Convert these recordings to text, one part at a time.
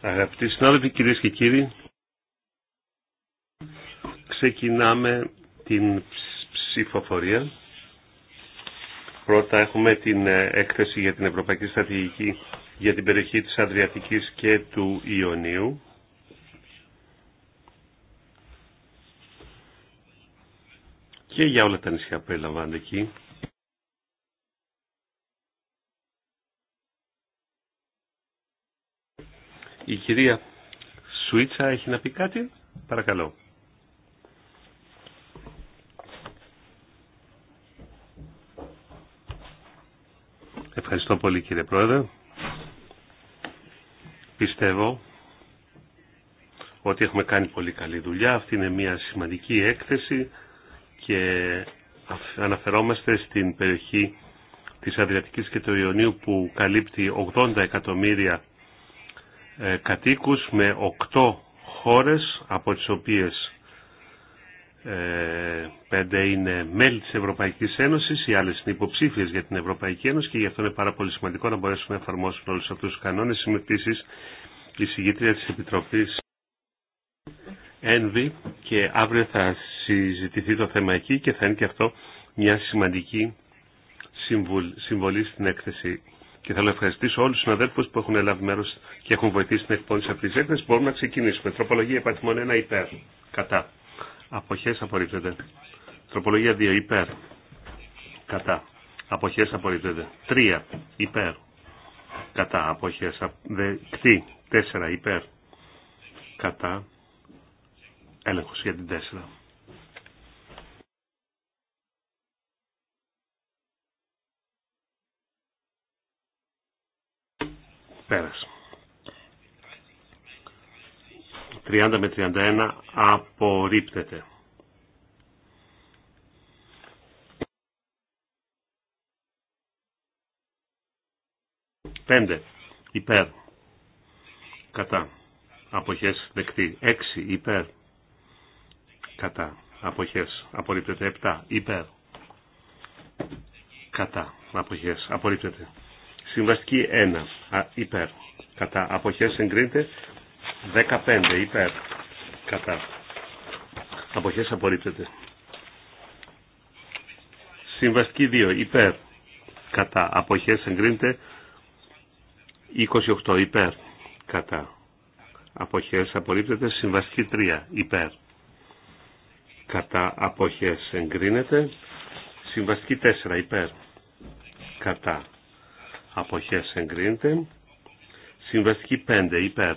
Αγαπητοί συνάδελφοι, κυρίες και κύριοι, ξεκινάμε την ψηφοφορία. Πρώτα έχουμε την ε, έκθεση για την Ευρωπαϊκή Στρατηγική για την περιοχή της Αδριατικής και του Ιωνίου. Και για όλα τα νησιά που εκεί. Η κυρία Σουίτσα έχει να πει κάτι. Παρακαλώ. Ευχαριστώ πολύ κύριε Πρόεδρε. Πιστεύω ότι έχουμε κάνει πολύ καλή δουλειά. Αυτή είναι μια σημαντική έκθεση και αναφερόμαστε στην περιοχή της Αδριατικής και του Ιωνίου που καλύπτει 80 εκατομμύρια ε, κατοίκους με 8 χώρες από τις οποίες ε, πέντε είναι μέλη της Ευρωπαϊκής Ένωσης, οι άλλες είναι υποψήφιες για την Ευρωπαϊκή Ένωση και γι' αυτό είναι πάρα πολύ σημαντικό να μπορέσουμε να εφαρμόσουμε όλους αυτούς τους κανόνες. Είμαι επίσης η συγγήτρια της Επιτροπής ΕΝΒΗ και αύριο θα συζητηθεί το θέμα εκεί και θα είναι και αυτό μια σημαντική συμβολή στην έκθεση και θέλω να ευχαριστήσω όλου του συναδέλφου που έχουν λάβει μέρο και έχουν βοηθήσει στην εκπόνηση αυτή τη έκθεση. Μπορούμε να ξεκινήσουμε. Τροπολογία υπαριθμών 1 υπέρ. Κατά. Αποχέ απορρίπτεται. Τροπολογία 2 υπέρ. Κατά. Αποχέ απορρίπτεται. 3 υπέρ. Κατά. Αποχέ δεκτή. 4 υπέρ. Κατά. Έλεγχο για την 4. 30 με 31 απορρίπτεται. Πέντε. Υπέρ. Κατά. Αποχές δεκτή. Έξι. Υπέρ. Κατά. Αποχές. Απορρίπτεται. Επτά. Υπέρ. Κατά. Αποχές. Απορρίπτεται. Συμβαστική 1 α, υπέρ. Κατά αποχές εγκρίνεται 15 υπέρ. Κατά αποχές απορρίπτεται. Συμβαστική 2 υπέρ. Κατά αποχές εγκρίνεται 28 υπέρ. Κατά αποχές απορρίπτεται. Συμβαστική 3 υπέρ. Κατά αποχές εγκρίνεται. Συμβαστική 4 υπέρ. Κατά αποχές εγκρίνεται. Συμβαστική 5 υπέρ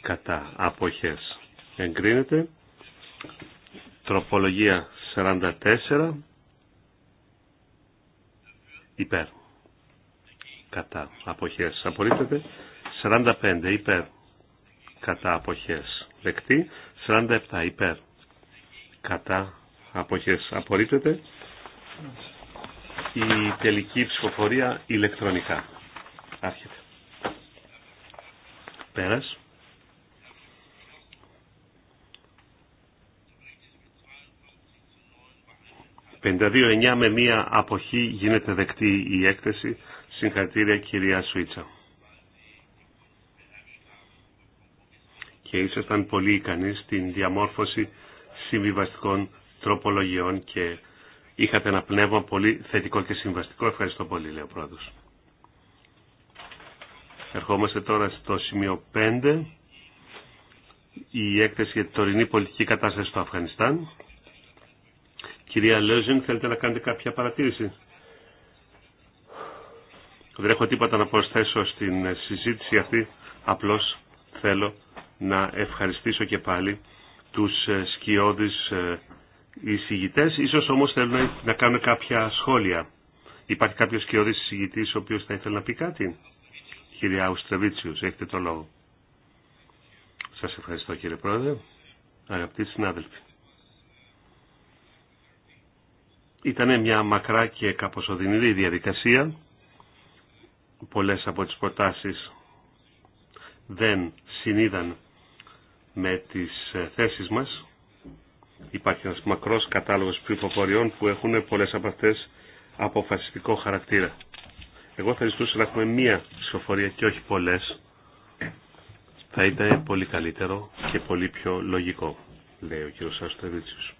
κατά αποχές εγκρίνεται. Τροπολογία 44 υπέρ κατά αποχές απορρίπτεται. 45 υπέρ κατά αποχές δεκτή. 47 υπέρ κατά αποχές απορρίπτεται η τελική ψηφοφορία ηλεκτρονικά. Άρχεται. Πέρας. «52-9 με μία αποχή γίνεται δεκτή η έκθεση. Συγχαρητήρια κυρία Σουίτσα. Και ήσασταν πολύ ικανοί στην διαμόρφωση συμβιβαστικών τροπολογιών και είχατε ένα πνεύμα πολύ θετικό και συμβαστικό. Ευχαριστώ πολύ, λέει ο πρόεδρος. Ερχόμαστε τώρα στο σημείο 5, η έκθεση για την τωρινή πολιτική κατάσταση στο Αφγανιστάν. Κυρία Λέζιν, θέλετε να κάνετε κάποια παρατήρηση. Δεν έχω τίποτα να προσθέσω στην συζήτηση αυτή, απλώς θέλω να ευχαριστήσω και πάλι τους σκιώδεις ε, οι συγητέ ίσως όμως θέλουν να κάνουν κάποια σχόλια. Υπάρχει κάποιος κοιόδης συγητή ο οποίος θα ήθελε να πει κάτι. Κύριε Αουστρεβίτσιους, έχετε το λόγο. Σας ευχαριστώ κύριε Πρόεδρε, αγαπητοί συνάδελφοι. Ήταν μια μακρά και κάπως διαδικασία. Πολλές από τις προτάσεις δεν συνείδαν με τις θέσεις μας. Υπάρχει ένας μακρός κατάλογος πληροφοριών που έχουν πολλές από αυτές αποφασιστικό χαρακτήρα. Εγώ θα ζητούσα να έχουμε μία ψηφοφορία και όχι πολλές. Θα ήταν πολύ καλύτερο και πολύ πιο λογικό, λέει ο κύριος Αστρεβίτσιος.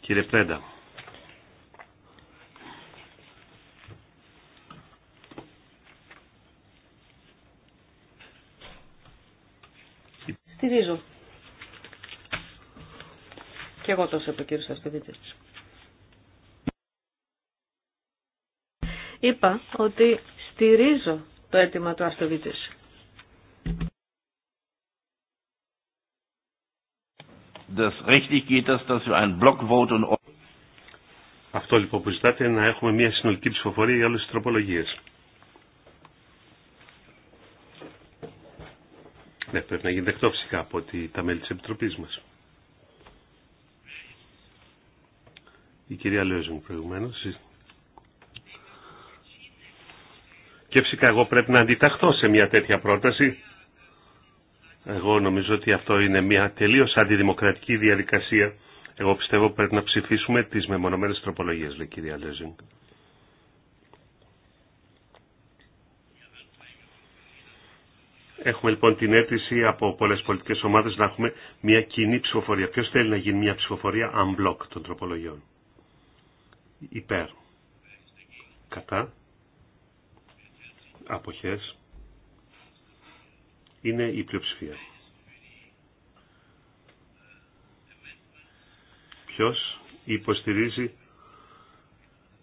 Κύριε Πρέντα. Στηρίζω και εγώ τόσο από κύριο Σαστοβίτης. Είπα ότι στηρίζω το αίτημα του Αστοβίτης. Αυτό λοιπόν που ζητάτε είναι να έχουμε μια συνολική ψηφοφορία για όλες τις τροπολογίες. Ναι, πρέπει να γίνει δεκτό φυσικά από ότι τα μέλη της Επιτροπής μας. η κυρία Λέζινγκ προηγουμένω. Και φυσικά εγώ πρέπει να αντιταχθώ σε μια τέτοια πρόταση. Εγώ νομίζω ότι αυτό είναι μια τελείω αντιδημοκρατική διαδικασία. Εγώ πιστεύω πρέπει να ψηφίσουμε τι μεμονωμένε τροπολογίε. λέει η κυρία Λέζινγκ. Έχουμε λοιπόν την αίτηση από πολλές πολιτικές ομάδες να έχουμε μια κοινή ψηφοφορία. Ποιος θέλει να γίνει μια ψηφοφορία unblock των τροπολογιών υπέρ κατά αποχές είναι η πλειοψηφία. Ποιος υποστηρίζει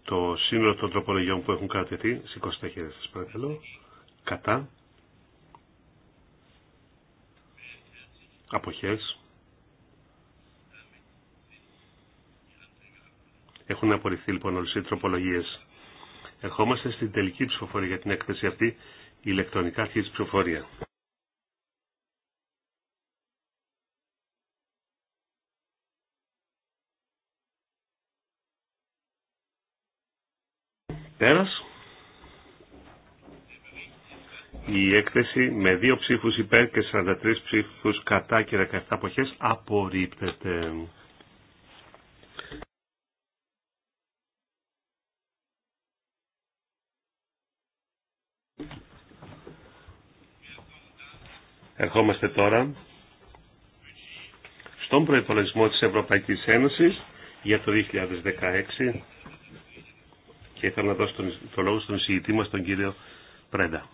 το σύνολο των τροπολογιών που έχουν κρατηθεί, σηκώστε τα χέρια σας παρακαλώ, κατά αποχές Έχουν απορριφθεί λοιπόν όλε οι τροπολογίε. Ερχόμαστε στην τελική ψηφοφορία για την έκθεση αυτή, η ηλεκτρονικά αρχή ψηφοφορία. Πέρας. Η έκθεση με δύο ψήφους υπέρ και 43 ψήφους κατά και 17 αποχές απορρίπτεται. Ερχόμαστε τώρα στον προϋπολογισμό της Ευρωπαϊκής Ένωσης για το 2016 και ήθελα να δώσω τον, το λόγο στον εισηγητή μας, τον κύριο Πρέντα.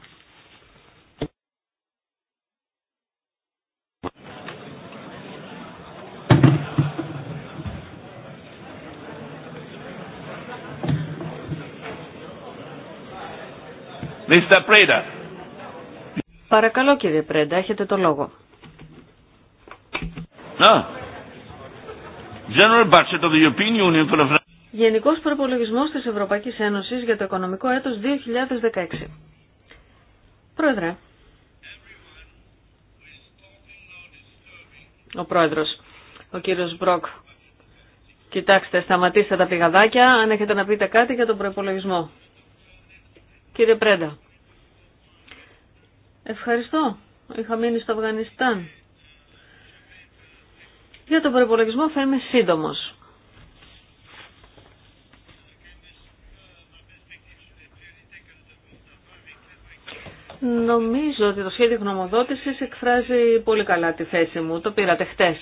Mr. Preda. Παρακαλώ κύριε Πρέντα, έχετε το λόγο. Να. General budget of the European Union for the... Γενικός Προπολογισμός της Ευρωπαϊκής Ένωσης για το Οικονομικό Έτος 2016. Πρόεδρε. Ο πρόεδρος, ο κύριος Μπροκ. Κοιτάξτε, σταματήστε τα πηγαδάκια αν έχετε να πείτε κάτι για τον προπολογισμό. Κύριε Πρέντα. Ευχαριστώ. Είχα μείνει στο Αφγανιστάν. Για τον προπολογισμό θα είμαι σύντομο. Νομίζω ότι το σχέδιο γνωμοδότησης εκφράζει πολύ καλά τη θέση μου. Το πήρατε χτες.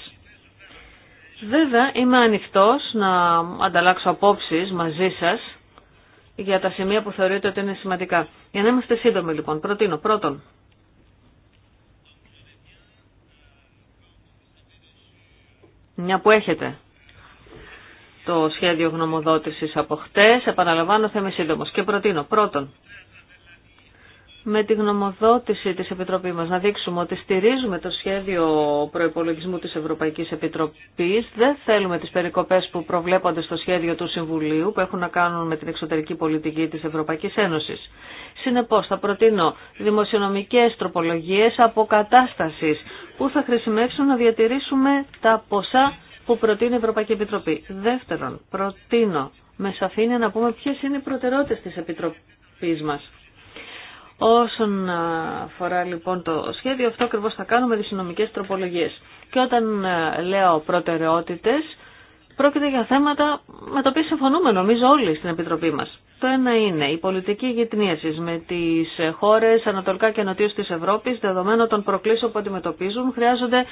Βέβαια είμαι ανοιχτό να ανταλλάξω απόψεις μαζί σας για τα σημεία που θεωρείτε ότι είναι σημαντικά. Για να είμαστε σύντομοι λοιπόν. Προτείνω πρώτον μια που έχετε το σχέδιο γνωμοδότησης από χτες, επαναλαμβάνω θα είμαι σύντομος και προτείνω πρώτον με τη γνωμοδότηση της Επιτροπής μας να δείξουμε ότι στηρίζουμε το σχέδιο προϋπολογισμού της Ευρωπαϊκής Επιτροπής. Δεν θέλουμε τις περικοπές που προβλέπονται στο σχέδιο του Συμβουλίου που έχουν να κάνουν με την εξωτερική πολιτική της Ευρωπαϊκής Ένωσης. Συνεπώς θα προτείνω δημοσιονομικές τροπολογίες αποκατάστασης που θα χρησιμεύσουν να διατηρήσουμε τα ποσά που προτείνει η Ευρωπαϊκή Επιτροπή. Δεύτερον, προτείνω με σαφήνεια να πούμε ποιες είναι οι προτεραιότητες της Επιτροπής μας Όσον αφορά λοιπόν το σχέδιο, αυτό ακριβώς θα κάνουμε τις νομικές τροπολογίες. Και όταν λέω προτεραιότητες, πρόκειται για θέματα με τα οποία συμφωνούμε νομίζω όλοι στην Επιτροπή μας. Το ένα είναι η πολιτική γυτνίαση με τι χώρε ανατολικά και νοτίω τη Ευρώπη, δεδομένου των προκλήσεων που αντιμετωπίζουν, χρειάζονται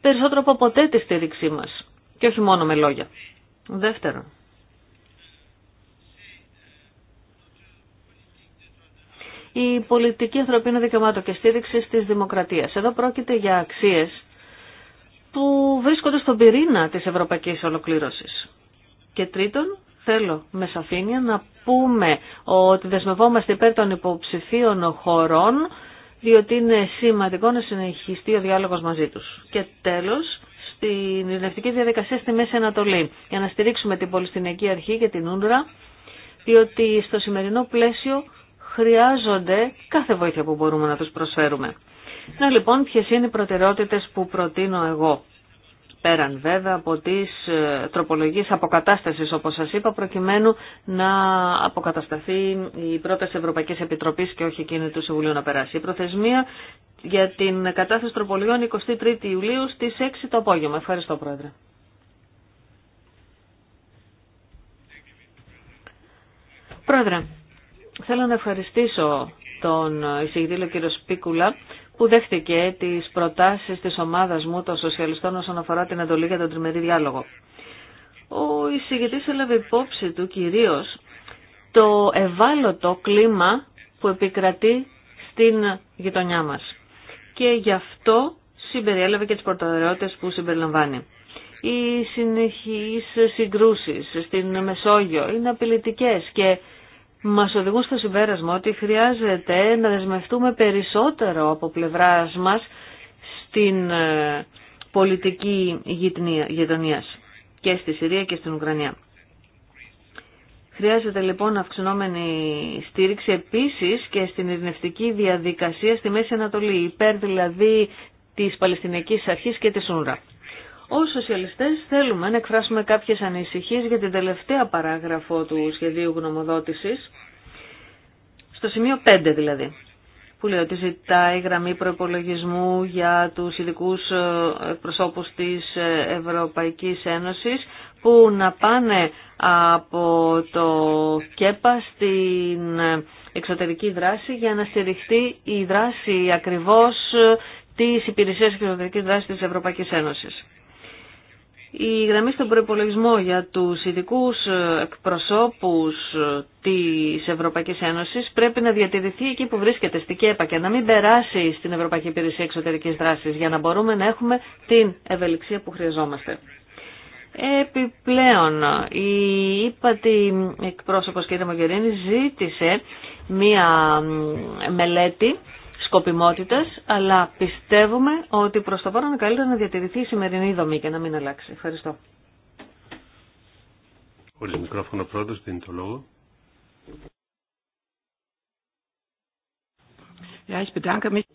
περισσότερο από ποτέ τη στήριξή μα. Και όχι μόνο με λόγια. Δεύτερον, η πολιτική ανθρωπίνων δικαιωμάτων και στήριξη της δημοκρατίας. Εδώ πρόκειται για αξίε που βρίσκονται στον πυρήνα τη Ευρωπαϊκή Ολοκλήρωση. Και τρίτον, θέλω με σαφήνεια να πούμε ότι δεσμευόμαστε υπέρ των υποψηφίων χωρών, διότι είναι σημαντικό να συνεχιστεί ο διάλογο μαζί του. Και τέλο, στην ειρηνευτική διαδικασία στη Μέση Ανατολή, για να στηρίξουμε την Πολυστινιακή Αρχή και την Ούντρα, διότι στο σημερινό πλαίσιο χρειάζονται κάθε βοήθεια που μπορούμε να τους προσφέρουμε. Να λοιπόν ποιες είναι οι προτεραιότητες που προτείνω εγώ. Πέραν βέβαια από τις ε, τροπολογίες αποκατάστασης όπως σας είπα προκειμένου να αποκατασταθεί η πρόταση Ευρωπαϊκής Επιτροπής και όχι εκείνη του Συμβουλίου να περάσει. Η προθεσμία για την κατασταση τροπολογιών 23 Ιουλίου στις 6 το απόγευμα. Ευχαριστώ Πρόεδρε. Πρόεδρε, Θέλω να ευχαριστήσω τον εισηγητήλο κύριο Σπίκουλα που δέχτηκε τις προτάσεις της ομάδας μου των σοσιαλιστών όσον αφορά την εντολή για τον τριμερή διάλογο. Ο εισηγητής έλαβε υπόψη του κυρίως το ευάλωτο κλίμα που επικρατεί στην γειτονιά μας. Και γι' αυτό συμπεριέλαβε και τις προτεραιότητες που συμπεριλαμβάνει. Οι συνεχείς συγκρούσεις στην Μεσόγειο είναι απειλητικές και μας οδηγούν στο συμπέρασμα ότι χρειάζεται να δεσμευτούμε περισσότερο από πλευράς μας στην ε, πολιτική γειτονία και στη Συρία και στην Ουκρανία. Χρειάζεται λοιπόν αυξανόμενη στήριξη επίσης και στην ειρηνευτική διαδικασία στη Μέση Ανατολή, υπέρ δηλαδή της Παλαιστινιακής Αρχής και της Ούνρα. Ως σοσιαλιστές θέλουμε να εκφράσουμε κάποιες ανησυχίες για την τελευταία παράγραφο του σχεδίου γνωμοδότησης, στο σημείο 5 δηλαδή, που λέει ότι ζητάει γραμμή προπολογισμού για τους ειδικού ε, προσώπους της ε, Ευρωπαϊκής Ένωσης που να πάνε από το ΚΕΠΑ στην ε, εξωτερική δράση για να στηριχτεί η δράση ακριβώς της υπηρεσίας εξωτερικής δράσης της Ευρωπαϊκής Ένωσης η γραμμή στον προπολογισμό για τους ειδικού εκπροσώπους της Ευρωπαϊκής Ένωσης πρέπει να διατηρηθεί εκεί που βρίσκεται, στην ΚΕΠΑ και να μην περάσει στην Ευρωπαϊκή Υπηρεσία Εξωτερικής Δράσης για να μπορούμε να έχουμε την ευελιξία που χρειαζόμαστε. Επιπλέον, η ύπατη εκπρόσωπος κ. Μογερίνη ζήτησε μία μελέτη σκοπιμότητε, αλλά πιστεύουμε ότι προ το παρόν είναι καλύτερο να διατηρηθεί η σημερινή δομή και να μην αλλάξει. Ευχαριστώ. Χωρίς μικρόφωνο πρώτος, δίνει το λόγο.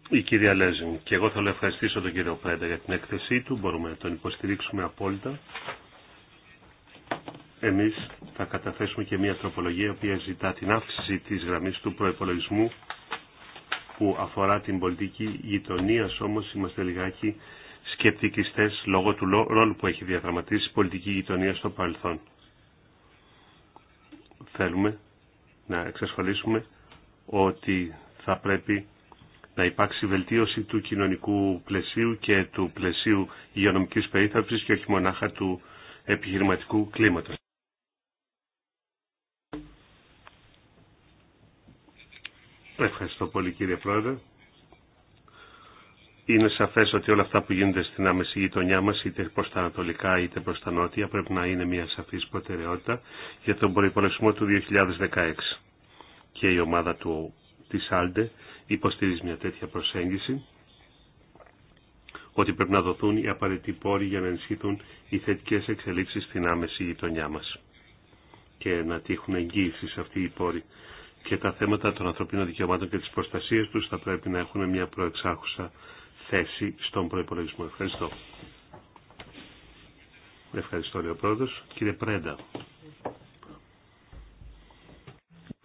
Η κυρία Λέζιν, και εγώ θέλω να ευχαριστήσω τον κύριο Πρέντα για την έκθεσή του, μπορούμε να τον υποστηρίξουμε απόλυτα. Εμείς θα καταθέσουμε και μια τροπολογία που ζητά την αύξηση της γραμμής του προϋπολογισμού που αφορά την πολιτική γειτονία, όμως είμαστε λιγάκι σκεπτικιστέ λόγω του ρόλου που έχει διαδραματίσει η πολιτική γειτονία στο παρελθόν. Θέλουμε να εξασφαλίσουμε ότι θα πρέπει να υπάρξει βελτίωση του κοινωνικού πλαισίου και του πλαισίου υγειονομικής περίθαλψης και όχι μονάχα του επιχειρηματικού κλίματος. Ευχαριστώ πολύ κύριε Πρόεδρε. Είναι σαφές ότι όλα αυτά που γίνονται στην άμεση γειτονιά μας, είτε προς τα ανατολικά είτε προς τα νότια, πρέπει να είναι μια σαφής προτεραιότητα για τον προϋπολογισμό του 2016. Και η ομάδα του, της Άλντε υποστηρίζει μια τέτοια προσέγγιση ότι πρέπει να δοθούν οι απαραίτητοι πόροι για να ενισχυθούν οι θετικές εξελίξεις στην άμεση γειτονιά μας και να τύχουν σε αυτοί οι πόροι και τα θέματα των ανθρωπίνων δικαιωμάτων και της προστασίας τους θα πρέπει να έχουν μια προεξάχουσα θέση στον προϋπολογισμό. Ευχαριστώ. Ευχαριστώ, λέει ο Κύριε Πρέντα.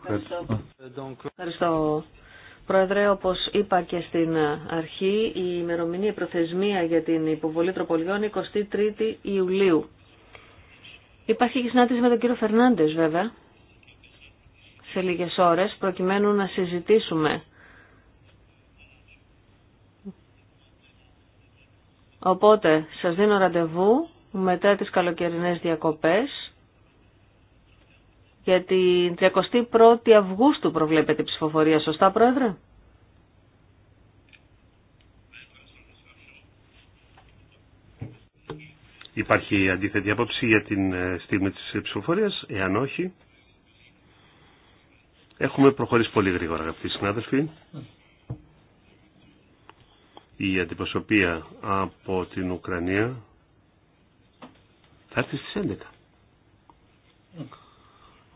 Ευχαριστώ. Ευχαριστώ. Πρόεδρε, όπως είπα και στην αρχή, η ημερομηνία προθεσμία για την υποβολή τροπολιών 23η Ιουλίου. Υπάρχει και συνάντηση με τον κύριο Φερνάντες βέβαια, σε λίγες ώρες προκειμένου να συζητήσουμε. Οπότε σας δίνω ραντεβού μετά τις καλοκαιρινές διακοπές για την 31η Αυγούστου προβλέπεται η ψηφοφορία. Σωστά πρόεδρε? Υπάρχει αντίθετη απόψη για την ε, στιγμή της ψηφοφορίας, εάν όχι. Έχουμε προχωρήσει πολύ γρήγορα αγαπητοί συνάδελφοι. Η αντιπροσωπεία από την Ουκρανία θα έρθει στις 11.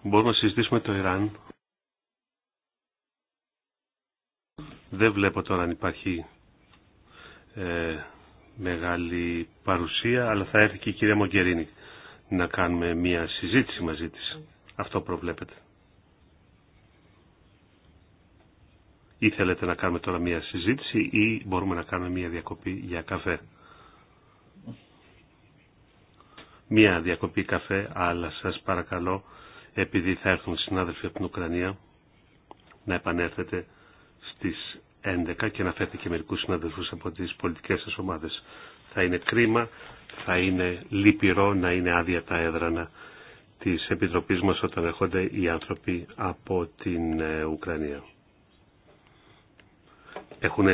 Μπορούμε να συζητήσουμε το Ιράν. Δεν βλέπω τώρα αν υπάρχει ε, μεγάλη παρουσία, αλλά θα έρθει και η κυρία Μογκερίνη να κάνουμε μια συζήτηση μαζί της. Αυτό προβλέπετε. Ή θέλετε να κάνουμε τώρα μια συζήτηση ή μπορούμε να κάνουμε μια διακοπή για καφέ. Μια διακοπή καφέ, αλλά σας παρακαλώ, επειδή θα έρθουν συνάδελφοι από την Ουκρανία, να επανέλθετε στις 11 και να φέρετε και μερικούς συναδελφούς από τις πολιτικές σας ομάδες. Θα είναι κρίμα, θα είναι λυπηρό να είναι άδεια τα έδρανα της Επιτροπής μας όταν έρχονται οι άνθρωποι από την ε, Ουκρανία. Έχουν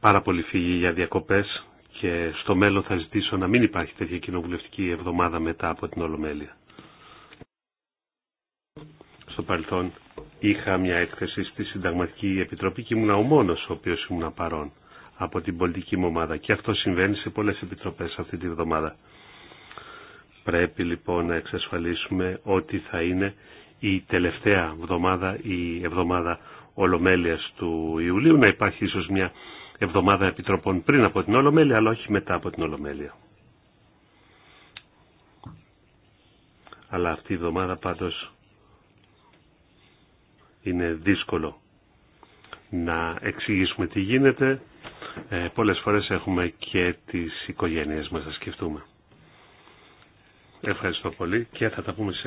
πάρα πολλοί φύγει για διακοπές και στο μέλλον θα ζητήσω να μην υπάρχει τέτοια κοινοβουλευτική εβδομάδα μετά από την Ολομέλεια. Στο παρελθόν είχα μια έκθεση στη Συνταγματική Επιτροπή και ήμουν ο μόνος ο οποίος ήμουν παρόν από την πολιτική μου ομάδα και αυτό συμβαίνει σε πολλές επιτροπές αυτή τη εβδομάδα. Πρέπει λοιπόν να εξασφαλίσουμε ότι θα είναι η τελευταία εβδομάδα, η εβδομάδα Ολομέλειας του Ιουλίου, να υπάρχει ίσως μια εβδομάδα επιτροπών πριν από την Ολομέλεια, αλλά όχι μετά από την Ολομέλεια. Αλλά αυτή η εβδομάδα πάντως είναι δύσκολο να εξηγήσουμε τι γίνεται. Ε, πολλές φορές έχουμε και τις οικογένειες μας να σκεφτούμε. Ευχαριστώ πολύ και θα τα πούμε στις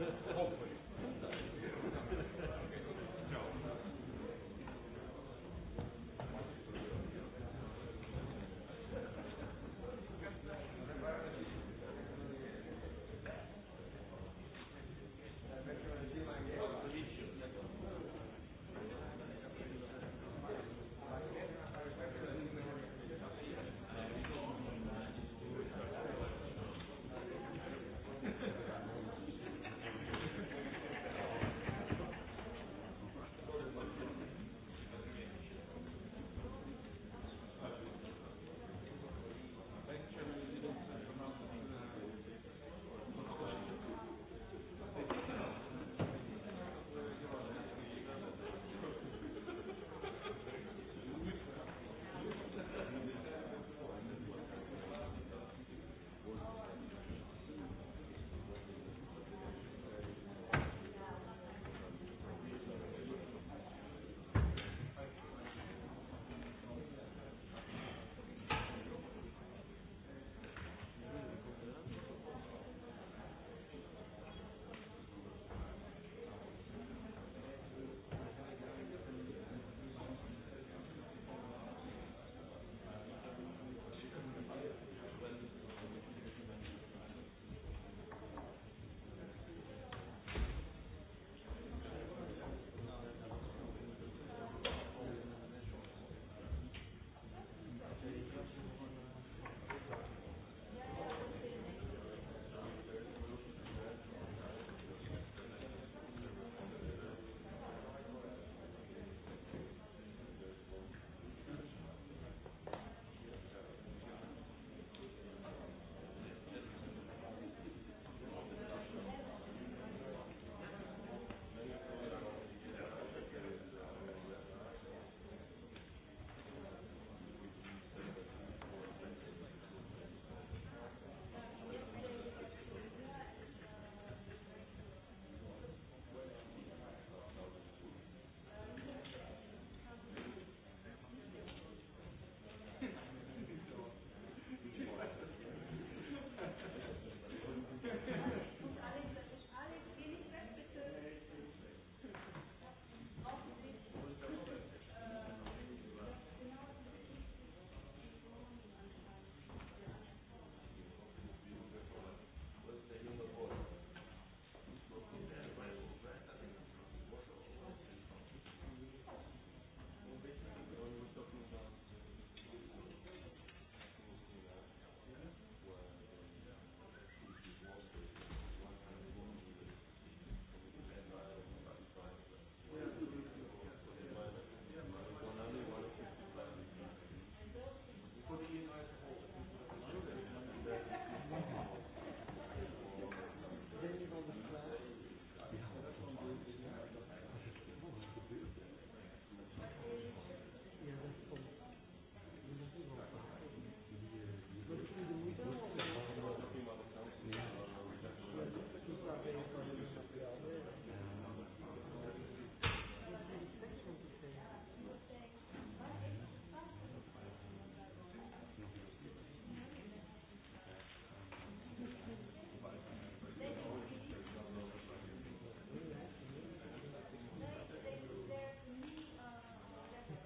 Ευχαριστώ.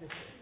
Υπότιτλοι AUTHORWAVE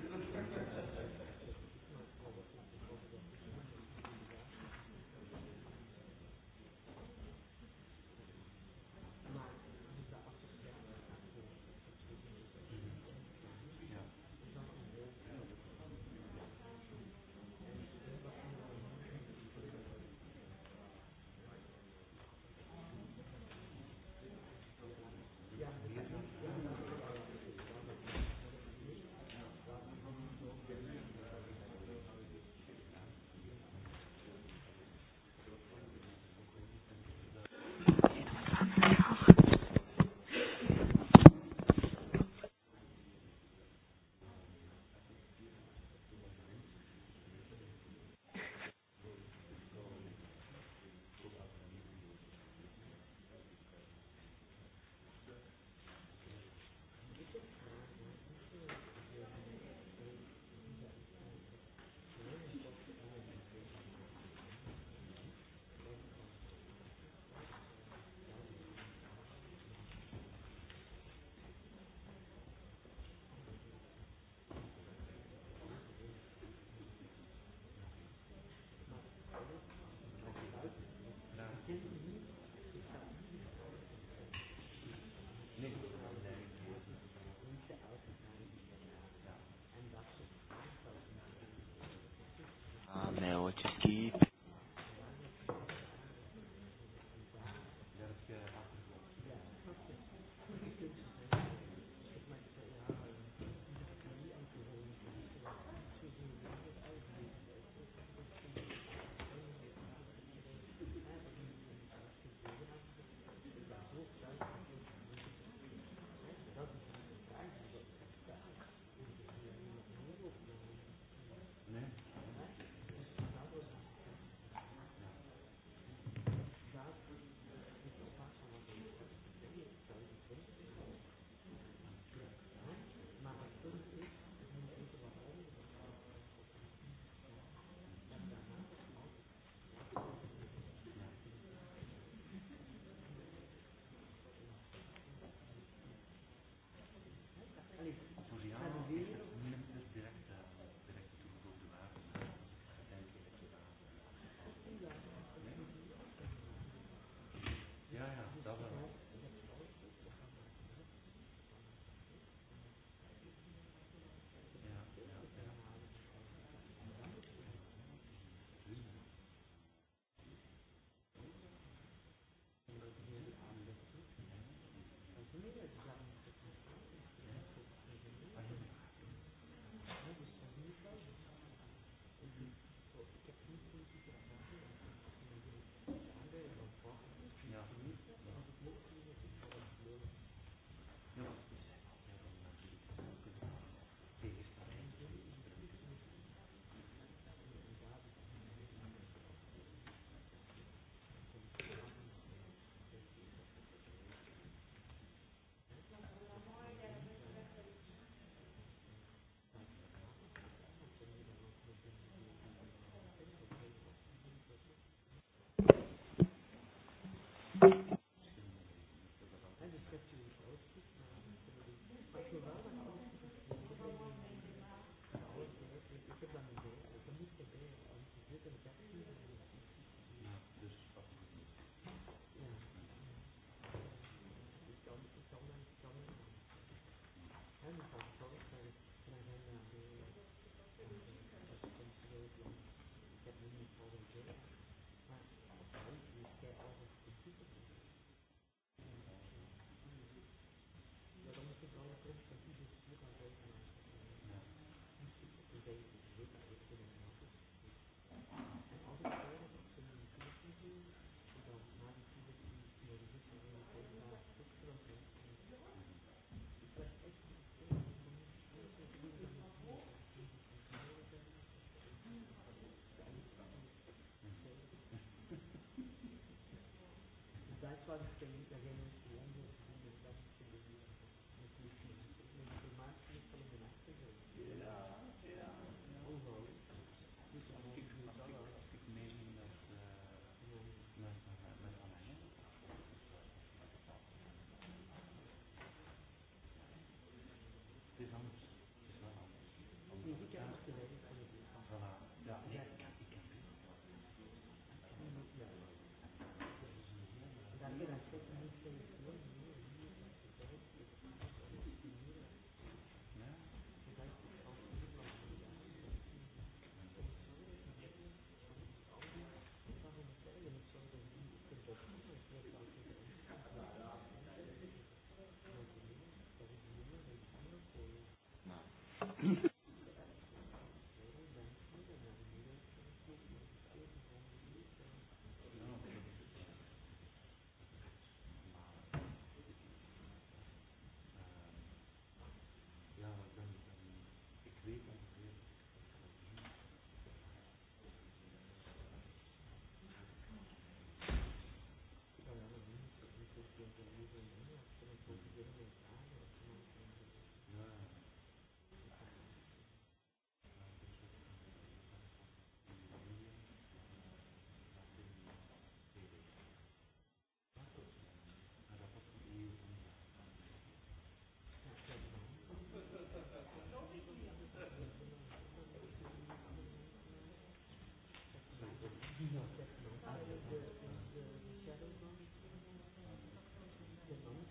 στο that's what I'm saying again.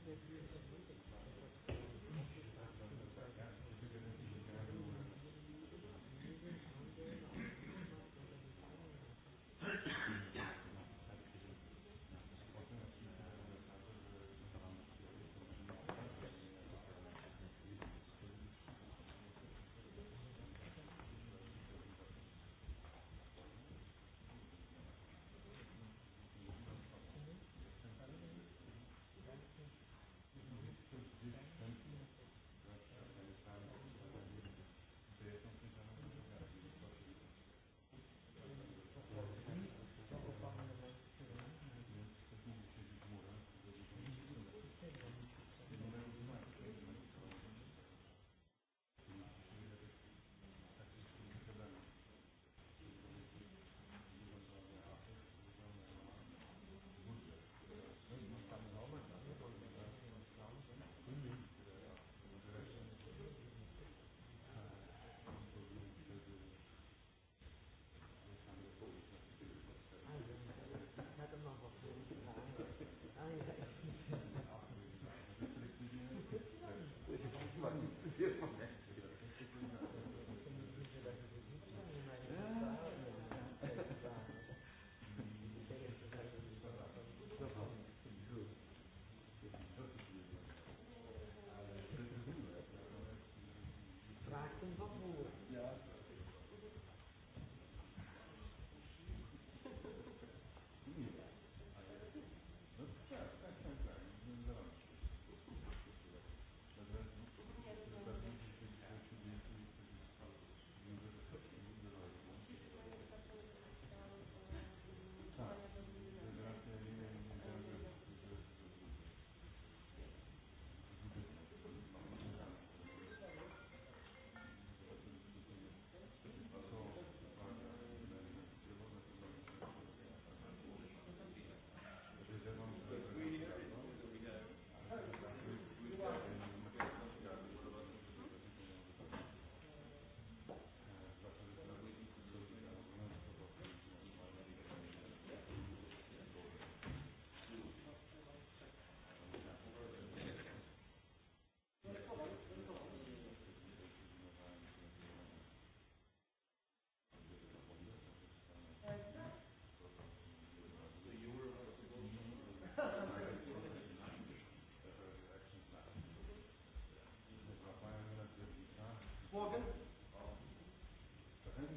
Υπότιτλοι AUTHORWAVE Morgen.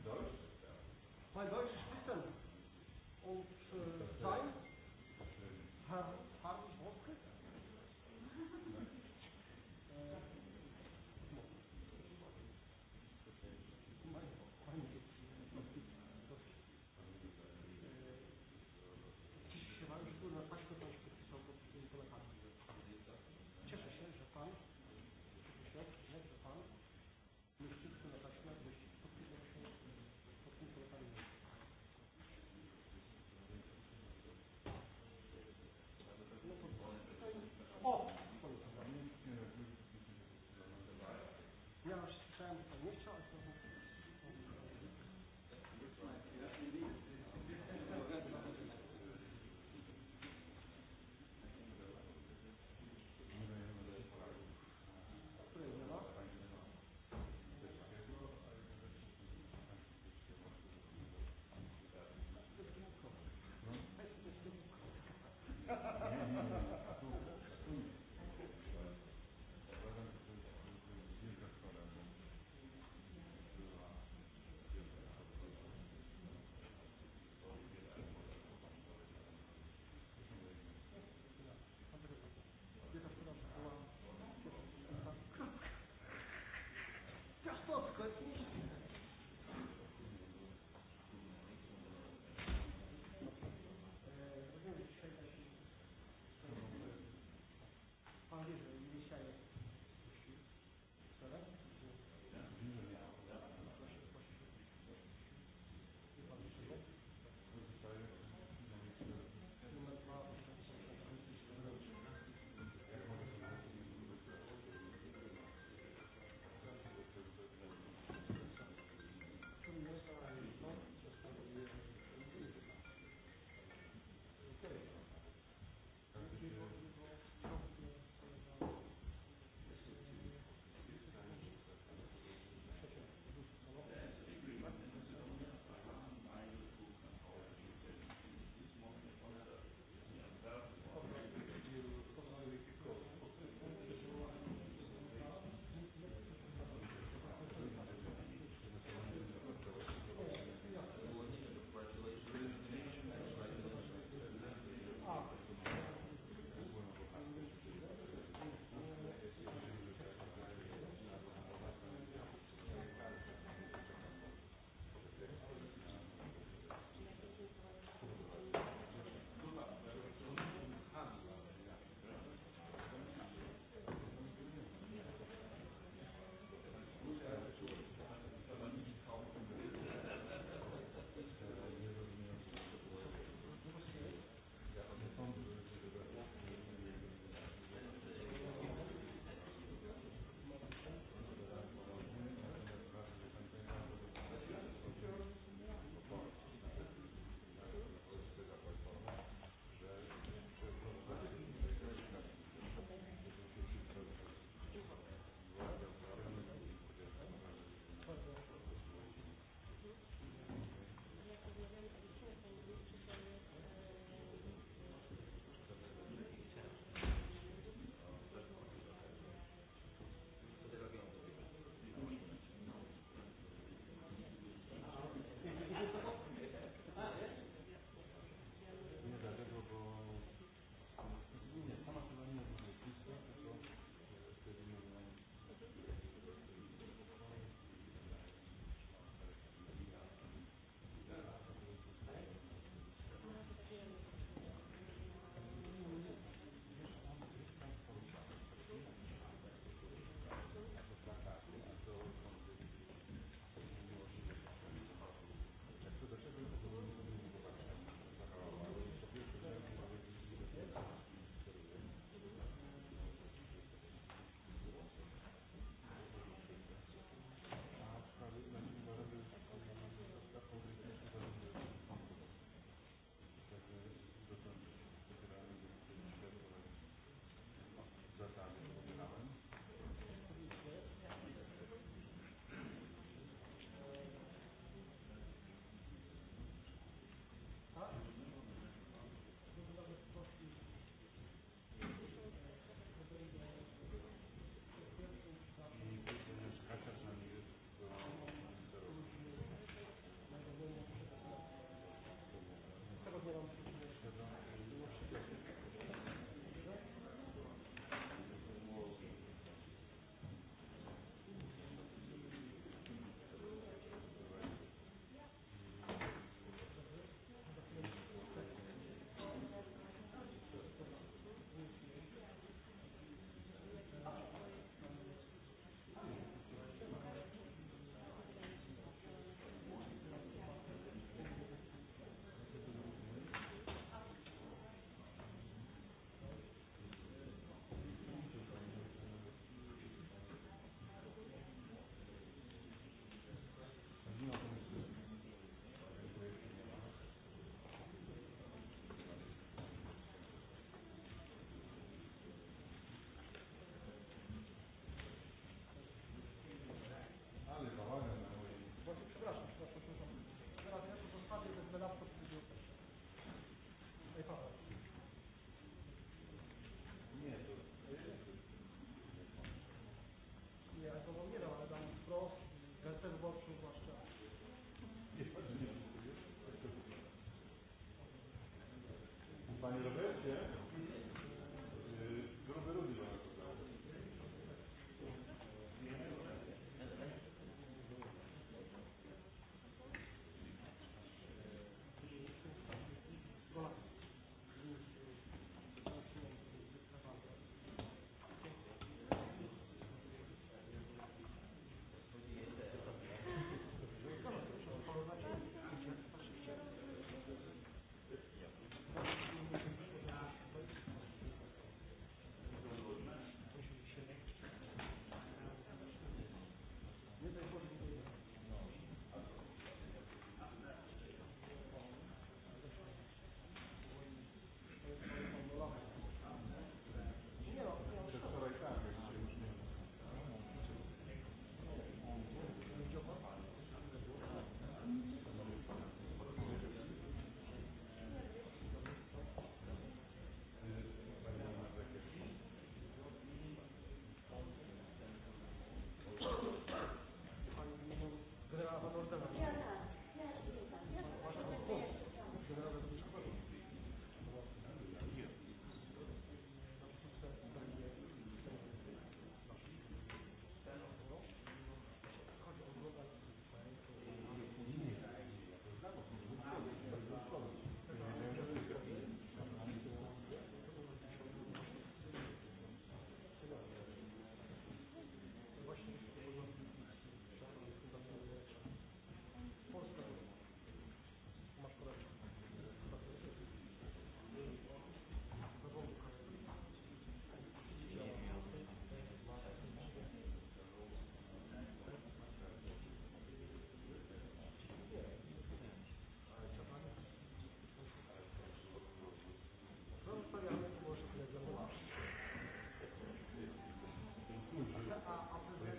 Deutsch. Mein Deutsch ist fließend. Und äh, sein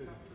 AUTHORWAVE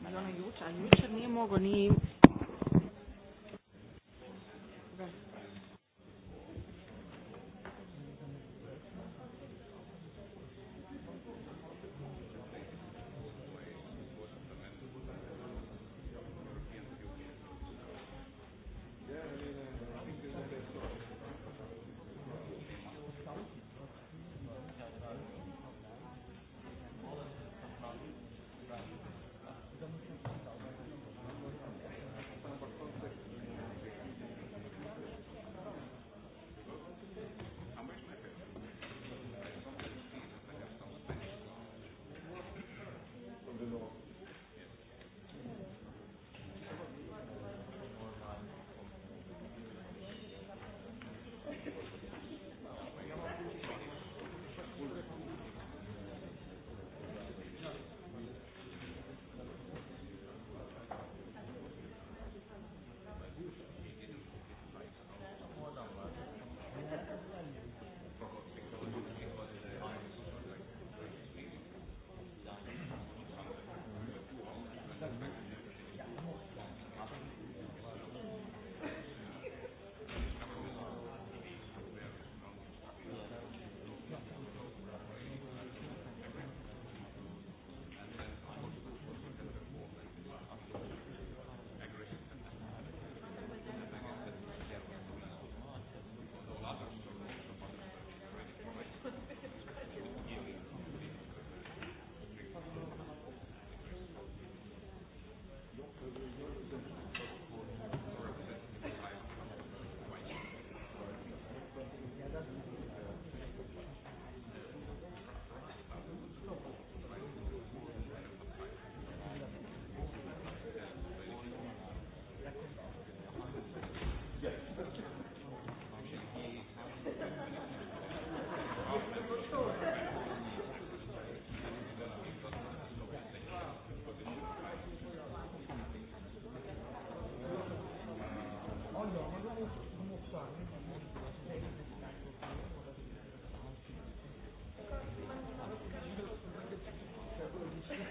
Ma non aiuta, aiuta, mi mogo, ni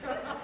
Υπότιτλοι Authorwave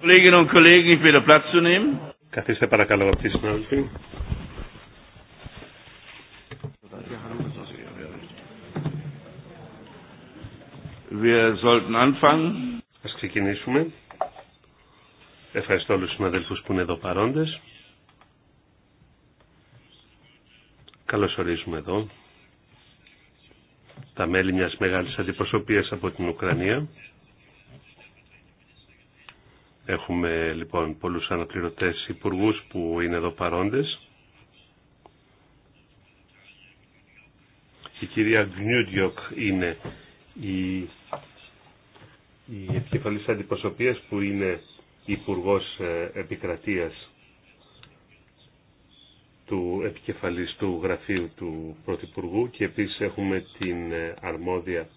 Kolleginnen und Kollegen, ich bitte Platz zu nehmen. Καθίστε παρακαλώ αγαπητοί συνάδελφοι. Wir sollten anfangen. Ας ξεκινήσουμε. Ευχαριστώ όλους τους συναδελφούς που είναι εδώ παρόντες. Καλώς ορίζουμε εδώ τα μέλη μιας μεγάλης αντιπροσωπείας από την Ουκρανία. Έχουμε λοιπόν πολλούς αναπληρωτές υπουργούς που είναι εδώ παρόντες. Η κυρία Γνιούντιοκ είναι η, η επικεφαλής αντιπροσωπείας που είναι υπουργός ε, επικρατείας του επικεφαλής του γραφείου του Πρωθυπουργού και επίσης έχουμε την ε, αρμόδια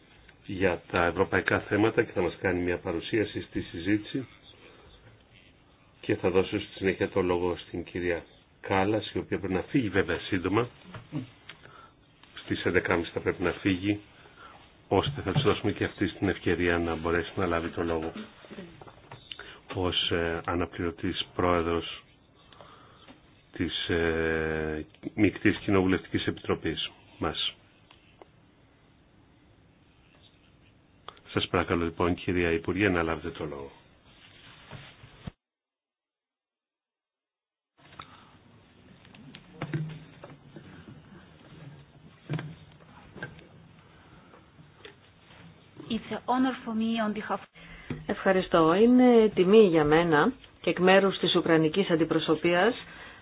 για τα ευρωπαϊκά θέματα και θα μας κάνει μια παρουσίαση στη συζήτηση και θα δώσω στη συνέχεια το λόγο στην κυρία Κάλλας, η οποία πρέπει να φύγει βέβαια σύντομα. Στις 11.30 θα πρέπει να φύγει, ώστε θα της δώσουμε και αυτή την ευκαιρία να μπορέσει να λάβει το λόγο ως ε, αναπληρωτής πρόεδρος της ε, Μικτής Κοινοβουλευτικής Επιτροπής μας. Σας παρακαλώ λοιπόν κυρία Υπουργέ να λάβετε το λόγο. Ευχαριστώ. Είναι τιμή για μένα και εκ μέρους της Ουκρανικής Αντιπροσωπείας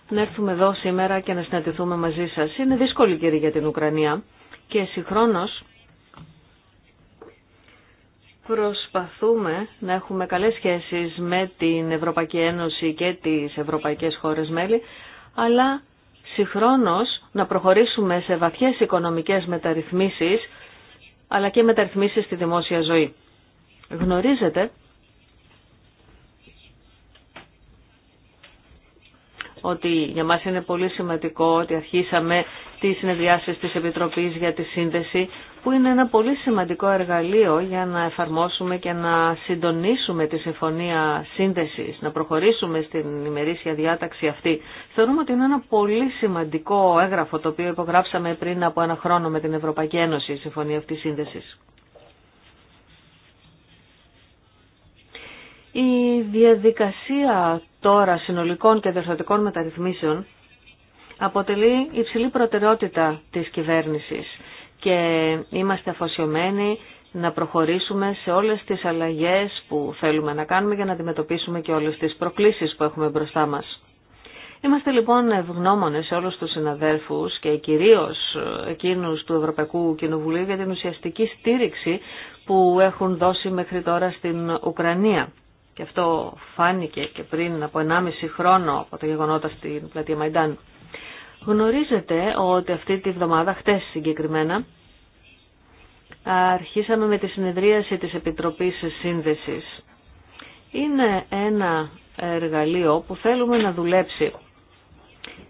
να έρθουμε εδώ σήμερα και να συναντηθούμε μαζί σας. Είναι δύσκολη καιρή για την Ουκρανία και συγχρόνως προσπαθούμε να έχουμε καλές σχέσεις με την Ευρωπαϊκή Ένωση και τις ευρωπαϊκές χώρες μέλη, αλλά συγχρόνως να προχωρήσουμε σε βαθιές οικονομικές μεταρρυθμίσεις, αλλά και μεταρρυθμίσεις στη δημόσια ζωή. Γνωρίζετε ότι για μας είναι πολύ σημαντικό ότι αρχίσαμε τις συνεδριάσεις της Επιτροπής για τη Σύνδεση, που είναι ένα πολύ σημαντικό εργαλείο για να εφαρμόσουμε και να συντονίσουμε τη Συμφωνία Σύνδεσης, να προχωρήσουμε στην ημερήσια διάταξη αυτή. Θεωρούμε ότι είναι ένα πολύ σημαντικό έγγραφο το οποίο υπογράψαμε πριν από ένα χρόνο με την Ευρωπαϊκή Ένωση, η Συμφωνία αυτή Σύνδεσης. Η διαδικασία τώρα συνολικών και διορθωτικών μεταρρυθμίσεων αποτελεί υψηλή προτεραιότητα της κυβέρνησης και είμαστε αφοσιωμένοι να προχωρήσουμε σε όλες τις αλλαγές που θέλουμε να κάνουμε για να αντιμετωπίσουμε και όλες τις προκλήσεις που έχουμε μπροστά μας. Είμαστε λοιπόν ευγνώμονες σε όλους τους συναδέλφους και κυρίως εκείνους του Ευρωπαϊκού Κοινοβουλίου για την ουσιαστική στήριξη που έχουν δώσει μέχρι τώρα στην Ουκρανία και αυτό φάνηκε και πριν από 1,5 χρόνο από τα γεγονότα στην πλατεία Μαϊντάν. Γνωρίζετε ότι αυτή τη βδομάδα, χτες συγκεκριμένα, αρχίσαμε με τη συνεδρίαση της Επιτροπής Σύνδεσης. Είναι ένα εργαλείο που θέλουμε να δουλέψει.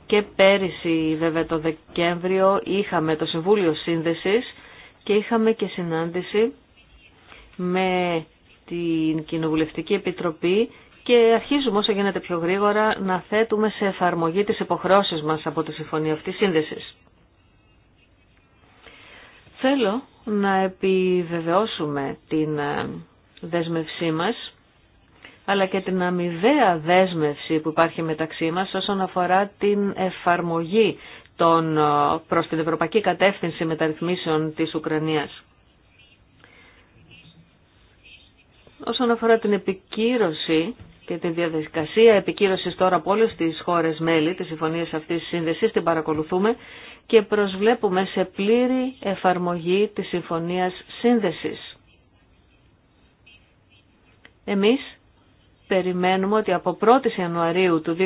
Και πέρυσι βέβαια το Δεκέμβριο είχαμε το Συμβούλιο Σύνδεσης και είχαμε και συνάντηση με την Κοινοβουλευτική Επιτροπή και αρχίζουμε όσο γίνεται πιο γρήγορα να θέτουμε σε εφαρμογή τις υποχρώσεις μας από τη Συμφωνία αυτή σύνδεσης. Θέλω να επιβεβαιώσουμε την ε, δέσμευσή μας αλλά και την αμοιβαία δέσμευση που υπάρχει μεταξύ μας όσον αφορά την εφαρμογή των, ε, προς την ευρωπαϊκή κατεύθυνση μεταρρυθμίσεων της Ουκρανίας. Όσον αφορά την επικύρωση και τη διαδικασία επικύρωσης τώρα από όλες τις χώρες μέλη της συμφωνίας αυτής της σύνδεσης, την παρακολουθούμε και προσβλέπουμε σε πλήρη εφαρμογή της συμφωνίας σύνδεσης. Εμείς περιμένουμε ότι από 1η Ιανουαρίου του 2016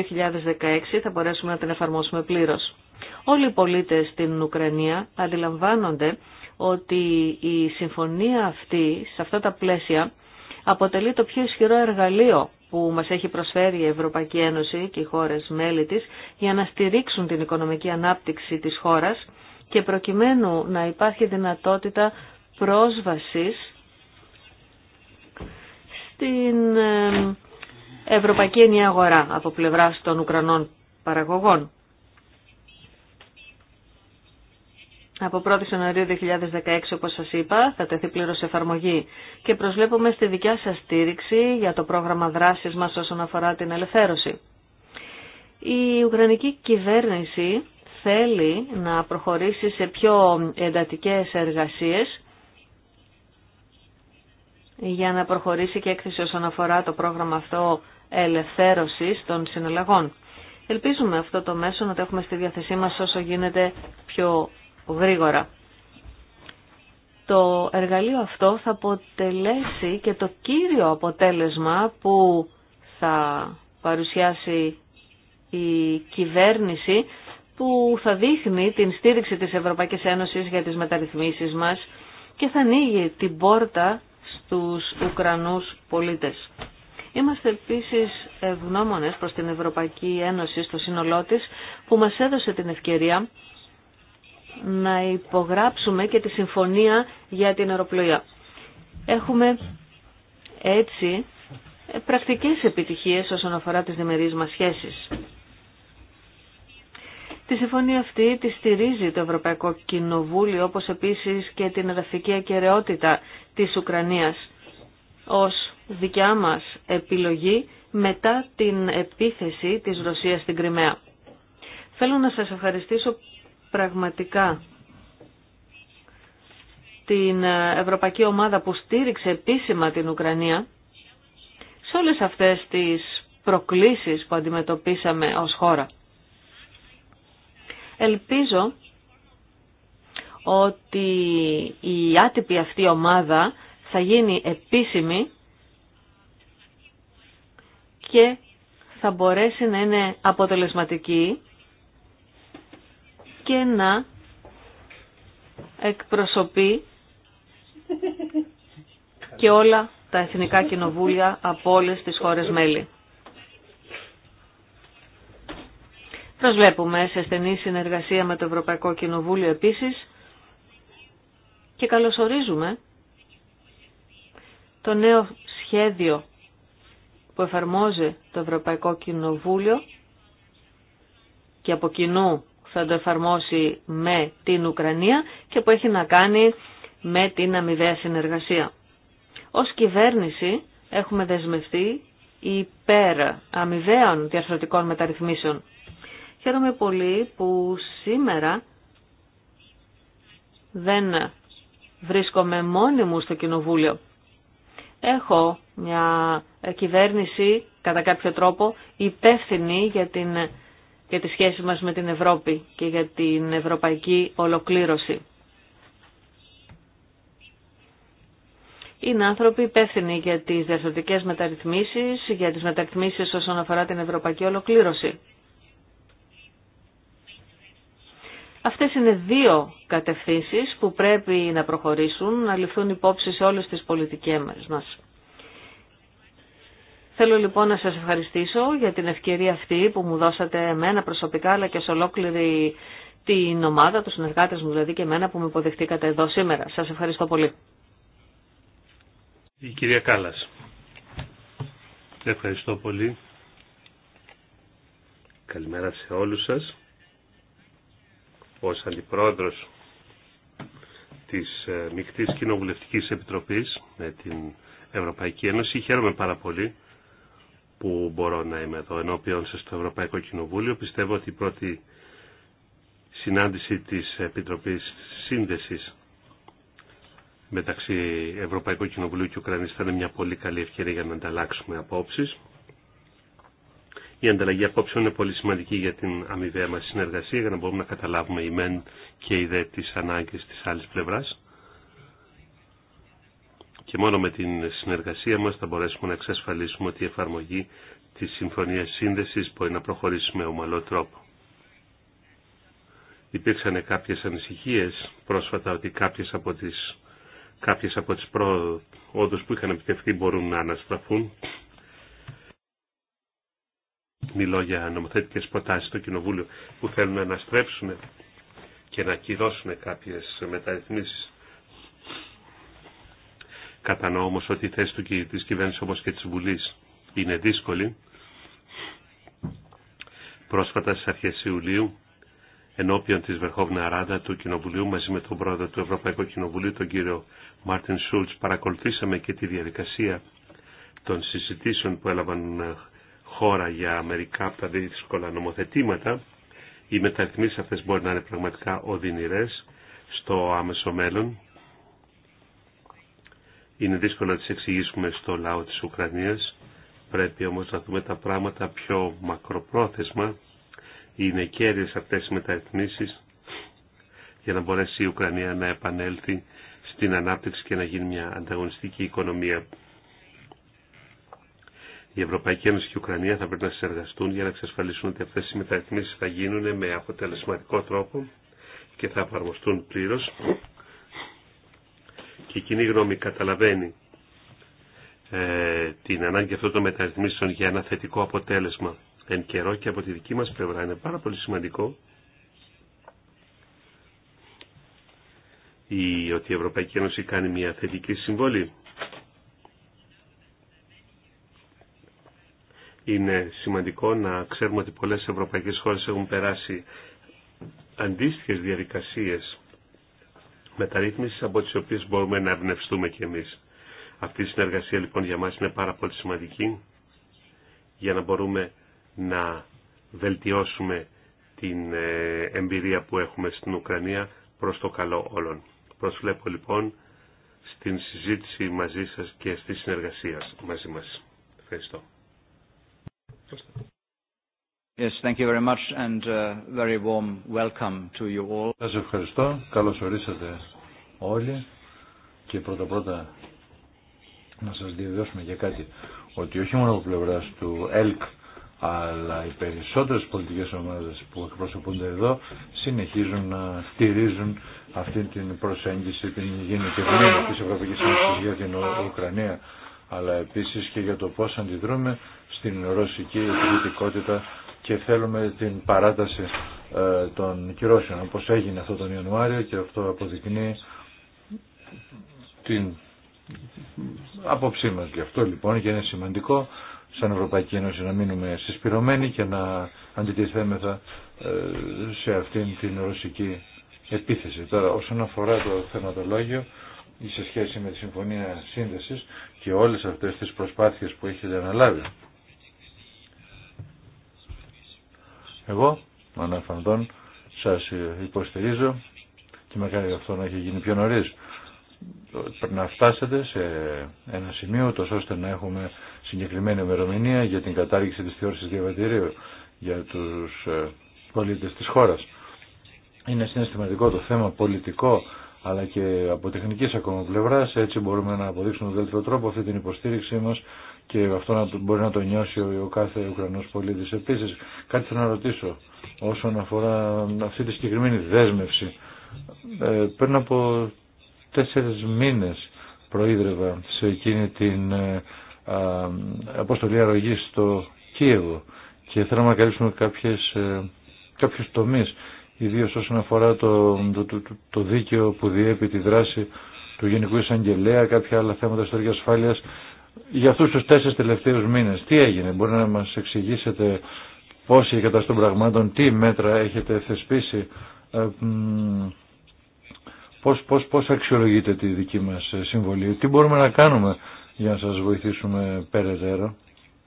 θα μπορέσουμε να την εφαρμόσουμε πλήρως. Όλοι οι πολίτες στην Ουκρανία αντιλαμβάνονται ότι η συμφωνία αυτή, σε αυτά τα πλαίσια, αποτελεί το πιο ισχυρό εργαλείο που μας έχει προσφέρει η Ευρωπαϊκή Ένωση και οι χώρες μέλη της για να στηρίξουν την οικονομική ανάπτυξη της χώρας και προκειμένου να υπάρχει δυνατότητα πρόσβασης στην ε, Ευρωπαϊκή Ενιαία Αγορά από πλευράς των Ουκρανών παραγωγών. από 1η Ιανουαρίου 2016, όπως σας είπα, θα τεθεί πλήρως εφαρμογή και προσβλέπουμε στη δικιά σας στήριξη για το πρόγραμμα δράσης μας όσον αφορά την ελευθέρωση. Η Ουκρανική κυβέρνηση θέλει να προχωρήσει σε πιο εντατικές εργασίες για να προχωρήσει και έκθεση όσον αφορά το πρόγραμμα αυτό ελευθέρωσης των συναλλαγών. Ελπίζουμε αυτό το μέσο να το έχουμε στη διάθεσή μας όσο γίνεται πιο γρήγορα. Το εργαλείο αυτό θα αποτελέσει και το κύριο αποτέλεσμα που θα παρουσιάσει η κυβέρνηση που θα δείχνει την στήριξη της Ευρωπαϊκής Ένωσης για τις μεταρρυθμίσεις μας και θα ανοίγει την πόρτα στους Ουκρανούς πολίτες. Είμαστε επίσης ευγνώμονες προς την Ευρωπαϊκή Ένωση στο σύνολό της που μας έδωσε την ευκαιρία να υπογράψουμε και τη συμφωνία για την αεροπλοΐα. Έχουμε έτσι πρακτικές επιτυχίες όσον αφορά τις διμερείς μας σχέσεις. Τη συμφωνία αυτή τη στηρίζει το Ευρωπαϊκό Κοινοβούλιο, όπως επίσης και την εδαφική ακεραιότητα της Ουκρανίας, ως δικιά μας επιλογή μετά την επίθεση της Ρωσίας στην Κρυμαία. Θέλω να σας ευχαριστήσω πραγματικά την Ευρωπαϊκή Ομάδα που στήριξε επίσημα την Ουκρανία σε όλες αυτές τις προκλήσεις που αντιμετωπίσαμε ως χώρα. Ελπίζω ότι η άτυπη αυτή ομάδα θα γίνει επίσημη και θα μπορέσει να είναι αποτελεσματική και να εκπροσωπεί και όλα τα εθνικά κοινοβούλια από όλες τις χώρες μέλη. Προσβλέπουμε σε στενή συνεργασία με το Ευρωπαϊκό Κοινοβούλιο επίσης και καλωσορίζουμε το νέο σχέδιο που εφαρμόζει το Ευρωπαϊκό Κοινοβούλιο και από κοινού θα το εφαρμόσει με την Ουκρανία και που έχει να κάνει με την αμοιβαία συνεργασία. Ως κυβέρνηση έχουμε δεσμευτεί υπέρ αμοιβαίων διαρθρωτικών μεταρρυθμίσεων. Χαίρομαι πολύ που σήμερα δεν βρίσκομαι μόνη μου στο Κοινοβούλιο. Έχω μια κυβέρνηση κατά κάποιο τρόπο υπεύθυνη για την για τη σχέση μας με την Ευρώπη και για την ευρωπαϊκή ολοκλήρωση. Είναι άνθρωποι υπεύθυνοι για τις διαστατικές μεταρρυθμίσεις, για τις μεταρρυθμίσεις όσον αφορά την ευρωπαϊκή ολοκλήρωση. Αυτές είναι δύο κατευθύνσεις που πρέπει να προχωρήσουν, να ληφθούν υπόψη σε όλες τις πολιτικές μας. Θέλω λοιπόν να σας ευχαριστήσω για την ευκαιρία αυτή που μου δώσατε εμένα προσωπικά αλλά και σε ολόκληρη την ομάδα, τους συνεργάτες μου δηλαδή και εμένα που με υποδεχτήκατε εδώ σήμερα. Σας ευχαριστώ πολύ. Η κυρία Κάλλας. Ευχαριστώ πολύ. Καλημέρα σε όλους σας. Ως αντιπρόεδρος της ε, Μικτής Κοινοβουλευτικής Επιτροπής με την Ευρωπαϊκή Ένωση χαίρομαι πάρα πολύ που μπορώ να είμαι εδώ ενώπιον σας στο Ευρωπαϊκό Κοινοβούλιο. Πιστεύω ότι η πρώτη συνάντηση της Επιτροπής Σύνδεσης μεταξύ Ευρωπαϊκού Κοινοβουλίου και Ουκρανίας θα είναι μια πολύ καλή ευκαιρία για να ανταλλάξουμε απόψεις. Η ανταλλαγή απόψεων είναι πολύ σημαντική για την αμοιβαία μας συνεργασία για να μπορούμε να καταλάβουμε η μεν και η δε τις ανάγκες της άλλης πλευράς και μόνο με την συνεργασία μας θα μπορέσουμε να εξασφαλίσουμε ότι η εφαρμογή της Συμφωνίας Σύνδεσης μπορεί να προχωρήσει με ομαλό τρόπο. Υπήρξαν κάποιες ανησυχίες πρόσφατα ότι κάποιες από τις, κάποιες από τις πρόοδους που είχαν επιτευχθεί μπορούν να αναστραφούν. Μιλώ για νομοθετικές προτάσεις στο Κοινοβούλιο που θέλουν να αναστρέψουν και να ακυρώσουν κάποιες μεταρρυθμίσεις Κατανοώ όμως ότι η θέση του, της κυβέρνησης όπως και της Βουλής είναι δύσκολη. Πρόσφατα στις αρχές Ιουλίου, ενώπιον της Βερχόβνα Ράντα του Κοινοβουλίου, μαζί με τον πρόεδρο του Ευρωπαϊκού Κοινοβουλίου, τον κύριο Μάρτιν Σούλτς, παρακολουθήσαμε και τη διαδικασία των συζητήσεων που έλαβαν ε, χώρα για μερικά από τα δύσκολα νομοθετήματα. Οι μεταρρυθμίσεις αυτές μπορεί να είναι πραγματικά οδυνηρές στο άμεσο μέλλον είναι δύσκολο να τις εξηγήσουμε στο λαό της Ουκρανίας. Πρέπει όμως να δούμε τα πράγματα πιο μακροπρόθεσμα. Είναι κέρδιες αυτές οι μεταρρυθμίσεις για να μπορέσει η Ουκρανία να επανέλθει στην ανάπτυξη και να γίνει μια ανταγωνιστική οικονομία. Η Ευρωπαϊκή Ένωση και η Ουκρανία θα πρέπει να συνεργαστούν για να εξασφαλίσουν ότι αυτές οι μεταρρυθμίσεις θα γίνουν με αποτελεσματικό τρόπο και θα απαρμοστούν πλήρως και η κοινή γνώμη καταλαβαίνει ε, την ανάγκη αυτών των μεταρρυθμίσεων για ένα θετικό αποτέλεσμα εν καιρό και από τη δική μας πλευρά είναι πάρα πολύ σημαντικό η, ότι η Ευρωπαϊκή Ένωση κάνει μια θετική συμβολή. Είναι σημαντικό να ξέρουμε ότι πολλές ευρωπαϊκές χώρες έχουν περάσει αντίστοιχες διαδικασίες μεταρρύθμισης από τις οποίες μπορούμε να εμπνευστούμε κι εμείς. Αυτή η συνεργασία λοιπόν για μας είναι πάρα πολύ σημαντική για να μπορούμε να βελτιώσουμε την ε, εμπειρία που έχουμε στην Ουκρανία προς το καλό όλων. Προσβλέπω λοιπόν στην συζήτηση μαζί σας και στη συνεργασία μαζί μας. Ευχαριστώ. Yes, thank you very much and uh, very warm welcome to you all. ευχαριστώ. Καλώς ορίσατε όλοι και πρώτα πρώτα να σας διαβιώσουμε για κάτι ότι όχι μόνο από πλευρά του ΕΛΚ αλλά οι περισσότερες πολιτικές ομάδες που εκπροσωπούνται εδώ συνεχίζουν να στηρίζουν αυτή την προσέγγιση, την γενικευμένη της Ευρωπαϊκής Ένωσης για την Ουκρανία αλλά επίσης και για το πώς αντιδρούμε στην ρωσική κριτικότητα και θέλουμε την παράταση ε, των κυρώσεων όπως έγινε αυτό τον Ιανουάριο και αυτό αποδεικνύει την άποψή μας. Γι' αυτό λοιπόν και είναι σημαντικό σαν Ευρωπαϊκή Ένωση να μείνουμε συσπηρωμένοι και να αντιτιθέμεθα ε, σε αυτήν την ρωσική επίθεση. Τώρα όσον αφορά το θεματολόγιο σε σχέση με τη Συμφωνία Σύνδεσης και όλες αυτές τις προσπάθειες που έχετε αναλάβει. Εγώ, αναφαντών, σας υποστηρίζω και με αυτό να έχει γίνει πιο νωρίς να φτάσετε σε ένα σημείο τόσο ώστε να έχουμε συγκεκριμένη ημερομηνία για την κατάργηση της θεώρησης διαβατηρίου για τους ε, πολίτες της χώρας. Είναι συναισθηματικό το θέμα, πολιτικό, αλλά και από τεχνική ακόμα πλευρά. Έτσι μπορούμε να αποδείξουμε τον δεύτερο τρόπο αυτή την υποστήριξή μα και αυτό να, μπορεί να το νιώσει ο, κάθε Ουκρανό πολίτη. Επίση, κάτι θέλω να ρωτήσω όσον αφορά αυτή τη συγκεκριμένη δέσμευση. Ε, πριν από τέσσερις μήνες προείδρευα σε εκείνη την ε, αποστολή αρρωγή στο Κίεβο και θέλαμε να καλύψουμε κάποιες, ε, κάποιους τομείς ιδίως όσον αφορά το, το, το, το δίκαιο που διέπει τη δράση του Γενικού Εισαγγελέα, κάποια άλλα θέματα ιστορικής ασφάλειας. Για αυτούς τους τέσσερις τελευταίους μήνες, τι έγινε, μπορεί να μας εξηγήσετε πώς η κατάσταση των πραγμάτων, τι μέτρα έχετε θεσπίσει, ε, Πώς, πώς, αξιολογείτε τη δική μας συμβολή, τι μπορούμε να κάνουμε για να σας βοηθήσουμε περαιτέρω.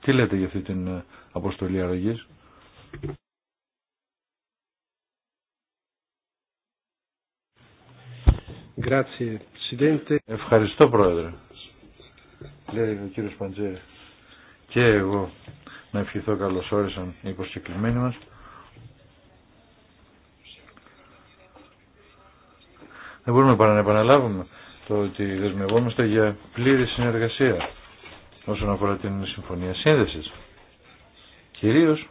Τι λέτε για αυτή την ε, αποστολή αρρωγής. Ευχαριστώ Πρόεδρε. Λέει ο κύριος Παντζέρη. Και εγώ να ευχηθώ καλώς όρισαν οι προσκεκλημένοι μας. Δεν μπορούμε παρά να επαναλάβουμε το ότι δεσμευόμαστε για πλήρη συνεργασία όσον αφορά την Συμφωνία Σύνδεσης. Κυρίως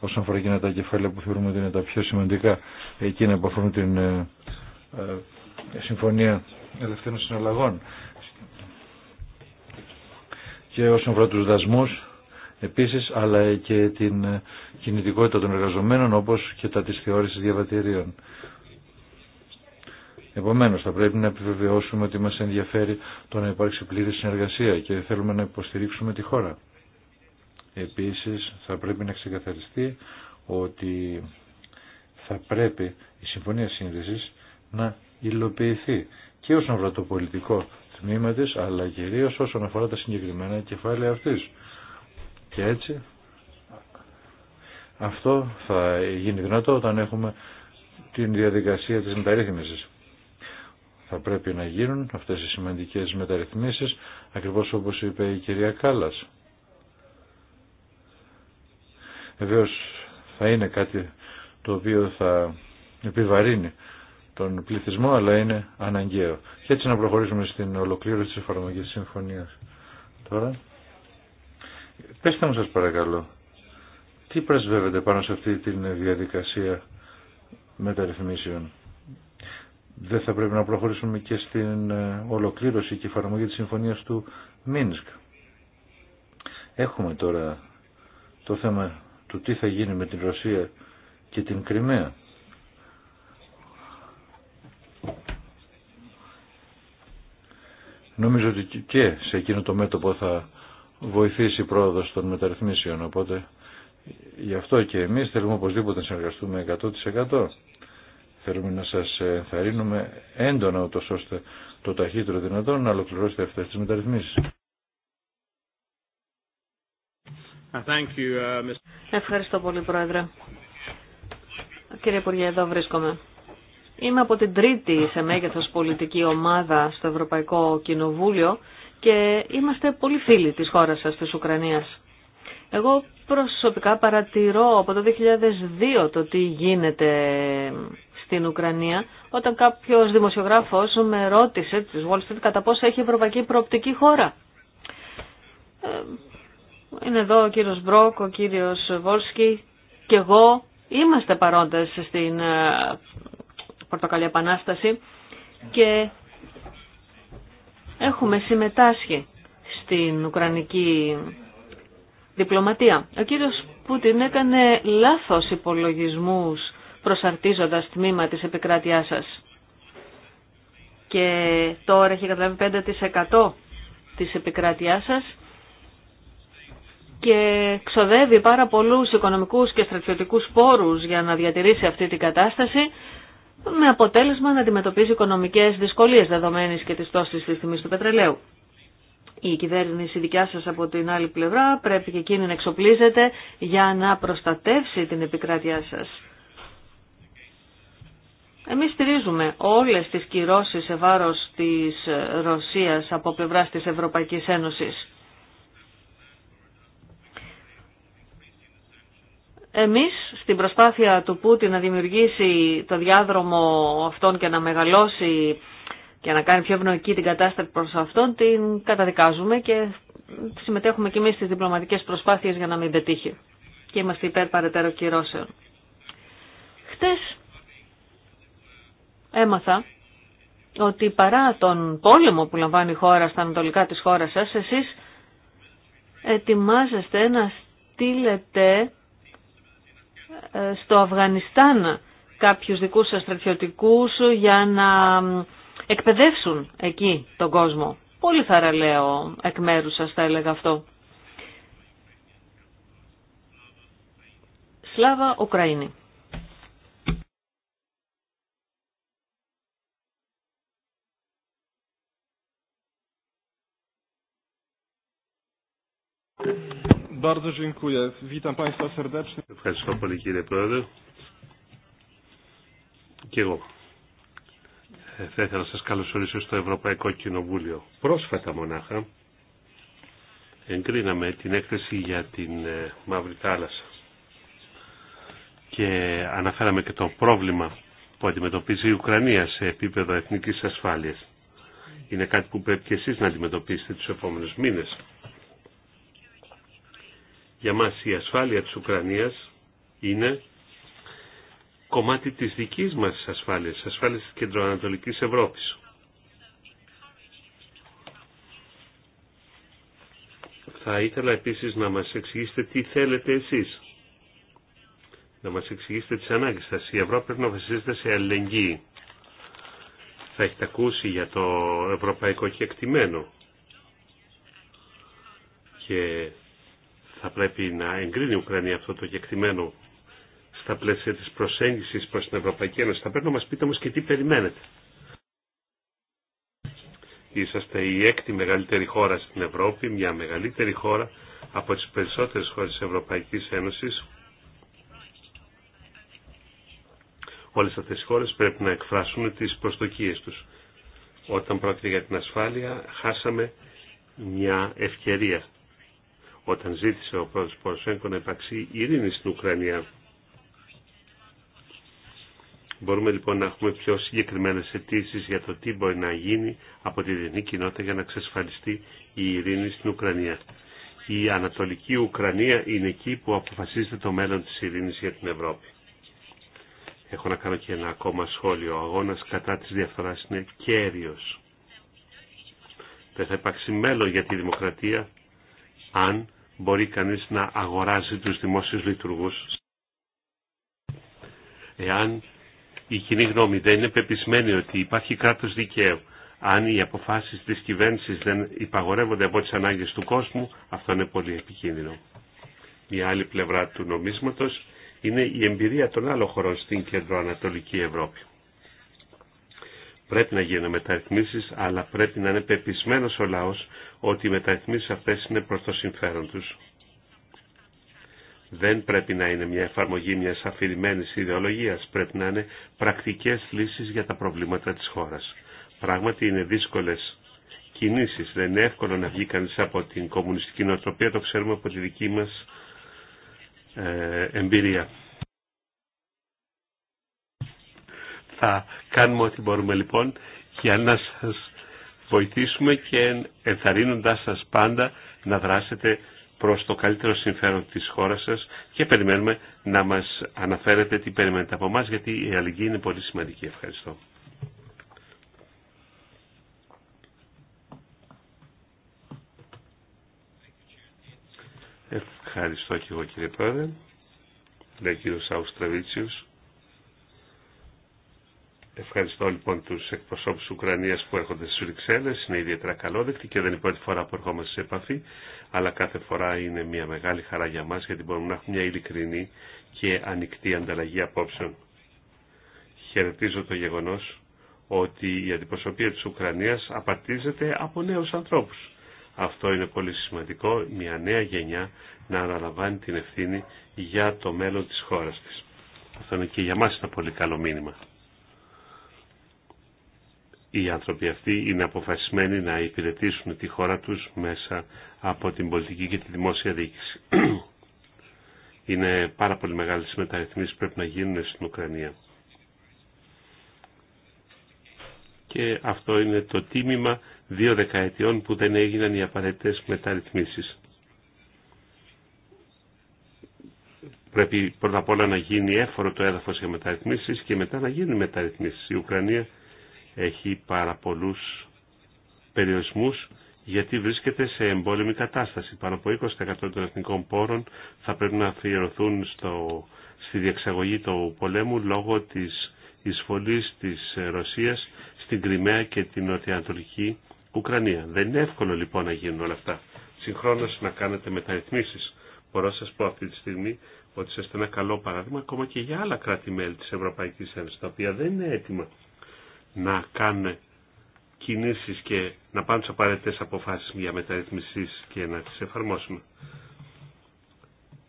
όσον αφορά εκείνα τα κεφάλαια που θεωρούμε ότι είναι τα πιο σημαντικά εκείνα που αφορούν την ε, ε Συμφωνία Ελευθερών Συναλλαγών και όσον αφορά τους δασμούς επίσης αλλά και την κινητικότητα των εργαζομένων όπως και τα της θεώρησης διαβατηρίων. Επομένω, θα πρέπει να επιβεβαιώσουμε ότι μα ενδιαφέρει το να υπάρξει πλήρη συνεργασία και θέλουμε να υποστηρίξουμε τη χώρα. Επίση, θα πρέπει να ξεκαθαριστεί ότι θα πρέπει η Συμφωνία Σύνδεση να υλοποιηθεί και όσον αφορά το πολιτικό τμήμα τη, αλλά κυρίω όσον αφορά τα συγκεκριμένα κεφάλαια αυτή. Και έτσι, αυτό θα γίνει δυνατό όταν έχουμε την διαδικασία της μεταρρύθμισης θα πρέπει να γίνουν αυτές οι σημαντικές μεταρρυθμίσεις ακριβώς όπως είπε η κυρία Κάλλας. Βεβαίω θα είναι κάτι το οποίο θα επιβαρύνει τον πληθυσμό αλλά είναι αναγκαίο. Και έτσι να προχωρήσουμε στην ολοκλήρωση της εφαρμογής της συμφωνίας. Τώρα, πέστε μου σας παρακαλώ, τι πρεσβεύετε πάνω σε αυτή τη διαδικασία μεταρρυθμίσεων δεν θα πρέπει να προχωρήσουμε και στην ε, ολοκλήρωση και εφαρμογή της συμφωνίας του Μίνσκ. Έχουμε τώρα το θέμα του τι θα γίνει με την Ρωσία και την Κρυμαία. Νομίζω ότι και σε εκείνο το μέτωπο θα βοηθήσει η πρόοδος των μεταρρυθμίσεων, οπότε γι' αυτό και εμείς θέλουμε οπωσδήποτε να συνεργαστούμε 100%. Θέλουμε να σας ενθαρρύνουμε έντονα ούτως ώστε το ταχύτερο δυνατόν να ολοκληρώσετε αυτές τις μεταρρυθμίσεις. Uh, uh, Ευχαριστώ πολύ, Πρόεδρε. Κύριε Υπουργέ, εδώ βρίσκομαι. Είμαι από την τρίτη σε μέγεθος πολιτική ομάδα στο Ευρωπαϊκό Κοινοβούλιο και είμαστε πολύ φίλοι της χώρας σας, της Ουκρανίας. Εγώ προσωπικά παρατηρώ από το 2002 το τι γίνεται στην Ουκρανία, όταν κάποιος δημοσιογράφος με ρώτησε τη Wall Street κατά πόσο έχει ευρωπαϊκή προοπτική χώρα. Ε, είναι εδώ ο κύριος Μπρόκ, ο κύριος Βόλσκι και εγώ είμαστε παρόντες στην ε, Πορτοκαλία Επανάσταση και έχουμε συμμετάσχει στην Ουκρανική διπλωματία. Ο κύριος Πούτιν έκανε λάθος υπολογισμούς προσαρτίζοντας τμήμα της επικράτειάς σας. Και τώρα έχει καταλάβει 5% της επικράτειάς σας και ξοδεύει πάρα πολλούς οικονομικούς και στρατιωτικούς πόρους για να διατηρήσει αυτή την κατάσταση με αποτέλεσμα να αντιμετωπίζει οικονομικές δυσκολίες δεδομένης και της τόσης της τιμής του πετρελαίου. Η κυβέρνηση δικιά σας από την άλλη πλευρά πρέπει και εκείνη να εξοπλίζεται για να προστατεύσει την επικράτειά σας. Εμείς στηρίζουμε όλες τις κυρώσεις σε βάρος της Ρωσίας από πλευράς της Ευρωπαϊκής Ένωσης. Εμείς στην προσπάθεια του Πούτιν να δημιουργήσει το διάδρομο αυτόν και να μεγαλώσει και να κάνει πιο ευνοϊκή την κατάσταση προς αυτόν, την καταδικάζουμε και συμμετέχουμε και εμείς στις διπλωματικές προσπάθειες για να μην πετύχει. Και είμαστε υπέρ παρετέρω κυρώσεων. Χτες έμαθα ότι παρά τον πόλεμο που λαμβάνει η χώρα στα ανατολικά της χώρας σας, εσείς ετοιμάζεστε να στείλετε ε, στο Αφγανιστάν κάποιους δικούς σας στρατιωτικούς για να εκπαιδεύσουν εκεί τον κόσμο. Πολύ θαραλέω εκ μέρους σας θα έλεγα αυτό. Σλάβα Ουκραίνη. Ευχαριστώ πολύ κύριε Πρόεδρε. Και εγώ. Ε, θα ήθελα να σας καλωσορίσω στο Ευρωπαϊκό Κοινοβούλιο. Πρόσφατα μονάχα εγκρίναμε την έκθεση για την ε, Μαύρη Θάλασσα και αναφέραμε και το πρόβλημα που αντιμετωπίζει η Ουκρανία σε επίπεδο εθνικής ασφάλειας. Είναι κάτι που πρέπει και εσείς να αντιμετωπίσετε τους επόμενους μήνες. Για μας η ασφάλεια της Ουκρανίας είναι κομμάτι της δικής μας ασφάλειας, ασφάλειας της κεντροανατολικής Ευρώπης. Θα ήθελα επίσης να μας εξηγήσετε τι θέλετε εσείς. Να μας εξηγήσετε τις ανάγκες σας. Η Ευρώπη πρέπει να βασίζεται σε αλληλεγγύη. Θα έχετε ακούσει για το ευρωπαϊκό κεκτημένο. Και θα πρέπει να εγκρίνει η Ουκρανία αυτό το κεκτημένο στα πλαίσια της προσέγγισης προς την Ευρωπαϊκή Ένωση. Θα πρέπει να μας πείτε όμως και τι περιμένετε. Είσαστε η έκτη μεγαλύτερη χώρα στην Ευρώπη, μια μεγαλύτερη χώρα από τις περισσότερες χώρες της Ευρωπαϊκής Ένωσης. Όλες αυτές οι χώρες πρέπει να εκφράσουν τις προσδοκίες τους. Όταν πρόκειται για την ασφάλεια, χάσαμε μια ευκαιρία όταν ζήτησε ο πρόεδρος Ποροσέγκο να υπάρξει ειρήνη στην Ουκρανία. Μπορούμε λοιπόν να έχουμε πιο συγκεκριμένες αιτήσει για το τι μπορεί να γίνει από τη διεθνή κοινότητα για να εξασφαλιστεί η ειρήνη στην Ουκρανία. Η Ανατολική Ουκρανία είναι εκεί που αποφασίζεται το μέλλον της ειρήνης για την Ευρώπη. Έχω να κάνω και ένα ακόμα σχόλιο. Ο αγώνας κατά της διαφθοράς είναι κέριος. Δεν θα υπάρξει μέλλον για τη δημοκρατία αν μπορεί κανείς να αγοράζει τους δημόσιους λειτουργούς. Εάν η κοινή γνώμη δεν είναι πεπισμένη ότι υπάρχει κράτος δικαίου, αν οι αποφάσεις της κυβέρνησης δεν υπαγορεύονται από τις ανάγκες του κόσμου, αυτό είναι πολύ επικίνδυνο. Μια άλλη πλευρά του νομίσματος είναι η εμπειρία των άλλων χωρών στην κεντροανατολική Ευρώπη. Πρέπει να γίνουν μεταρρυθμίσεις, αλλά πρέπει να είναι πεπισμένος ο λαός ότι οι μεταρρυθμίσεις αυτές είναι προς το συμφέρον τους. Δεν πρέπει να είναι μια εφαρμογή μιας αφηρημένης ιδεολογίας, πρέπει να είναι πρακτικές λύσεις για τα προβλήματα της χώρας. Πράγματι είναι δύσκολες κινήσεις, δεν είναι εύκολο να βγει κανείς από την κομμουνιστική νοοτροπία, το ξέρουμε από τη δική μας ε, εμπειρία. Θα κάνουμε ό,τι μπορούμε λοιπόν για να σας βοηθήσουμε και ενθαρρύνοντάς σας πάντα να δράσετε προς το καλύτερο συμφέρον της χώρας σας και περιμένουμε να μας αναφέρετε τι περιμένετε από εμά γιατί η αλληλεγγύη είναι πολύ σημαντική. Ευχαριστώ. Ευχαριστώ και εγώ κύριε Πρόεδρε. κύριο Ευχαριστώ λοιπόν του εκπροσώπους της Ουκρανίας που έρχονται στι Βρυξέλλες. Είναι ιδιαίτερα καλόδεκτοι και δεν είναι πρώτη φορά που ερχόμαστε σε επαφή, αλλά κάθε φορά είναι μια μεγάλη χαρά για μα γιατί μπορούμε να έχουμε μια ειλικρινή και ανοιχτή ανταλλαγή απόψεων. Χαιρετίζω το γεγονό ότι η αντιπροσωπεία τη Ουκρανία απαρτίζεται από νέου ανθρώπου. Αυτό είναι πολύ σημαντικό, μια νέα γενιά να αναλαμβάνει την ευθύνη για το μέλλον της χώρας της. Αυτό είναι και για μας ένα πολύ καλό μήνυμα οι άνθρωποι αυτοί είναι αποφασισμένοι να υπηρετήσουν τη χώρα τους μέσα από την πολιτική και τη δημόσια διοίκηση. Είναι πάρα πολύ μεγάλες μεταρρυθμίσεις που πρέπει να γίνουν στην Ουκρανία. Και αυτό είναι το τίμημα δύο δεκαετιών που δεν έγιναν οι απαραίτητες μεταρρυθμίσεις. Πρέπει πρώτα απ' όλα να γίνει έφορο το έδαφος για μεταρρυθμίσεις και μετά να γίνουν μεταρρυθμίσεις. Η Ουκρανία έχει πάρα πολλούς περιορισμούς γιατί βρίσκεται σε εμπόλεμη κατάσταση. Πάνω από 20% των εθνικών πόρων θα πρέπει να αφιερωθούν στο, στη διεξαγωγή του πολέμου λόγω της εισφολής της Ρωσίας στην Κρυμαία και την νοτιοανατολική Ουκρανία. Δεν είναι εύκολο λοιπόν να γίνουν όλα αυτά. Συγχρόνως να κάνετε μεταρρυθμίσεις. Μπορώ να σας πω αυτή τη στιγμή ότι είστε ένα καλό παράδειγμα ακόμα και για άλλα κράτη-μέλη της Ευρωπαϊκής Ένωσης, τα οποία δεν είναι έτοιμα να κάνουν κινήσεις και να πάνε τις απαραίτητες αποφάσεις για μεταρρυθμίσεις και να τις εφαρμόσουμε.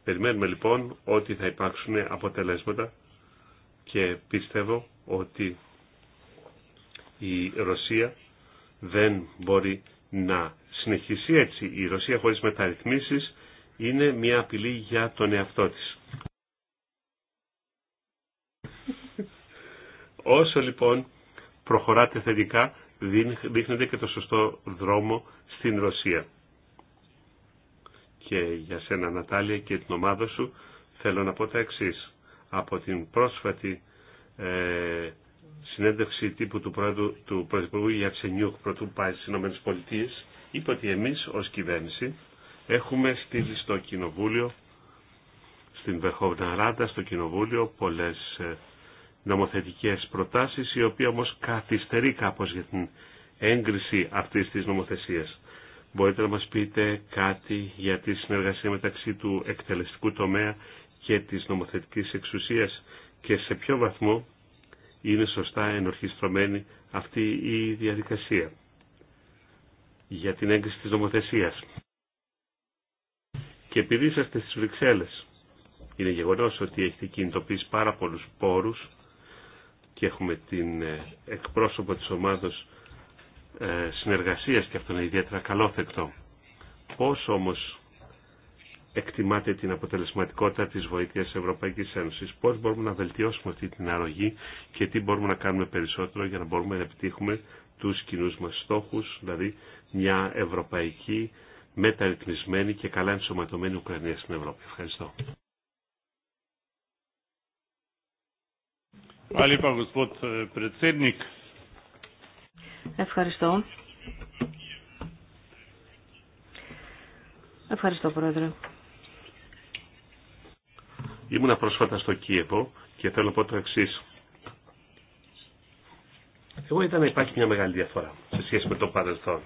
Περιμένουμε λοιπόν ότι θα υπάρξουν αποτελέσματα και πιστεύω ότι η Ρωσία δεν μπορεί να συνεχίσει έτσι. Η Ρωσία χωρίς μεταρρυθμίσεις είναι μια απειλή για τον εαυτό της. Όσο λοιπόν προχωράτε θετικά δείχνετε και το σωστό δρόμο στην Ρωσία. Και για σένα Νατάλια και την ομάδα σου θέλω να πω τα εξή. Από την πρόσφατη ε, συνέντευξη τύπου του, πρόεδρου, του Πρωθυπουργού Γιατσενιούχ πρωτού πάει στις ΗΠΑ είπε ότι εμείς ως κυβέρνηση έχουμε στείλει στο Κοινοβούλιο στην Βεχόβνα Ράντα, στο Κοινοβούλιο πολλές ε, νομοθετικές προτάσεις, οι οποία όμως καθυστερεί κάπως για την έγκριση αυτής της νομοθεσίας. Μπορείτε να μας πείτε κάτι για τη συνεργασία μεταξύ του εκτελεστικού τομέα και της νομοθετικής εξουσίας και σε ποιο βαθμό είναι σωστά ενορχιστρωμένη αυτή η διαδικασία για την έγκριση της νομοθεσίας. Και επειδή είσαστε στις Βρυξέλλες, είναι γεγονός ότι έχετε κινητοποιήσει πάρα πολλούς πόρους και έχουμε την ε, εκπρόσωπο της ομάδος ε, συνεργασίας και αυτό είναι ιδιαίτερα καλόθεκτο. Πώς όμως εκτιμάτε την αποτελεσματικότητα της βοήθειας της Ευρωπαϊκής Ένωσης, πώς μπορούμε να βελτιώσουμε αυτή την αρρωγή και τι μπορούμε να κάνουμε περισσότερο για να μπορούμε να επιτύχουμε τους κοινούς μας στόχους, δηλαδή μια ευρωπαϊκή μεταρρυθμισμένη και καλά ενσωματωμένη Ουκρανία στην Ευρώπη. Ευχαριστώ. Eh, Ευχαριστώ. Ευχαριστώ, Πρόεδρε. Ήμουνα πρόσφατα στο Κίεβο και θέλω να πω το εξή. Εγώ είδα να υπάρχει μια μεγάλη διαφορά σε σχέση με το παρελθόν.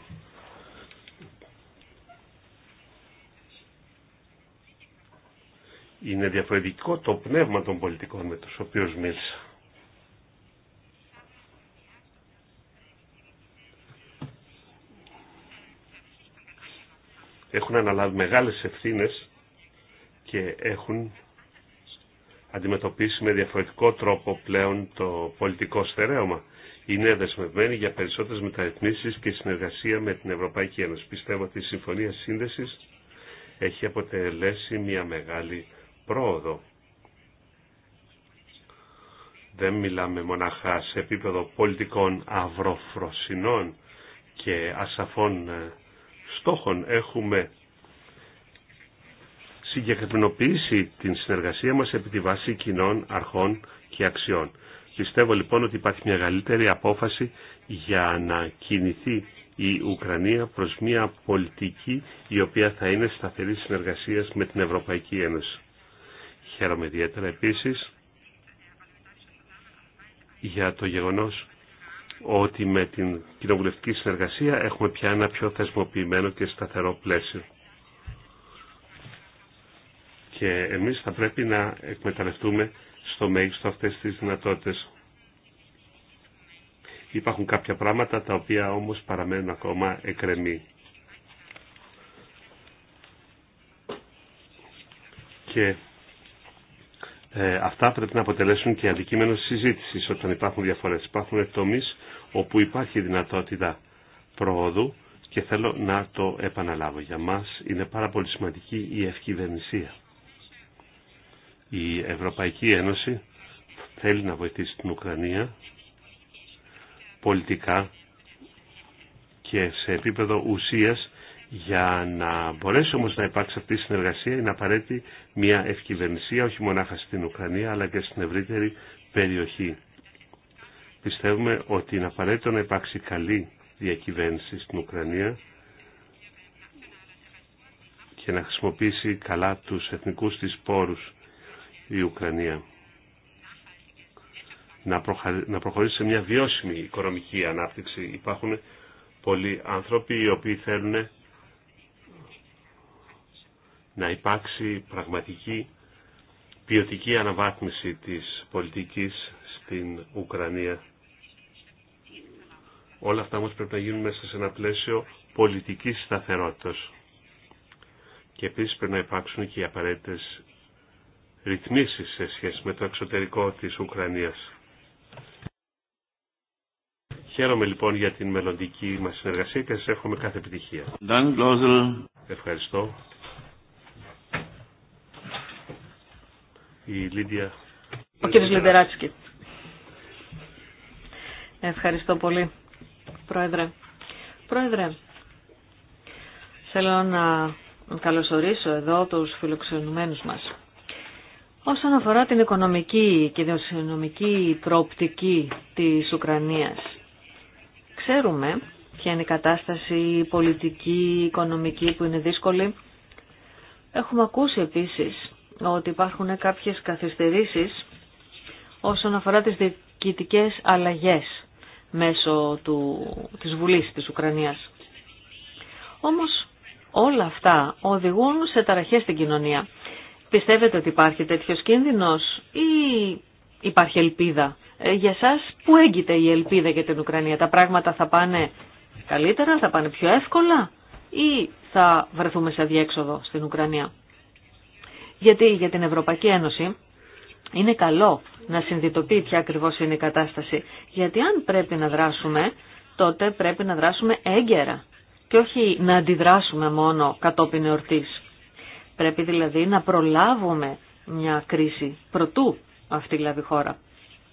Είναι διαφορετικό το πνεύμα των πολιτικών με τους οποίους μίλησα. έχουν αναλάβει μεγάλες ευθύνες και έχουν αντιμετωπίσει με διαφορετικό τρόπο πλέον το πολιτικό στερέωμα. Είναι δεσμευμένοι για περισσότερες μεταρρυθμίσεις και συνεργασία με την Ευρωπαϊκή Ένωση. Πιστεύω ότι η Συμφωνία Σύνδεσης έχει αποτελέσει μια μεγάλη πρόοδο. Δεν μιλάμε μονάχα σε επίπεδο πολιτικών αυροφροσινών και ασαφών ε, στόχων έχουμε συγκεκριμενοποιήσει την συνεργασία μας επί τη βάση κοινών αρχών και αξιών. Πιστεύω λοιπόν ότι υπάρχει μια καλύτερη απόφαση για να κινηθεί η Ουκρανία προς μια πολιτική η οποία θα είναι σταθερή συνεργασίας με την Ευρωπαϊκή Ένωση. Χαίρομαι ιδιαίτερα επίσης για το γεγονός ότι με την κοινοβουλευτική συνεργασία έχουμε πια ένα πιο θεσμοποιημένο και σταθερό πλαίσιο. Και εμείς θα πρέπει να εκμεταλλευτούμε στο μέγιστο αυτές τις δυνατότητες. Υπάρχουν κάποια πράγματα τα οποία όμως παραμένουν ακόμα εκρεμή. Και ε, αυτά πρέπει να αποτελέσουν και αντικείμενο συζήτησης όταν υπάρχουν διαφορέ. Υπάρχουν τομεί όπου υπάρχει δυνατότητα προόδου και θέλω να το επαναλάβω. Για μας είναι πάρα πολύ σημαντική η ευκυβερνησία. Η Ευρωπαϊκή Ένωση θέλει να βοηθήσει την Ουκρανία πολιτικά και σε επίπεδο ουσίας για να μπορέσει όμως να υπάρξει αυτή η συνεργασία είναι απαραίτητη μια ευκυβερνησία όχι μονάχα στην Ουκρανία αλλά και στην ευρύτερη περιοχή Πιστεύουμε ότι είναι απαραίτητο να υπάρξει καλή διακυβέρνηση στην Ουκρανία και να χρησιμοποιήσει καλά τους εθνικούς της πόρους η Ουκρανία. Να προχωρήσει σε μια βιώσιμη οικονομική ανάπτυξη. Υπάρχουν πολλοί άνθρωποι οι οποίοι θέλουν να υπάρξει πραγματική ποιοτική αναβάθμιση της πολιτικής στην Ουκρανία Όλα αυτά όμως πρέπει να γίνουν μέσα σε ένα πλαίσιο πολιτικής σταθερότητας. Και επίσης πρέπει να υπάρξουν και οι απαραίτητες ρυθμίσεις σε σχέση με το εξωτερικό της Ουκρανίας. Χαίρομαι λοιπόν για την μελλοντική μας συνεργασία και σας εύχομαι κάθε επιτυχία. Ευχαριστώ. Η Λίδια... Ο κύριος Ευχαριστώ πολύ. Πρόεδρε. Πρόεδρε, θέλω να καλωσορίσω εδώ τους φιλοξενουμένους μας. Όσον αφορά την οικονομική και δημοσιονομική προοπτική της Ουκρανίας, ξέρουμε ποια είναι η κατάσταση πολιτική, οικονομική που είναι δύσκολη. Έχουμε ακούσει επίσης ότι υπάρχουν κάποιες καθυστερήσεις όσον αφορά τις διοικητικές αλλαγές μέσω του, της Βουλής της Ουκρανίας. Όμως όλα αυτά οδηγούν σε ταραχές στην κοινωνία. Πιστεύετε ότι υπάρχει τέτοιος κίνδυνος ή υπάρχει ελπίδα. Ε, για σας που έγκυται η ελπίδα για την Ουκρανία. Τα πράγματα θα πάνε καλύτερα, θα πάνε πιο εύκολα ή θα βρεθούμε σε διέξοδο στην Ουκρανία. Γιατί για την Ευρωπαϊκή Ένωση είναι καλό να συνδυτοποιεί ποια ακριβώς είναι η κατάσταση. Γιατί αν πρέπει να δράσουμε, τότε πρέπει να δράσουμε έγκαιρα και όχι να αντιδράσουμε μόνο κατόπιν εορτής. Πρέπει δηλαδή να προλάβουμε μια κρίση προτού αυτή λάβει χώρα.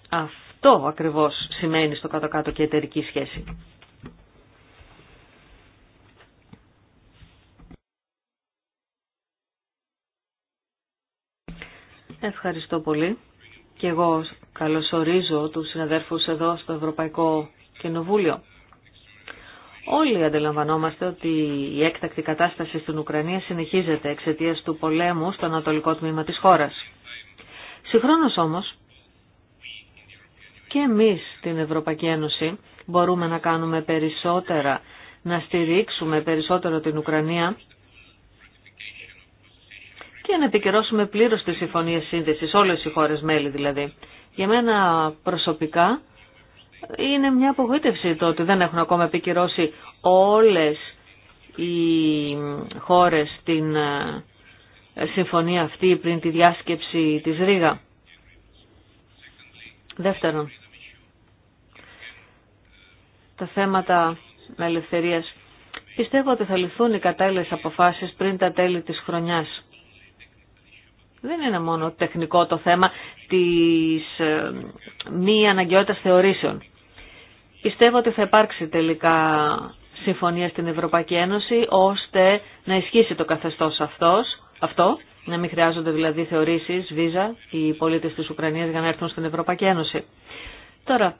Αυτό ακριβώς σημαίνει στο κάτω-κάτω και εταιρική σχέση. Ευχαριστώ πολύ. Και εγώ καλωσορίζω τους συναδέρφους εδώ στο Ευρωπαϊκό Κοινοβούλιο. Όλοι αντιλαμβανόμαστε ότι η έκτακτη κατάσταση στην Ουκρανία συνεχίζεται εξαιτίας του πολέμου στο ανατολικό τμήμα της χώρας. Συγχρόνως όμως, και εμείς στην Ευρωπαϊκή Ένωση μπορούμε να κάνουμε περισσότερα, να στηρίξουμε περισσότερο την Ουκρανία για να επικαιρώσουμε πλήρως τις συμφωνία σύνδεσης, όλες οι χώρε μέλη δηλαδή. Για μένα προσωπικά είναι μια απογοήτευση το ότι δεν έχουν ακόμα επικυρώσει όλες οι χώρε την ε, συμφωνία αυτή πριν τη διάσκεψη της Ρήγα. Δεύτερον, τα θέματα ελευθερίας. Πιστεύω ότι θα λυθούν οι κατάλληλες αποφάσεις πριν τα τέλη της χρονιάς. Δεν είναι μόνο τεχνικό το θέμα της ε, μη αναγκαιότητας θεωρήσεων. Πιστεύω ότι θα υπάρξει τελικά συμφωνία στην Ευρωπαϊκή Ένωση ώστε να ισχύσει το καθεστώς αυτός, αυτό, να μην χρειάζονται δηλαδή θεωρήσεις, βίζα, οι πολίτες της Ουκρανίας για να έρθουν στην Ευρωπαϊκή Ένωση. Τώρα,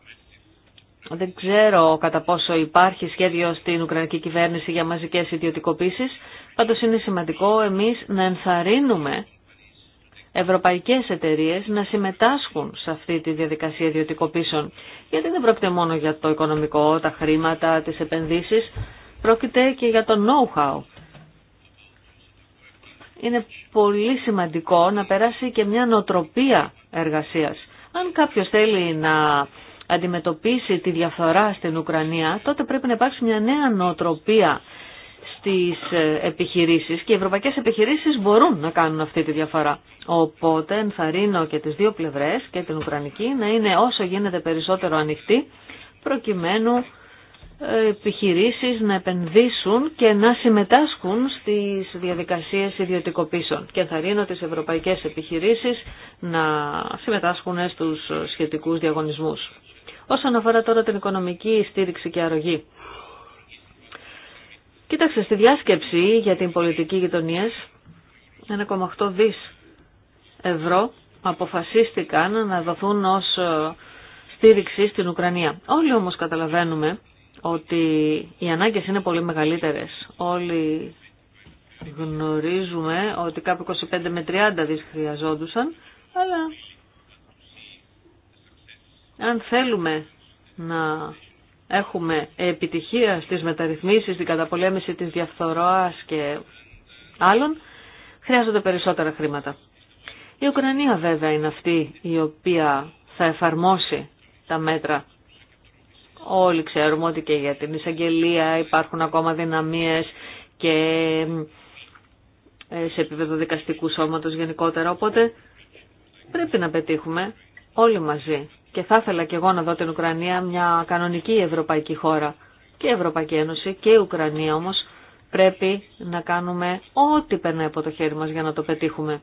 δεν ξέρω κατά πόσο υπάρχει σχέδιο στην Ουκρανική κυβέρνηση για μαζικές ιδιωτικοποίησεις, πάντως είναι σημαντικό εμείς να ενθαρρύνουμε ευρωπαϊκές εταιρείες να συμμετάσχουν σε αυτή τη διαδικασία ιδιωτικοποίησεων. Γιατί δεν πρόκειται μόνο για το οικονομικό, τα χρήματα, τις επενδύσεις, πρόκειται και για το know-how. Είναι πολύ σημαντικό να περάσει και μια νοτροπία εργασίας. Αν κάποιος θέλει να αντιμετωπίσει τη διαφθορά στην Ουκρανία, τότε πρέπει να υπάρξει μια νέα νοοτροπία στις ε, επιχειρήσεις και οι ευρωπαϊκές επιχειρήσεις μπορούν να κάνουν αυτή τη διαφορά. Οπότε ενθαρρύνω και τις δύο πλευρές και την Ουκρανική να είναι όσο γίνεται περισσότερο ανοιχτή προκειμένου ε, επιχειρήσεις να επενδύσουν και να συμμετάσχουν στις διαδικασίες ιδιωτικοποίησεων και ενθαρρύνω τις ευρωπαϊκές επιχειρήσεις να συμμετάσχουν στους σχετικούς διαγωνισμούς. Όσον αφορά τώρα την οικονομική στήριξη και αρρωγή. Κοίταξε, στη διάσκεψη για την πολιτική γειτονία 1,8 δις ευρώ αποφασίστηκαν να δοθούν ως ε, στήριξη στην Ουκρανία. Όλοι όμως καταλαβαίνουμε ότι οι ανάγκες είναι πολύ μεγαλύτερες. Όλοι γνωρίζουμε ότι κάπου 25 με 30 δις χρειαζόντουσαν, αλλά αν θέλουμε να έχουμε επιτυχία στις μεταρρυθμίσεις, την καταπολέμηση της διαφθοράς και άλλων, χρειάζονται περισσότερα χρήματα. Η Ουκρανία βέβαια είναι αυτή η οποία θα εφαρμόσει τα μέτρα. Όλοι ξέρουμε ότι και για την εισαγγελία υπάρχουν ακόμα δυναμίες και ε, σε επίπεδο δικαστικού σώματος γενικότερα. Οπότε πρέπει να πετύχουμε όλοι μαζί. Και θα ήθελα και εγώ να δω την Ουκρανία μια κανονική ευρωπαϊκή χώρα. Και η Ευρωπαϊκή Ένωση και η Ουκρανία όμως πρέπει να κάνουμε ό,τι περνάει από το χέρι μας για να το πετύχουμε.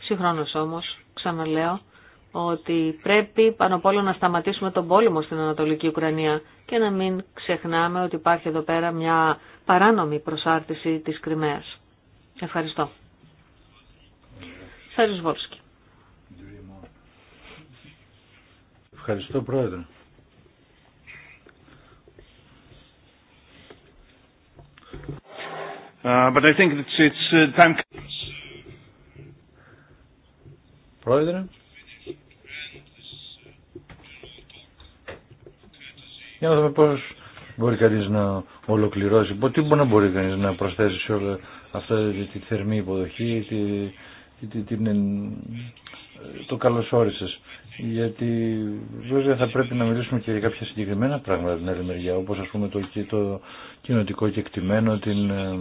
Συγχρόνως όμως, ξαναλέω, ότι πρέπει πάνω απ' όλα να σταματήσουμε τον πόλεμο στην Ανατολική Ουκρανία και να μην ξεχνάμε ότι υπάρχει εδώ πέρα μια παράνομη προσάρτηση της Κρυμαίας. Ευχαριστώ. Σαρισβόλσκι. Ευχαριστώ Πρόεδρε. Uh, uh time... Πρόεδρε. Για να δούμε πώς μπορεί κανεί να ολοκληρώσει. Τι μπορεί να μπορεί κανεί να προσθέσει σε όλα αυτά τη θερμή υποδοχή, τη, τη, την, το γιατί βέβαια θα πρέπει να μιλήσουμε και για κάποια συγκεκριμένα πράγματα την άλλη μεριά, όπως ας πούμε το, το κοινοτικό κεκτημένο, την ε,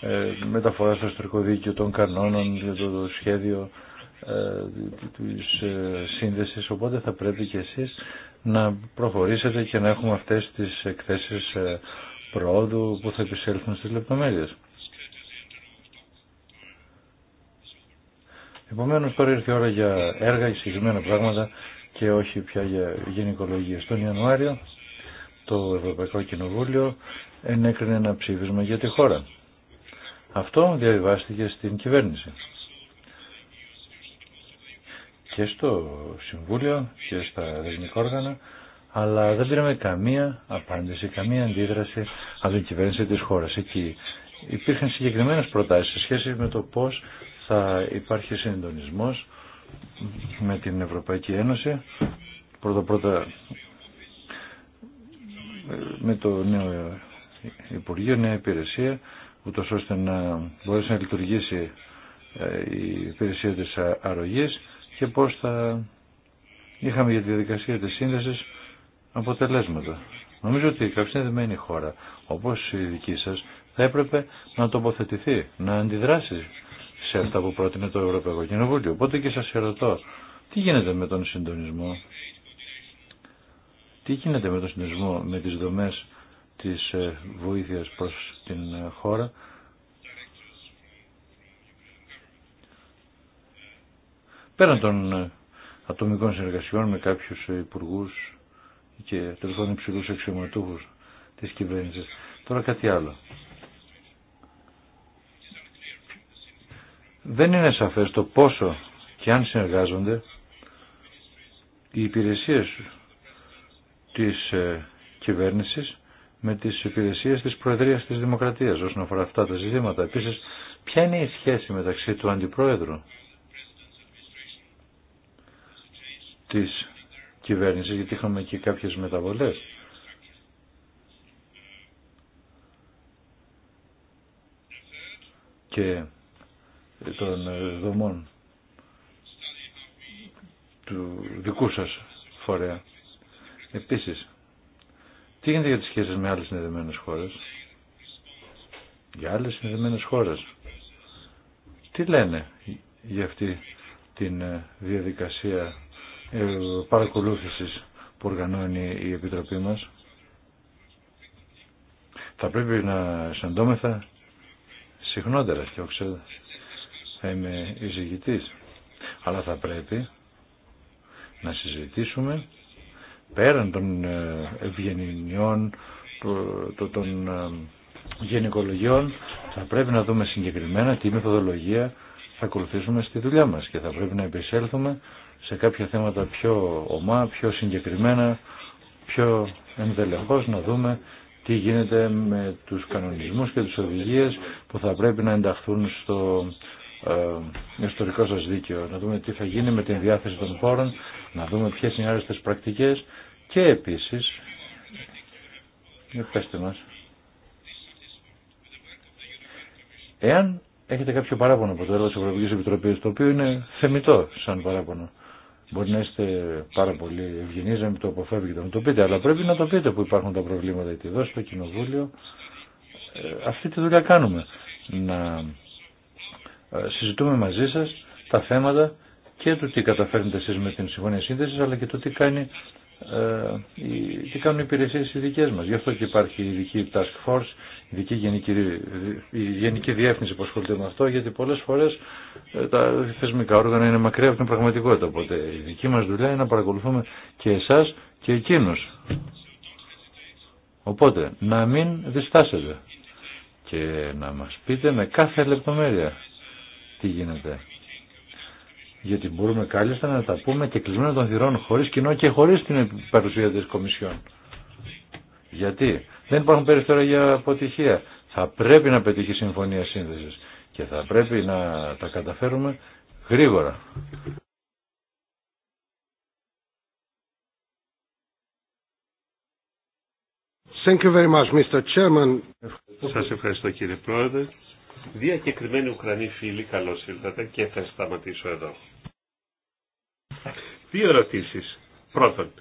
ε, μεταφορά στο ιστορικό δίκαιο των κανόνων για το, σχέδιο ε, της ε, σύνδεσης, οπότε θα πρέπει και εσείς να προχωρήσετε και να έχουμε αυτές τις εκθέσεις πρόοδου που θα επισέλθουν στις λεπτομέρειες. Επομένω τώρα ήρθε η ώρα για έργα, για συγκεκριμένα πράγματα και όχι πια για γενικολογίε. Τον Ιανουάριο το Ευρωπαϊκό Κοινοβούλιο ενέκρινε ένα ψήφισμα για τη χώρα. Αυτό διαβιβάστηκε στην κυβέρνηση. Και στο Συμβούλιο και στα δεσμικά όργανα, αλλά δεν πήραμε καμία απάντηση, καμία αντίδραση από την κυβέρνηση της χώρας. Εκεί υπήρχαν συγκεκριμένες προτάσεις σε σχέση με το πώς θα υπάρχει συντονισμός με την Ευρωπαϊκή Ένωση πρώτα πρώτα με το νέο Υπουργείο, νέα υπηρεσία ούτως ώστε να μπορέσει να λειτουργήσει ε, η υπηρεσία της αρρωγής και πώς θα είχαμε για τη διαδικασία της σύνδεσης αποτελέσματα. Νομίζω ότι η συνδεδεμένη χώρα, όπως η δική σας, θα έπρεπε να τοποθετηθεί, να αντιδράσει σε αυτά που πρότεινε το Ευρωπαϊκό Κοινοβούλιο. Οπότε και σας ερωτώ, τι γίνεται με τον συντονισμό, τι γίνεται με τον συντονισμό με τις δομές της ε, βοήθειας προς την ε, χώρα, πέραν των ε, ατομικών συνεργασιών με κάποιους υπουργούς και τελικά υψηλούς αξιωματούχους της κυβέρνησης. Τώρα κάτι άλλο. δεν είναι σαφές το πόσο και αν συνεργάζονται οι υπηρεσίες της ε, κυβέρνησης με τις υπηρεσίες της Προεδρίας της Δημοκρατίας όσον αφορά αυτά τα ζητήματα. Επίσης, ποια είναι η σχέση μεταξύ του Αντιπρόεδρου της κυβέρνησης, γιατί είχαμε και κάποιες μεταβολές. Και των ε, δομών του δικού σας φορέα. Επίσης, τι γίνεται για τις σχέσεις με άλλες συνδεδεμένες χώρες. Για άλλες συνδεδεμένες χώρες. Τι λένε για αυτή την ε, διαδικασία ε, παρακολούθησης που οργανώνει η Επιτροπή μας. Θα πρέπει να συναντώμεθα συχνότερα και όχι θα είμαι εισηγητής. Αλλά θα πρέπει να συζητήσουμε πέραν των ε, ευγενιών, των ε, γενικολογιών, θα πρέπει να δούμε συγκεκριμένα τι μεθοδολογία θα ακολουθήσουμε στη δουλειά μας και θα πρέπει να επισέλθουμε σε κάποια θέματα πιο ομά, πιο συγκεκριμένα, πιο ενδελεχώς να δούμε τι γίνεται με τους κανονισμούς και τις οδηγίες που θα πρέπει να ενταχθούν στο ε, ιστορικό σας δίκαιο, να δούμε τι θα γίνει με την διάθεση των χώρων, να δούμε ποιες είναι οι άρεστες πρακτικές και επίσης, πέστε μα, εάν έχετε κάποιο παράπονο από το έργο της Ευρωπαϊκής Επιτροπής, το οποίο είναι θεμητό σαν παράπονο, Μπορεί να είστε πάρα πολύ ευγενεί να μην το αποφεύγετε, να το πείτε, αλλά πρέπει να το πείτε που υπάρχουν τα προβλήματα. Γιατί εδώ στο Κοινοβούλιο ε, αυτή τη δουλειά κάνουμε. Να ε, συζητούμε μαζί σας τα θέματα και το τι καταφέρνετε εσείς με την Συμφωνία σύνδεση, αλλά και το τι, κάνει, ε, τι κάνουν οι υπηρεσίες οι δικές μας. Γι' αυτό και υπάρχει η ειδική task force, η ειδική γενική, η γενική διεύθυνση που ασχολείται με αυτό γιατί πολλές φορές ε, τα θεσμικά όργανα είναι μακριά από την πραγματικότητα. Οπότε η δική μας δουλειά είναι να παρακολουθούμε και εσάς και εκείνους. Οπότε να μην διστάσετε και να μας πείτε με κάθε λεπτομέρεια τι γίνεται. Γιατί μπορούμε κάλλιστα να τα πούμε και κλεισμένα των θυρών χωρίς κοινό και χωρίς την παρουσία της Κομισιόν. Γιατί δεν υπάρχουν περιθώρια για αποτυχία. Θα πρέπει να πετύχει συμφωνία σύνδεσης και θα πρέπει να τα καταφέρουμε γρήγορα. Σας ευχαριστώ κύριε Πρόεδρε διακεκριμένοι Ουκρανοί φίλοι, καλώ ήρθατε και θα σταματήσω εδώ. Δύο ερωτήσει. Πρώτον,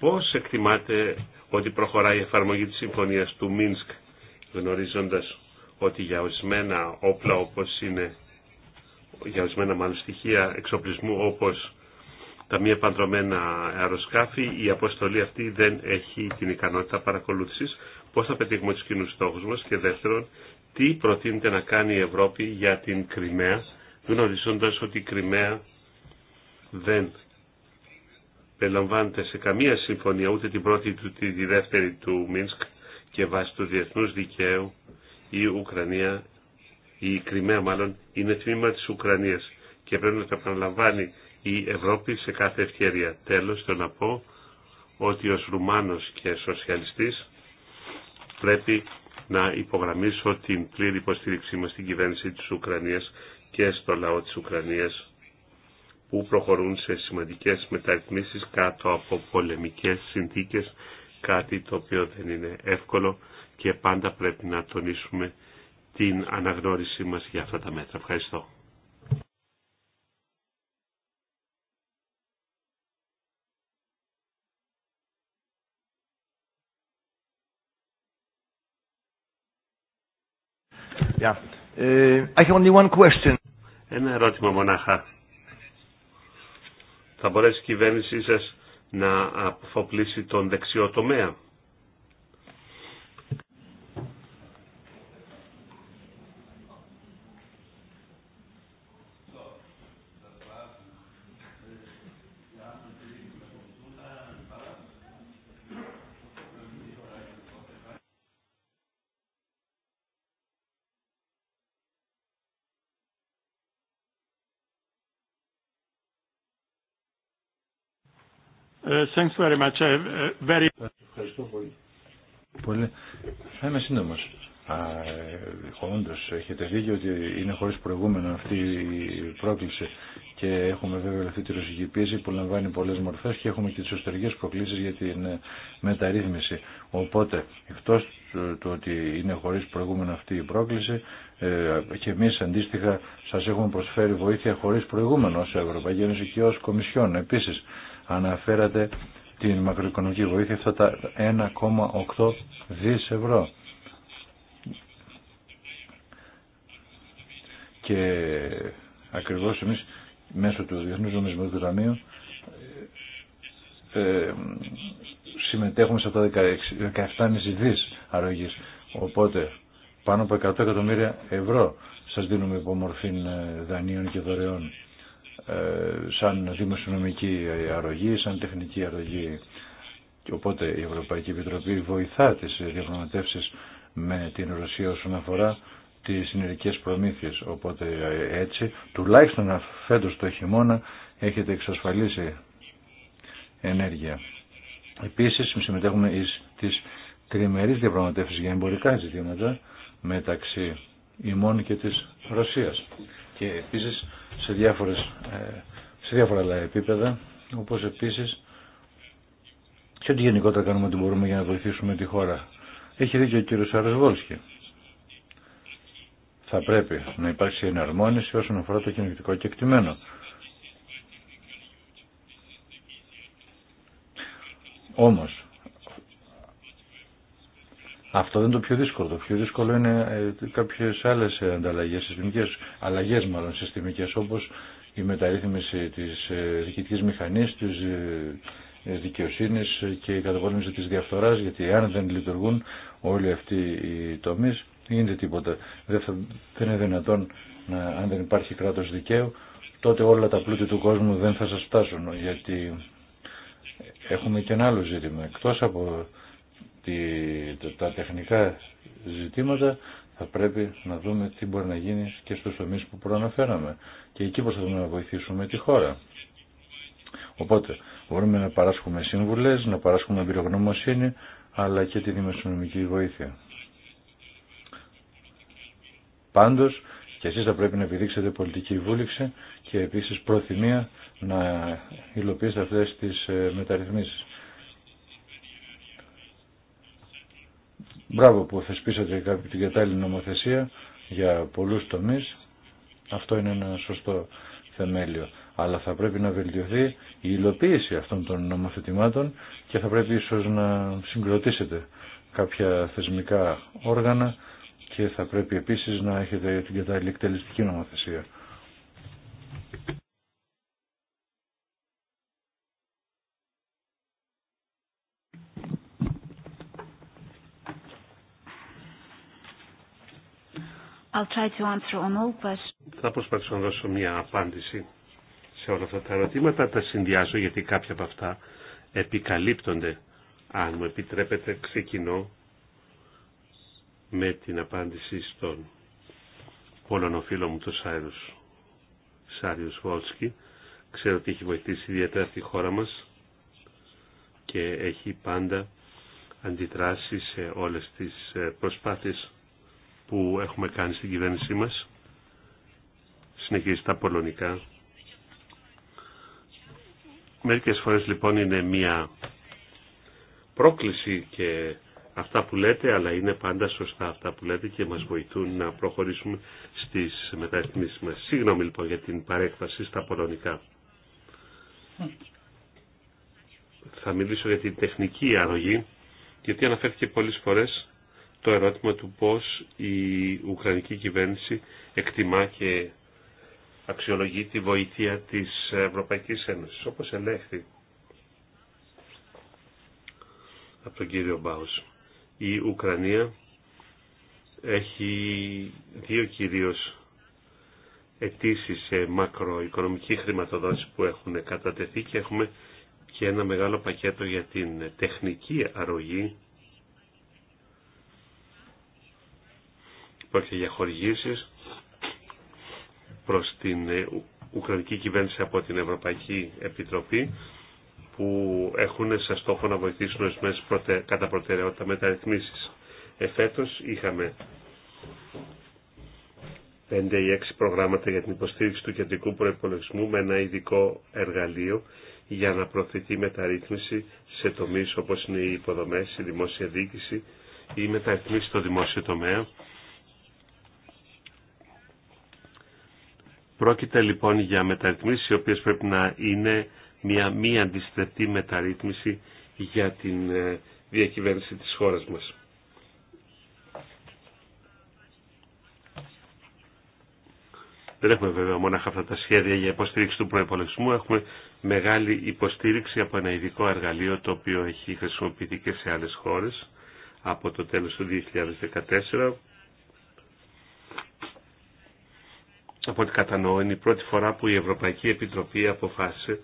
πώς εκτιμάτε ότι προχωράει η εφαρμογή της συμφωνίας του Μίνσκ, γνωρίζοντας ότι για ορισμένα όπλα όπως είναι, για ορισμένα μάλλον στοιχεία εξοπλισμού όπως τα μη επανδρομένα αεροσκάφη, η αποστολή αυτή δεν έχει την ικανότητα παρακολούθηση. Πώ θα πετύχουμε του κοινού στόχους μας και δεύτερον, τι προτείνεται να κάνει η Ευρώπη για την Κρυμαία, γνωρίζοντα ότι η Κρυμαία δεν περιλαμβάνεται σε καμία συμφωνία, ούτε την πρώτη του τη δεύτερη του Μίνσκ και βάσει του διεθνούς δικαίου η Ουκρανία, η Κρυμαία μάλλον, είναι τμήμα της Ουκρανίας και πρέπει να τα επαναλαμβάνει η Ευρώπη σε κάθε ευκαιρία. Τέλος, θέλω να πω ότι ως Ρουμάνος και Σοσιαλιστής πρέπει να υπογραμμίσω την πλήρη υποστήριξή μας στην κυβέρνηση της Ουκρανίας και στο λαό της Ουκρανίας που προχωρούν σε σημαντικές μεταρρυθμίσεις κάτω από πολεμικές συνθήκες, κάτι το οποίο δεν είναι εύκολο και πάντα πρέπει να τονίσουμε την αναγνώρισή μας για αυτά τα μέτρα. Ευχαριστώ. Yeah. Uh, I Ένα ερώτημα μονάχα. Θα μπορέσει η κυβέρνησή σας να αποφοπλίσει τον δεξιό τομέα. Ε, thanks very much. Ε, ε, very... Ευχαριστώ πολύ. πολύ. Θα είμαι σύντομο. Όντω έχετε δίκιο ότι είναι χωρί προηγούμενο αυτή η πρόκληση και έχουμε βέβαια αυτή τη ρωσική πίεση που λαμβάνει πολλέ μορφέ και έχουμε και τι εσωτερικέ προκλήσει για την μεταρρύθμιση. Οπότε εκτό του ότι είναι χωρί προηγούμενο αυτή η πρόκληση και εμεί αντίστοιχα σα έχουμε προσφέρει βοήθεια χωρί προηγούμενο ω Ευρωπαϊκή Ένωση και ω Κομισιόν. Επίση Αναφέρατε την μακροοικονομική βοήθεια, αυτά τα 1,8 δις ευρώ. Και ακριβώς εμείς μέσω του Διεθνούς του Ταμείου ε, ε, συμμετέχουμε σε αυτά τα 17,5 δις αρρωγής. Οπότε πάνω από 100 εκατομμύρια ευρώ σας δίνουμε υπομορφή ε, δανείων και δωρεών. Ε, σαν δημοσιονομική αρρωγή, σαν τεχνική αρρωγή. Οπότε η Ευρωπαϊκή Επιτροπή βοηθά τις διαπραγματεύσεις με την Ρωσία όσον αφορά τις συνεργικές προμήθειες. Οπότε ε, έτσι, τουλάχιστον φέτος το χειμώνα, έχετε εξασφαλίσει ενέργεια. Επίσης, συμμετέχουμε στις τριμερείς διαπραγματεύσεις για εμπορικά ζητήματα μεταξύ ημών και της Ρωσίας. Και επίσης, σε, διάφορες, ε, σε διάφορα άλλα επίπεδα, όπως επίσης και ότι γενικότερα κάνουμε ό,τι μπορούμε για να βοηθήσουμε τη χώρα. Έχει δίκιο ο κύριος Αρεσβόλσκι. Θα πρέπει να υπάρξει εναρμόνιση όσον αφορά το κοινωνικό κεκτημένο. Όμως, αυτό δεν είναι το πιο δύσκολο. Το πιο δύσκολο είναι ε, κάποιε άλλε ανταλλαγέ, συστημικέ αλλαγέ μάλλον συστημικέ, όπω η μεταρρύθμιση τη ε, διοικητική μηχανή, τη ε, δικαιοσύνη και η καταπολέμηση τη διαφθορά, γιατί αν δεν λειτουργούν όλοι αυτοί οι τομεί, δεν γίνεται τίποτα. Δεν, δεν είναι δυνατόν να, αν δεν υπάρχει κράτο δικαίου, τότε όλα τα πλούτη του κόσμου δεν θα σα φτάσουν, γιατί έχουμε και ένα άλλο ζήτημα. Εκτό από τα τεχνικά ζητήματα θα πρέπει να δούμε τι μπορεί να γίνει και στους τομείς που προαναφέραμε και εκεί θα δούμε να βοηθήσουμε τη χώρα. Οπότε μπορούμε να παράσχουμε σύμβουλες, να παράσχουμε εμπειρογνωμοσύνη αλλά και τη δημοσιονομική βοήθεια. Πάντως και εσείς θα πρέπει να επιδείξετε πολιτική βούληξη και επίσης προθυμία να υλοποιήσετε αυτές τις ε, μεταρρυθμίσεις. Μπράβο που θεσπίσατε την κατάλληλη νομοθεσία για πολλούς τομείς. Αυτό είναι ένα σωστό θεμέλιο. Αλλά θα πρέπει να βελτιωθεί η υλοποίηση αυτών των νομοθετημάτων και θα πρέπει ίσως να συγκροτήσετε κάποια θεσμικά όργανα και θα πρέπει επίσης να έχετε την κατάλληλη εκτελεστική νομοθεσία. I'll try to answer Θα προσπαθήσω να δώσω μια απάντηση σε όλα αυτά τα ερωτήματα. Τα συνδυάζω γιατί κάποια από αυτά επικαλύπτονται. Αν μου επιτρέπετε ξεκινώ με την απάντηση στον πολωνοφίλο μου τον Σάριο Βόλσκι. Ξέρω ότι έχει βοηθήσει ιδιαίτερα στη χώρα μας και έχει πάντα αντιδράσει σε όλες τις ε, προσπάθειες που έχουμε κάνει στην κυβέρνησή μας. Συνεχίζει τα πολωνικά. Μερικές φορές λοιπόν είναι μια πρόκληση και αυτά που λέτε, αλλά είναι πάντα σωστά αυτά που λέτε και μας βοηθούν να προχωρήσουμε στις μεταρρυθμίσεις μας. Συγγνώμη λοιπόν για την παρέκφαση στα πολωνικά. Θα μιλήσω για την τεχνική αρρωγή, γιατί αναφέρθηκε πολλές φορές το ερώτημα του πώς η Ουκρανική κυβέρνηση εκτιμά και αξιολογεί τη βοήθεια της Ευρωπαϊκής Ένωσης, όπως ελέγχθη από τον κύριο Μπάους. Η Ουκρανία έχει δύο κυρίως αιτήσει σε μακροοικονομική χρηματοδότηση που έχουν κατατεθεί και έχουμε και ένα μεγάλο πακέτο για την τεχνική αρρωγή πρόκειται για χορηγήσεις προς την ε, Ουκρανική κυβέρνηση από την Ευρωπαϊκή Επιτροπή που έχουν σε στόχο να βοηθήσουν μέσα προτε... κατά προτεραιότητα μεταρρυθμίσεις. Εφέτος είχαμε 5 ή 6 προγράμματα για την υποστήριξη του κεντρικού προπολογισμού με ένα ειδικό εργαλείο για να προωθηθεί μεταρρύθμιση σε τομείς όπως είναι οι υποδομές, η δημόσια διοίκηση ή μεταρρυθμίσει στο δημόσιο τομέα Πρόκειται λοιπόν για μεταρρυθμίσεις οι οποίες πρέπει να είναι μια μη αντιστρεπτή μεταρρύθμιση για την ε, διακυβέρνηση της χώρας μας. Δεν έχουμε βέβαια μόνο αυτά τα σχέδια για υποστήριξη του προϋπολογισμού, έχουμε μεγάλη υποστήριξη από ένα ειδικό εργαλείο το οποίο έχει χρησιμοποιηθεί και σε άλλες χώρες από το τέλος του 2014 από ό,τι κατανοώ, είναι η πρώτη φορά που η Ευρωπαϊκή Επιτροπή αποφάσισε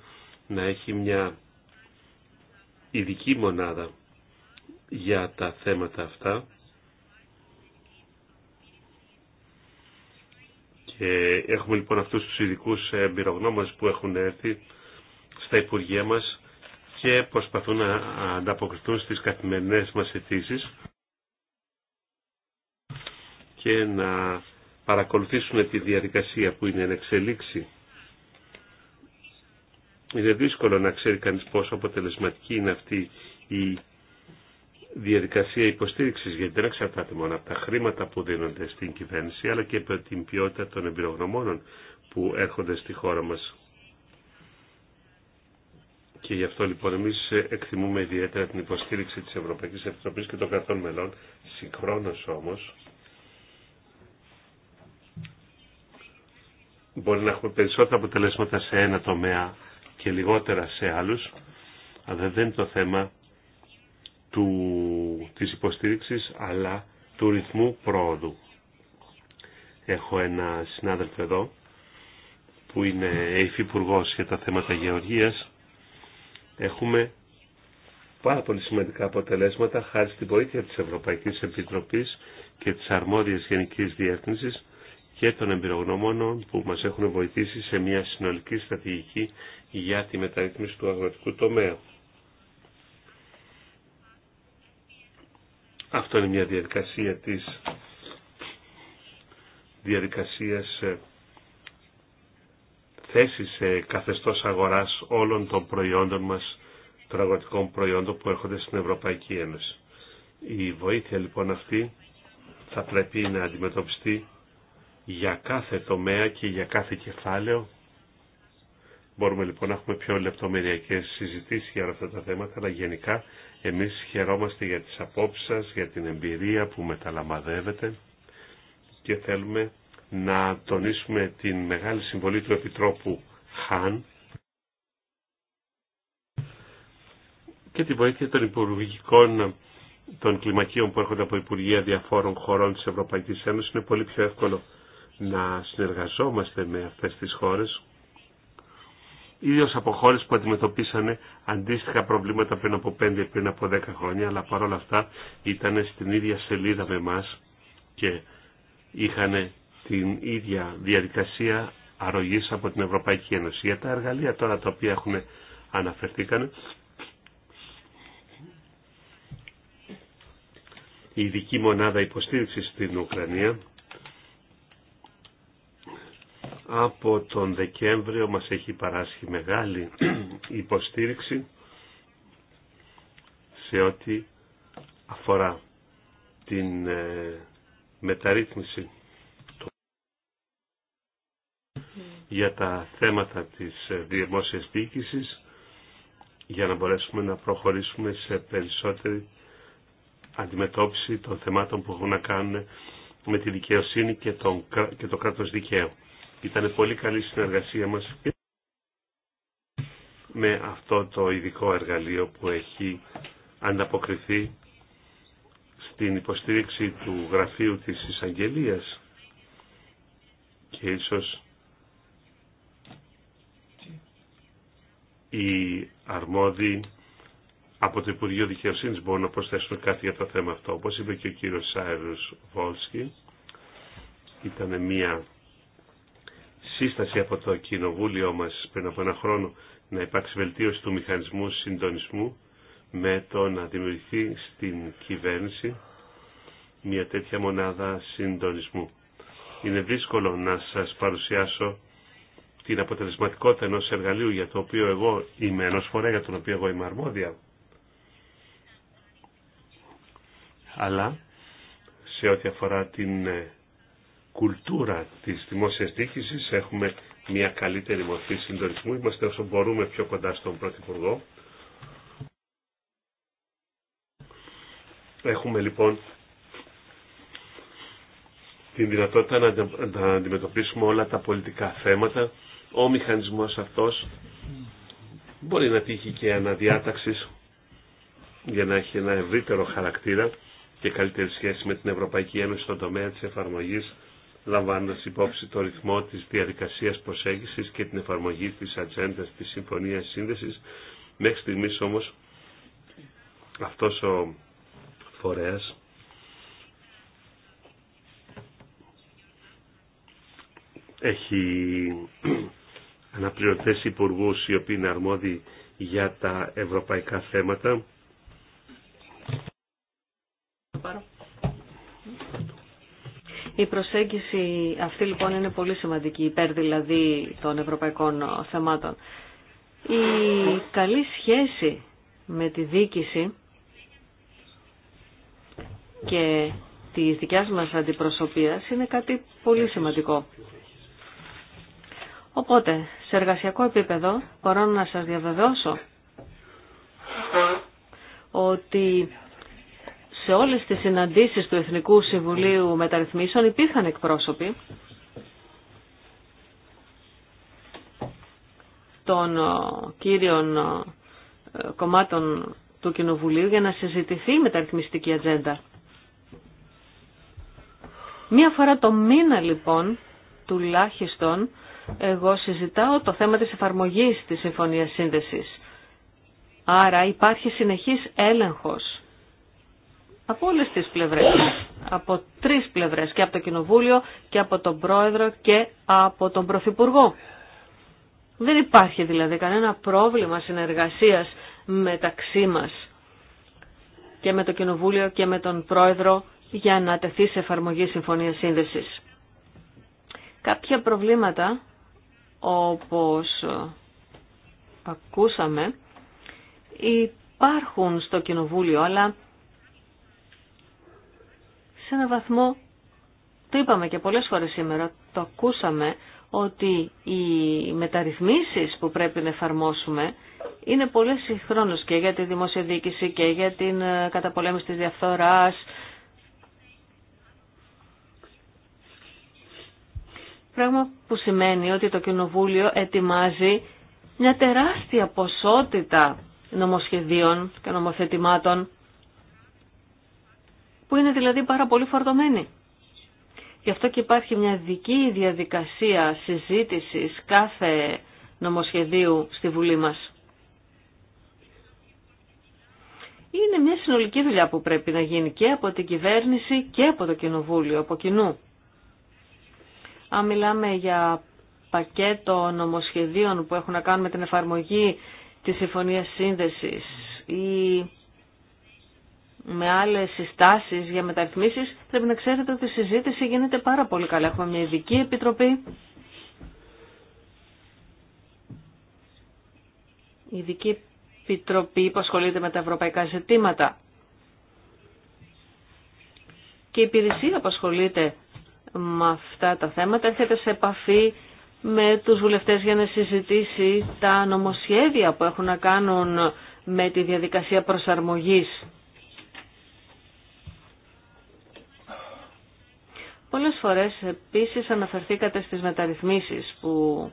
να έχει μια ειδική μονάδα για τα θέματα αυτά και έχουμε λοιπόν αυτούς τους ειδικούς εμπειρογνώμες που έχουν έρθει στα Υπουργεία μας και προσπαθούν να ανταποκριθούν στις καθημερινές μας αιτήσει και να παρακολουθήσουν τη διαδικασία που είναι εν εξελίξη. Είναι δύσκολο να ξέρει κανείς πόσο αποτελεσματική είναι αυτή η διαδικασία υποστήριξης, γιατί δεν εξαρτάται μόνο από τα χρήματα που δίνονται στην κυβέρνηση, αλλά και από την ποιότητα των εμπειρογνωμόνων που έρχονται στη χώρα μας. Και γι' αυτό λοιπόν εμείς εκτιμούμε ιδιαίτερα την υποστήριξη της Ευρωπαϊκής Επιτροπής και των κρατών μελών. Συγχρόνως όμως, μπορεί να έχουμε περισσότερα αποτελέσματα σε ένα τομέα και λιγότερα σε άλλους, αλλά δεν είναι το θέμα του, της υποστήριξης, αλλά του ρυθμού πρόοδου. Έχω ένα συνάδελφο εδώ, που είναι υφυπουργός για τα θέματα γεωργίας. Έχουμε πάρα πολύ σημαντικά αποτελέσματα χάρη στην βοήθεια της Ευρωπαϊκής Επιτροπής και της αρμόδιας Γενικής Διεύθυνσης και των εμπειρογνωμόνων που μας έχουν βοηθήσει σε μια συνολική στρατηγική για τη μεταρρύθμιση του αγροτικού τομέα. Αυτό είναι μια διαδικασία της διαδικασίας ε, θέσης σε καθεστώς αγοράς όλων των προϊόντων μας, των αγροτικών προϊόντων που έρχονται στην Ευρωπαϊκή Ένωση. Η βοήθεια λοιπόν αυτή θα πρέπει να αντιμετωπιστεί για κάθε τομέα και για κάθε κεφάλαιο. Μπορούμε λοιπόν να έχουμε πιο λεπτομεριακές συζητήσεις για αυτά τα θέματα, αλλά γενικά εμείς χαιρόμαστε για τις απόψεις σας, για την εμπειρία που μεταλαμβαδεύετε και θέλουμε να τονίσουμε την μεγάλη συμβολή του Επιτρόπου Χάν και τη βοήθεια των υπουργικών των κλιμακίων που έρχονται από Υπουργεία διαφόρων χωρών της Ευρωπαϊκής Ένωσης είναι πολύ πιο εύκολο να συνεργαζόμαστε με αυτές τις χώρες, ιδίω από χώρες που αντιμετωπίσανε αντίστοιχα προβλήματα πριν από 5 πριν από 10 χρόνια, αλλά παρόλα αυτά ήταν στην ίδια σελίδα με εμά και είχαν την ίδια διαδικασία αρρωγής από την Ευρωπαϊκή Ένωση. Για τα εργαλεία τώρα τα οποία έχουν αναφερθεί, η ειδική μονάδα υποστήριξης στην Ουκρανία από τον Δεκέμβριο μας έχει παράσχει μεγάλη υποστήριξη σε ό,τι αφορά την ε, μεταρρύθμιση για τα θέματα της ε, δημόσιας διοίκησης για να μπορέσουμε να προχωρήσουμε σε περισσότερη αντιμετώπιση των θεμάτων που έχουν να κάνουν με τη δικαιοσύνη και, τον, και το κράτος δικαίου. Ήταν πολύ καλή συνεργασία μας με αυτό το ειδικό εργαλείο που έχει ανταποκριθεί στην υποστήριξη του γραφείου της εισαγγελία και ίσως οι αρμόδιοι από το Υπουργείο Δικαιοσύνης μπορούν να προσθέσουν κάτι για το θέμα αυτό. Όπως είπε και ο κύριος Σάιρους Βόλσκι, ήταν μια σύσταση από το κοινοβούλιο μας πριν από ένα χρόνο να υπάρξει βελτίωση του μηχανισμού συντονισμού με το να δημιουργηθεί στην κυβέρνηση μια τέτοια μονάδα συντονισμού. Είναι δύσκολο να σας παρουσιάσω την αποτελεσματικότητα ενός εργαλείου για το οποίο εγώ είμαι, ενός φορέα για τον οποίο εγώ είμαι αρμόδια. Αλλά σε ό,τι αφορά την ε, κουλτούρα της δημόσιας διοίκησης, έχουμε μια καλύτερη μορφή συντονισμού, είμαστε όσο μπορούμε πιο κοντά στον Πρωθυπουργό. Έχουμε λοιπόν την δυνατότητα να αντιμετωπίσουμε όλα τα πολιτικά θέματα. Ο μηχανισμός αυτός μπορεί να τύχει και αναδιάταξης για να έχει ένα ευρύτερο χαρακτήρα και καλύτερη σχέση με την Ευρωπαϊκή Ένωση στον τομέα της εφαρμογής Λαμβάνοντα υπόψη το ρυθμό τη διαδικασία προσέγγιση και την εφαρμογή τη ατζέντα της Συμφωνία Σύνδεσης. Μέχρι στιγμή όμω αυτό ο φορέας έχει αναπληρωτέ υπουργού οι οποίοι είναι αρμόδιοι για τα ευρωπαϊκά θέματα. Η προσέγγιση αυτή λοιπόν είναι πολύ σημαντική, υπέρ δηλαδή των ευρωπαϊκών θεμάτων. Η καλή σχέση με τη δίκηση και τη δικιά μας αντιπροσωπείας είναι κάτι πολύ σημαντικό. Οπότε, σε εργασιακό επίπεδο μπορώ να σας διαβεβαιώσω ότι σε όλες τις συναντήσεις του Εθνικού Συμβουλίου Μεταρρυθμίσεων υπήρχαν εκπρόσωποι των ε, κύριων ε, κομμάτων του Κοινοβουλίου για να συζητηθεί η μεταρρυθμιστική ατζέντα. Μία φορά το μήνα λοιπόν, τουλάχιστον, εγώ συζητάω το θέμα της εφαρμογής της Συμφωνίας Σύνδεσης. Άρα υπάρχει συνεχής έλεγχος από όλε τις πλευρές, από τρεις πλευρές, και από το Κοινοβούλιο και από τον Πρόεδρο και από τον Πρωθυπουργό. Δεν υπάρχει δηλαδή κανένα πρόβλημα συνεργασίας μεταξύ μας και με το Κοινοβούλιο και με τον Πρόεδρο για να τεθεί σε εφαρμογή συμφωνία σύνδεση. Κάποια προβλήματα, όπως ακούσαμε, υπάρχουν στο Κοινοβούλιο, αλλά σε ένα βαθμό, το είπαμε και πολλές φορές σήμερα, το ακούσαμε, ότι οι μεταρρυθμίσεις που πρέπει να εφαρμόσουμε είναι πολλές συγχρόνως και για τη δημοσιοδίκηση και για την ε, καταπολέμηση της διαφθοράς. Πράγμα που σημαίνει ότι το Κοινοβούλιο ετοιμάζει μια τεράστια ποσότητα νομοσχεδίων και νομοθετημάτων που είναι δηλαδή πάρα πολύ φορτωμένη. Γι' αυτό και υπάρχει μια δική διαδικασία συζήτησης κάθε νομοσχεδίου στη Βουλή μας. Είναι μια συνολική δουλειά που πρέπει να γίνει και από την κυβέρνηση και από το κοινοβούλιο, από κοινού. Αν μιλάμε για πακέτο νομοσχεδίων που έχουν να κάνουν με την εφαρμογή της Συμφωνίας Σύνδεσης ή με άλλες συστάσεις για μεταρρυθμίσεις, πρέπει να ξέρετε ότι η συζήτηση γίνεται πάρα πολύ καλά. Έχουμε μια ειδική επιτροπή. Η ειδική επιτροπή που ασχολείται με τα ευρωπαϊκά ζητήματα. Και η υπηρεσία που ασχολείται με αυτά τα θέματα έρχεται σε επαφή με τους βουλευτές για να συζητήσει τα νομοσχέδια που έχουν να κάνουν με τη διαδικασία προσαρμογής Πολλές φορές επίσης αναφερθήκατε στις μεταρρυθμίσεις που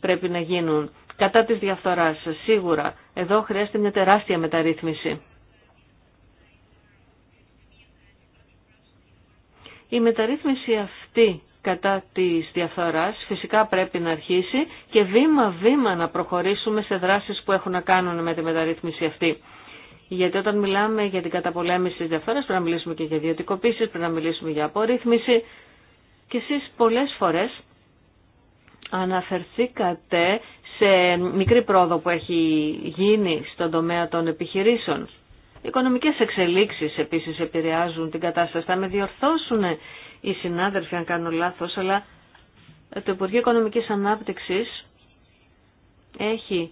πρέπει να γίνουν κατά της διαφθοράς. Σίγουρα εδώ χρειάζεται μια τεράστια μεταρρύθμιση. Η μεταρρύθμιση αυτή κατά της διαφθοράς φυσικά πρέπει να αρχίσει και βήμα-βήμα να προχωρήσουμε σε δράσεις που έχουν να κάνουν με τη μεταρρύθμιση αυτή. Γιατί όταν μιλάμε για την καταπολέμηση τη διαφορά, πρέπει να μιλήσουμε και για ιδιωτικοποίηση, πρέπει να μιλήσουμε για απορρίθμιση. Και εσεί πολλές φορές αναφερθήκατε σε μικρή πρόοδο που έχει γίνει στον τομέα των επιχειρήσεων. Οι οικονομικές εξελίξεις επίσης επηρεάζουν την κατάσταση. Θα με διορθώσουν οι συνάδελφοι αν κάνω λάθος, αλλά το Υπουργείο Οικονομικής Ανάπτυξης έχει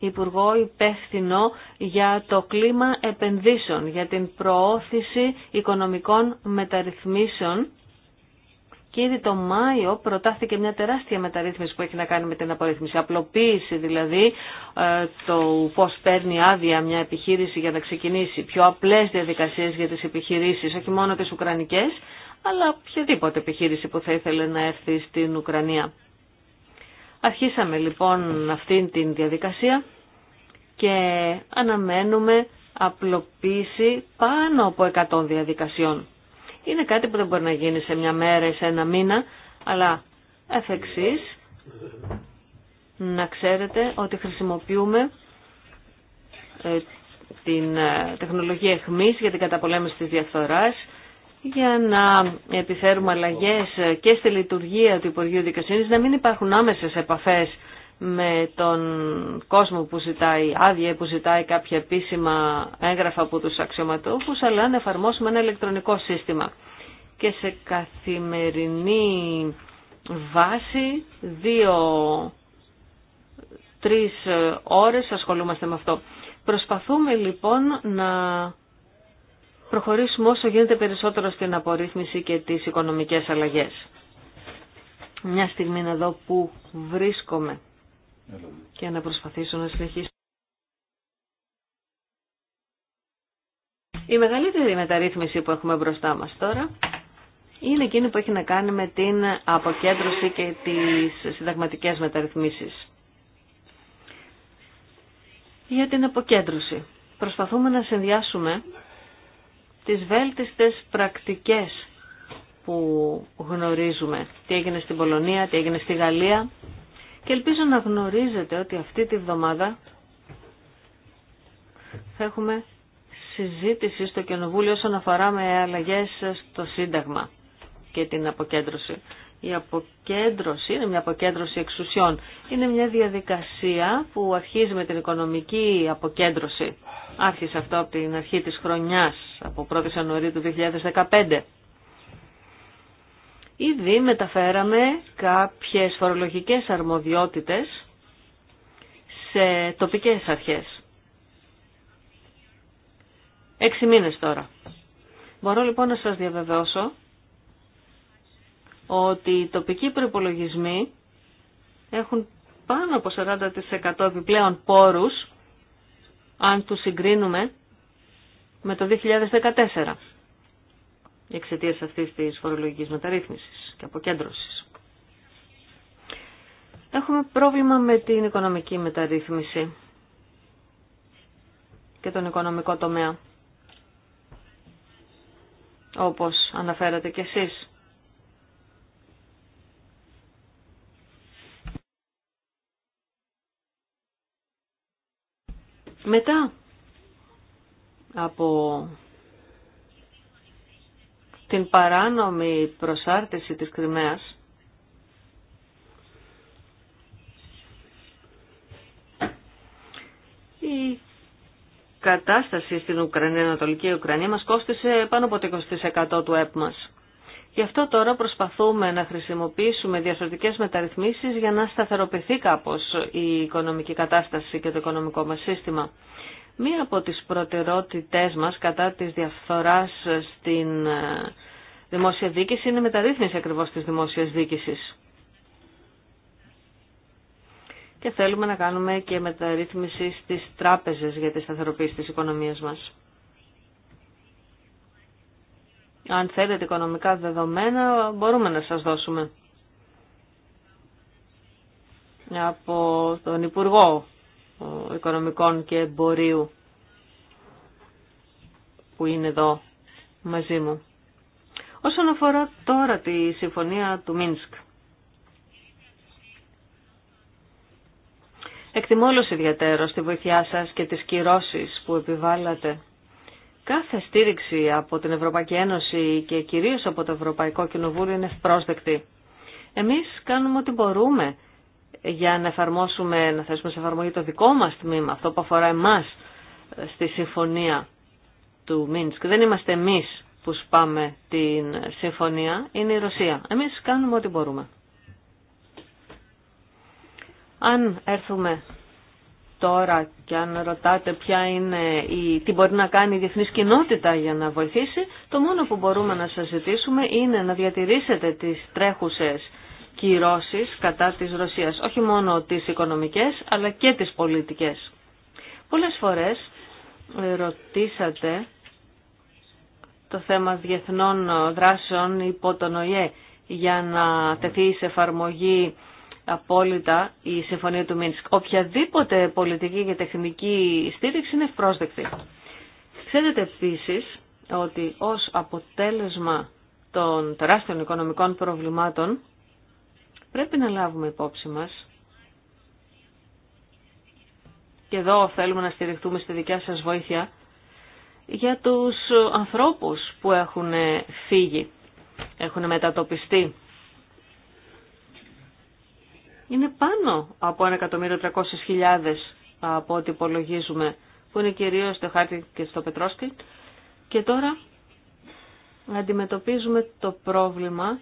Υπουργό υπεύθυνο για το κλίμα επενδύσεων, για την προώθηση οικονομικών μεταρρυθμίσεων και ήδη το Μάιο προτάθηκε μια τεράστια μεταρρύθμιση που έχει να κάνει με την απορρίθμιση. Απλοποίηση δηλαδή ε, το πώ παίρνει άδεια μια επιχείρηση για να ξεκινήσει. Πιο απλέ διαδικασίε για τι επιχειρήσει, όχι μόνο τι Ουκρανικέ, αλλά οποιαδήποτε επιχείρηση που θα ήθελε να έρθει στην Ουκρανία. Αρχίσαμε λοιπόν αυτήν την διαδικασία και αναμένουμε απλοποίηση πάνω από 100 διαδικασιών. Είναι κάτι που δεν μπορεί να γίνει σε μια μέρα ή σε ένα μήνα, αλλά εφ' εξής, να ξέρετε ότι χρησιμοποιούμε ε, την ε, τεχνολογία εχμής για την καταπολέμηση της διαφθοράς για να επιφέρουμε αλλαγέ και στη λειτουργία του Υπουργείου Δικαιοσύνη. να μην υπάρχουν άμεσες επαφές με τον κόσμο που ζητάει άδεια, που ζητάει κάποια επίσημα έγγραφα από τους αξιωματούχου, αλλά να εφαρμόσουμε ένα ηλεκτρονικό σύστημα. Και σε καθημερινή βάση, δύο-τρεις ώρες ασχολούμαστε με αυτό. Προσπαθούμε λοιπόν να προχωρήσουμε όσο γίνεται περισσότερο στην απορρίθμιση και τις οικονομικές αλλαγές. Μια στιγμή είναι εδώ που βρίσκομαι και να προσπαθήσω να συνεχίσω. Η μεγαλύτερη μεταρρύθμιση που έχουμε μπροστά μας τώρα είναι εκείνη που έχει να κάνει με την αποκέντρωση και τις συνταγματικές μεταρρυθμίσεις. Για την αποκέντρωση. Προσπαθούμε να συνδυάσουμε τις βέλτιστες πρακτικές που γνωρίζουμε. Τι έγινε στην Πολωνία, τι έγινε στη Γαλλία. Και ελπίζω να γνωρίζετε ότι αυτή τη βδομάδα θα έχουμε συζήτηση στο Κοινοβούλιο όσον αφορά με αλλαγές στο Σύνταγμα και την αποκέντρωση. Η αποκέντρωση είναι μια αποκέντρωση εξουσιών. Είναι μια διαδικασία που αρχίζει με την οικονομική αποκέντρωση. Άρχισε αυτό από την αρχή της χρονιάς, από 1η Ιανουαρίου του 2015. Ήδη μεταφέραμε κάποιες φορολογικές αρμοδιότητες σε τοπικές αρχές. Έξι μήνες τώρα. Μπορώ λοιπόν να σας διαβεβαιώσω ότι οι τοπικοί προπολογισμοί έχουν πάνω από 40% επιπλέον πόρους, αν τους συγκρίνουμε με το 2014, εξαιτία αυτής της φορολογικής μεταρρύθμισης και αποκέντρωσης. Έχουμε πρόβλημα με την οικονομική μεταρρύθμιση και τον οικονομικό τομέα, όπως αναφέρατε κι εσείς. Μετά από την παράνομη προσάρτηση της Κρυμαίας, η κατάσταση στην Ουκρανία, Ανατολική Ουκρανία, μας κόστησε πάνω από το 20% του ΕΠ μας. Γι' αυτό τώρα προσπαθούμε να χρησιμοποιήσουμε διαφορετικές μεταρρυθμίσεις για να σταθεροποιηθεί κάπως η οικονομική κατάσταση και το οικονομικό μας σύστημα. Μία από τις προτερότητές μας κατά της διαφθοράς στην ε, δημόσια δίκηση είναι η μεταρρύθμιση ακριβώς της δημόσιας δίκησης. Και θέλουμε να κάνουμε και μεταρρύθμιση στις τράπεζες για τη σταθεροποίηση της οικονομίας μας. Αν θέλετε οικονομικά δεδομένα μπορούμε να σας δώσουμε. Από τον Υπουργό Οικονομικών και Εμπορίου που είναι εδώ μαζί μου. Όσον αφορά τώρα τη συμφωνία του Μίνσκ. Εκτιμώ όλος ιδιαίτερο τη βοήθειά σας και τις κυρώσεις που επιβάλλατε κάθε στήριξη από την Ευρωπαϊκή Ένωση και κυρίως από το Ευρωπαϊκό Κοινοβούλιο είναι ευπρόσδεκτη. Εμείς κάνουμε ό,τι μπορούμε για να εφαρμόσουμε, να θέσουμε σε εφαρμογή το δικό μας τμήμα, αυτό που αφορά εμάς στη συμφωνία του Μίνσκ. Δεν είμαστε εμείς που σπάμε την συμφωνία, είναι η Ρωσία. Εμείς κάνουμε ό,τι μπορούμε. Αν έρθουμε τώρα και αν ρωτάτε ποια είναι η, τι μπορεί να κάνει η διεθνής κοινότητα για να βοηθήσει, το μόνο που μπορούμε να σας ζητήσουμε είναι να διατηρήσετε τις τρέχουσες κυρώσεις κατά της Ρωσίας, όχι μόνο τις οικονομικές αλλά και τις πολιτικές. Πολλές φορές ε, ρωτήσατε το θέμα διεθνών δράσεων υπό τον ΟΗΕ για να τεθεί σε εφαρμογή απόλυτα η συμφωνία του Μίνσκ. Οποιαδήποτε πολιτική και τεχνική στήριξη είναι ευπρόσδεκτη. Ξέρετε επίση ότι ως αποτέλεσμα των τεράστιων οικονομικών προβλημάτων πρέπει να λάβουμε υπόψη μας και εδώ θέλουμε να στηριχτούμε στη δικιά σας βοήθεια για τους ανθρώπους που έχουν φύγει, έχουν μετατοπιστεί είναι πάνω από 1.300.000 από ό,τι υπολογίζουμε, που είναι κυρίως στο χάρτη και στο πετρόσκι. Και τώρα αντιμετωπίζουμε το πρόβλημα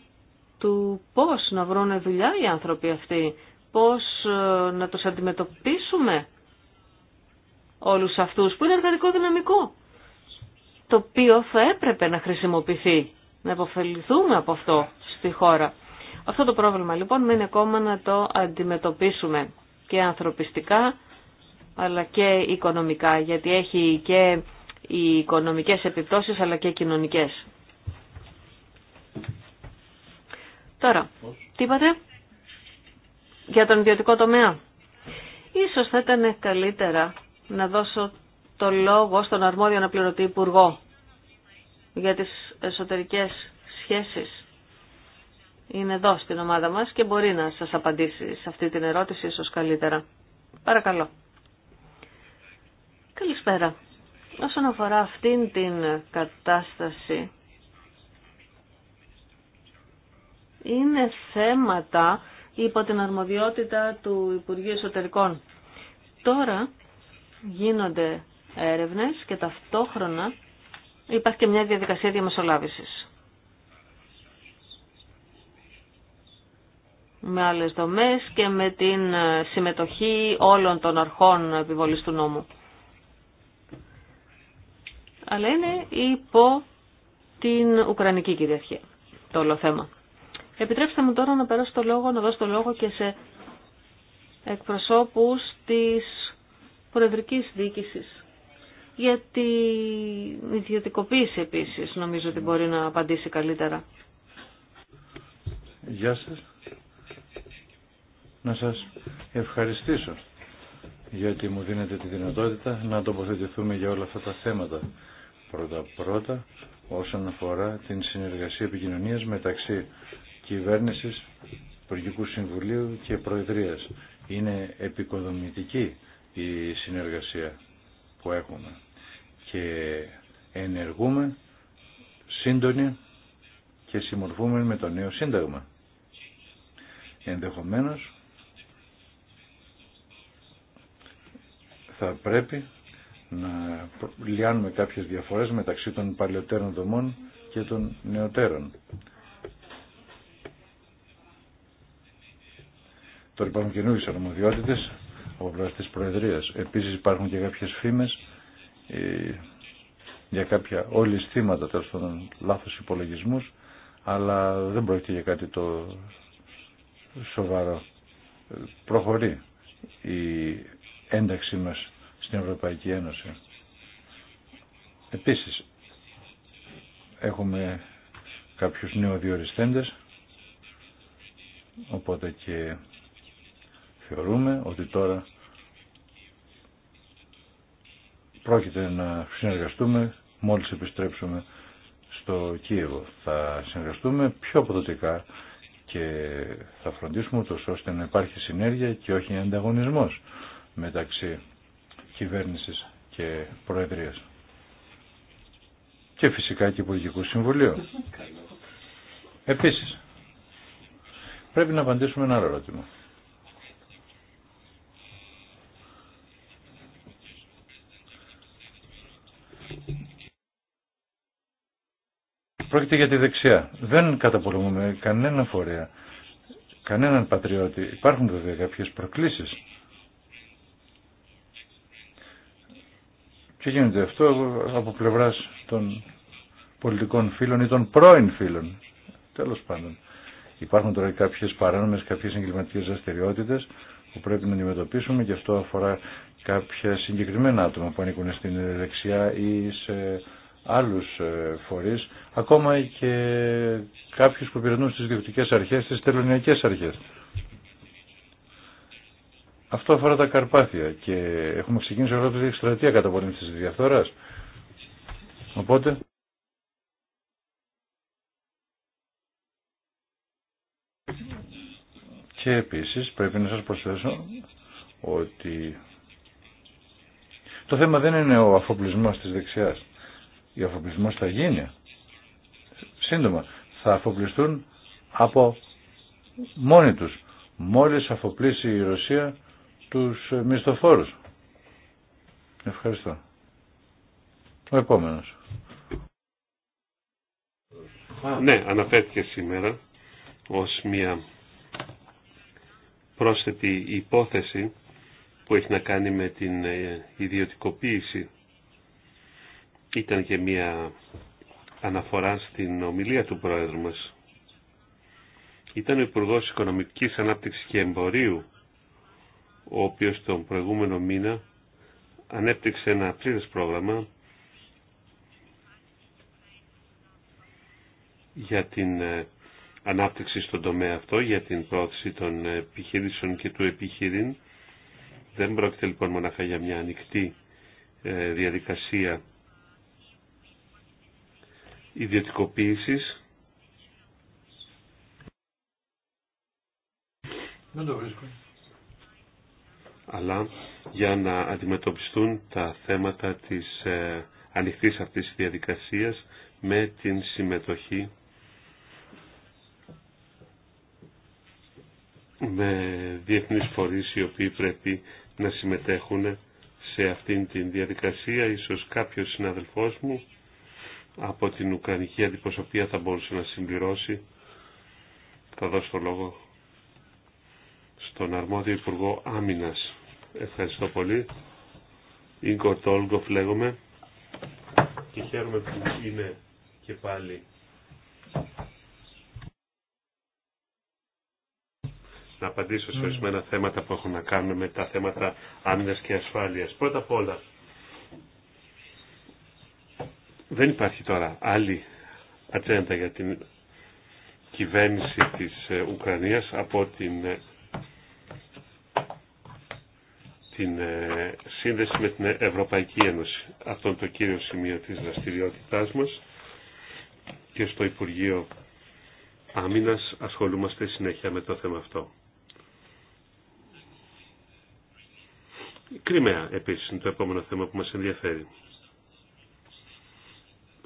του πώς να βρουν δουλειά οι άνθρωποι αυτοί, πώς ε, να τους αντιμετωπίσουμε όλους αυτούς που είναι εργατικό δυναμικό, το οποίο θα έπρεπε να χρησιμοποιηθεί, να υποφεληθούμε από αυτό στη χώρα. Αυτό το πρόβλημα λοιπόν μένει ακόμα να το αντιμετωπίσουμε και ανθρωπιστικά αλλά και οικονομικά γιατί έχει και οι οικονομικές επιπτώσεις αλλά και κοινωνικές. Τώρα, τι είπατε για τον ιδιωτικό τομέα. Ίσως θα ήταν καλύτερα να δώσω το λόγο στον αρμόδιο αναπληρωτή υπουργό για τις εσωτερικές σχέσεις είναι εδώ στην ομάδα μας και μπορεί να σας απαντήσει σε αυτή την ερώτηση ίσως καλύτερα. Παρακαλώ. Καλησπέρα. Όσον αφορά αυτήν την κατάσταση, είναι θέματα υπό την αρμοδιότητα του Υπουργείου Εσωτερικών. Τώρα γίνονται έρευνες και ταυτόχρονα υπάρχει και μια διαδικασία διαμεσολάβησης. με άλλες δομές και με την ε, συμμετοχή όλων των αρχών επιβολής του νόμου. Αλλά είναι υπό την Ουκρανική κυριαρχία το όλο θέμα. Επιτρέψτε μου τώρα να περάσω το λόγο, να δώσω το λόγο και σε εκπροσώπους της Προεδρικής Διοίκησης. Για την ιδιωτικοποίηση επίσης νομίζω ότι μπορεί να απαντήσει καλύτερα. Γεια σας να σας ευχαριστήσω γιατί μου δίνετε τη δυνατότητα να τοποθετηθούμε για όλα αυτά τα θέματα. Πρώτα-πρώτα όσον αφορά την συνεργασία επικοινωνίας μεταξύ κυβέρνησης, Υπουργικού Συμβουλίου και Προεδρίας. Είναι επικοδομητική η συνεργασία που έχουμε και ενεργούμε σύντονοι και συμμορφούμε με το νέο σύνταγμα. Ενδεχομένως θα πρέπει να λιάνουμε κάποιες διαφορές μεταξύ των παλαιότερων δομών και των νεωτέρων. Τώρα υπάρχουν καινούργιες αρμοδιότητε από πλευρά τη Προεδρία. Επίση υπάρχουν και κάποιε φήμε ε, για κάποια ολισθήματα τέλος των λάθος υπολογισμούς, αλλά δεν πρόκειται για κάτι το σοβαρό. Ε, προχωρεί η ένταξή μας στην Ευρωπαϊκή Ένωση. Επίσης, έχουμε κάποιους νεοδιοριστέντες, οπότε και θεωρούμε ότι τώρα πρόκειται να συνεργαστούμε μόλις επιστρέψουμε στο Κίεβο. Θα συνεργαστούμε πιο αποδοτικά και θα φροντίσουμε τους ώστε να υπάρχει συνέργεια και όχι ανταγωνισμός μεταξύ κυβέρνησης και προεδρίας. Και φυσικά και Υπουργικού Συμβουλίου. Επίσης, πρέπει να απαντήσουμε ένα άλλο ερώτημα. Πρόκειται για τη δεξιά. Δεν καταπολεμούμε κανένα φορέα, κανέναν πατριώτη. Υπάρχουν βέβαια κάποιες προκλήσεις Και γίνεται αυτό από πλευράς των πολιτικών φίλων ή των πρώην φίλων. Τέλος πάντων. Υπάρχουν τώρα κάποιες παράνομες, κάποιες εγκληματικές δραστηριότητε που πρέπει να αντιμετωπίσουμε και αυτό αφορά κάποια συγκεκριμένα άτομα που ανήκουν στην δεξιά ή σε άλλους ε, φορείς, ακόμα και κάποιους που υπηρετούν στις διοικητικέ αρχές, στις τελωνιακές αρχές. Αυτό αφορά τα Καρπάθια και έχουμε ξεκινήσει ολόκληρη τη κατά πολύ της διαφθοράς. Οπότε. Και επίσης πρέπει να σας προσθέσω ότι το θέμα δεν είναι ο αφοπλισμός της δεξιάς. Ο αφοπλισμός θα γίνει. Σύντομα, θα αφοπλιστούν από μόνοι τους. Μόλις αφοπλίσει η Ρωσία τους μισθοφόρους. Ευχαριστώ. Ο επόμενος. Ναι, αναφέρθηκε σήμερα ως μια πρόσθετη υπόθεση που έχει να κάνει με την ε, ιδιωτικοποίηση. Ήταν και μια αναφορά στην ομιλία του Πρόεδρου μας. Ήταν ο Υπουργός Οικονομικής Ανάπτυξης και Εμπορίου ο οποίος τον προηγούμενο μήνα ανέπτυξε ένα πλήρες πρόγραμμα για την ε, ανάπτυξη στον τομέα αυτό, για την πρόθεση των επιχειρήσεων και του επιχειρήν. Δεν πρόκειται λοιπόν μοναχά για μια ανοιχτή ε, διαδικασία ιδιωτικοποίησης. Δεν το βρίσκω αλλά για να αντιμετωπιστούν τα θέματα της ε, ανοιχτής αυτής διαδικασίας με την συμμετοχή με διεθνείς φορείς οι οποίοι πρέπει να συμμετέχουν σε αυτήν την διαδικασία. Ίσως κάποιος συναδελφός μου από την Ουκρανική Αντιπροσωπεία θα μπορούσε να συμπληρώσει. Θα δώσω λόγο στον αρμόδιο Υπουργό Άμυνας. Ευχαριστώ πολύ. Ίγκο Τόλγκοφ λέγομαι. Και χαίρομαι που είναι και πάλι. Να απαντήσω σε ορισμένα θέματα που έχουν να κάνουν με τα θέματα άμυνας και ασφάλειας. Πρώτα απ' όλα, δεν υπάρχει τώρα άλλη ατζέντα για την κυβέρνηση της ε, Ουκρανίας από την ε, την ε, σύνδεση με την Ευρωπαϊκή Ένωση. Αυτό είναι το κύριο σημείο της δραστηριότητάς μας και στο Υπουργείο Άμυνας ασχολούμαστε συνέχεια με το θέμα αυτό. Κρυμαία επίσης είναι το επόμενο θέμα που μας ενδιαφέρει.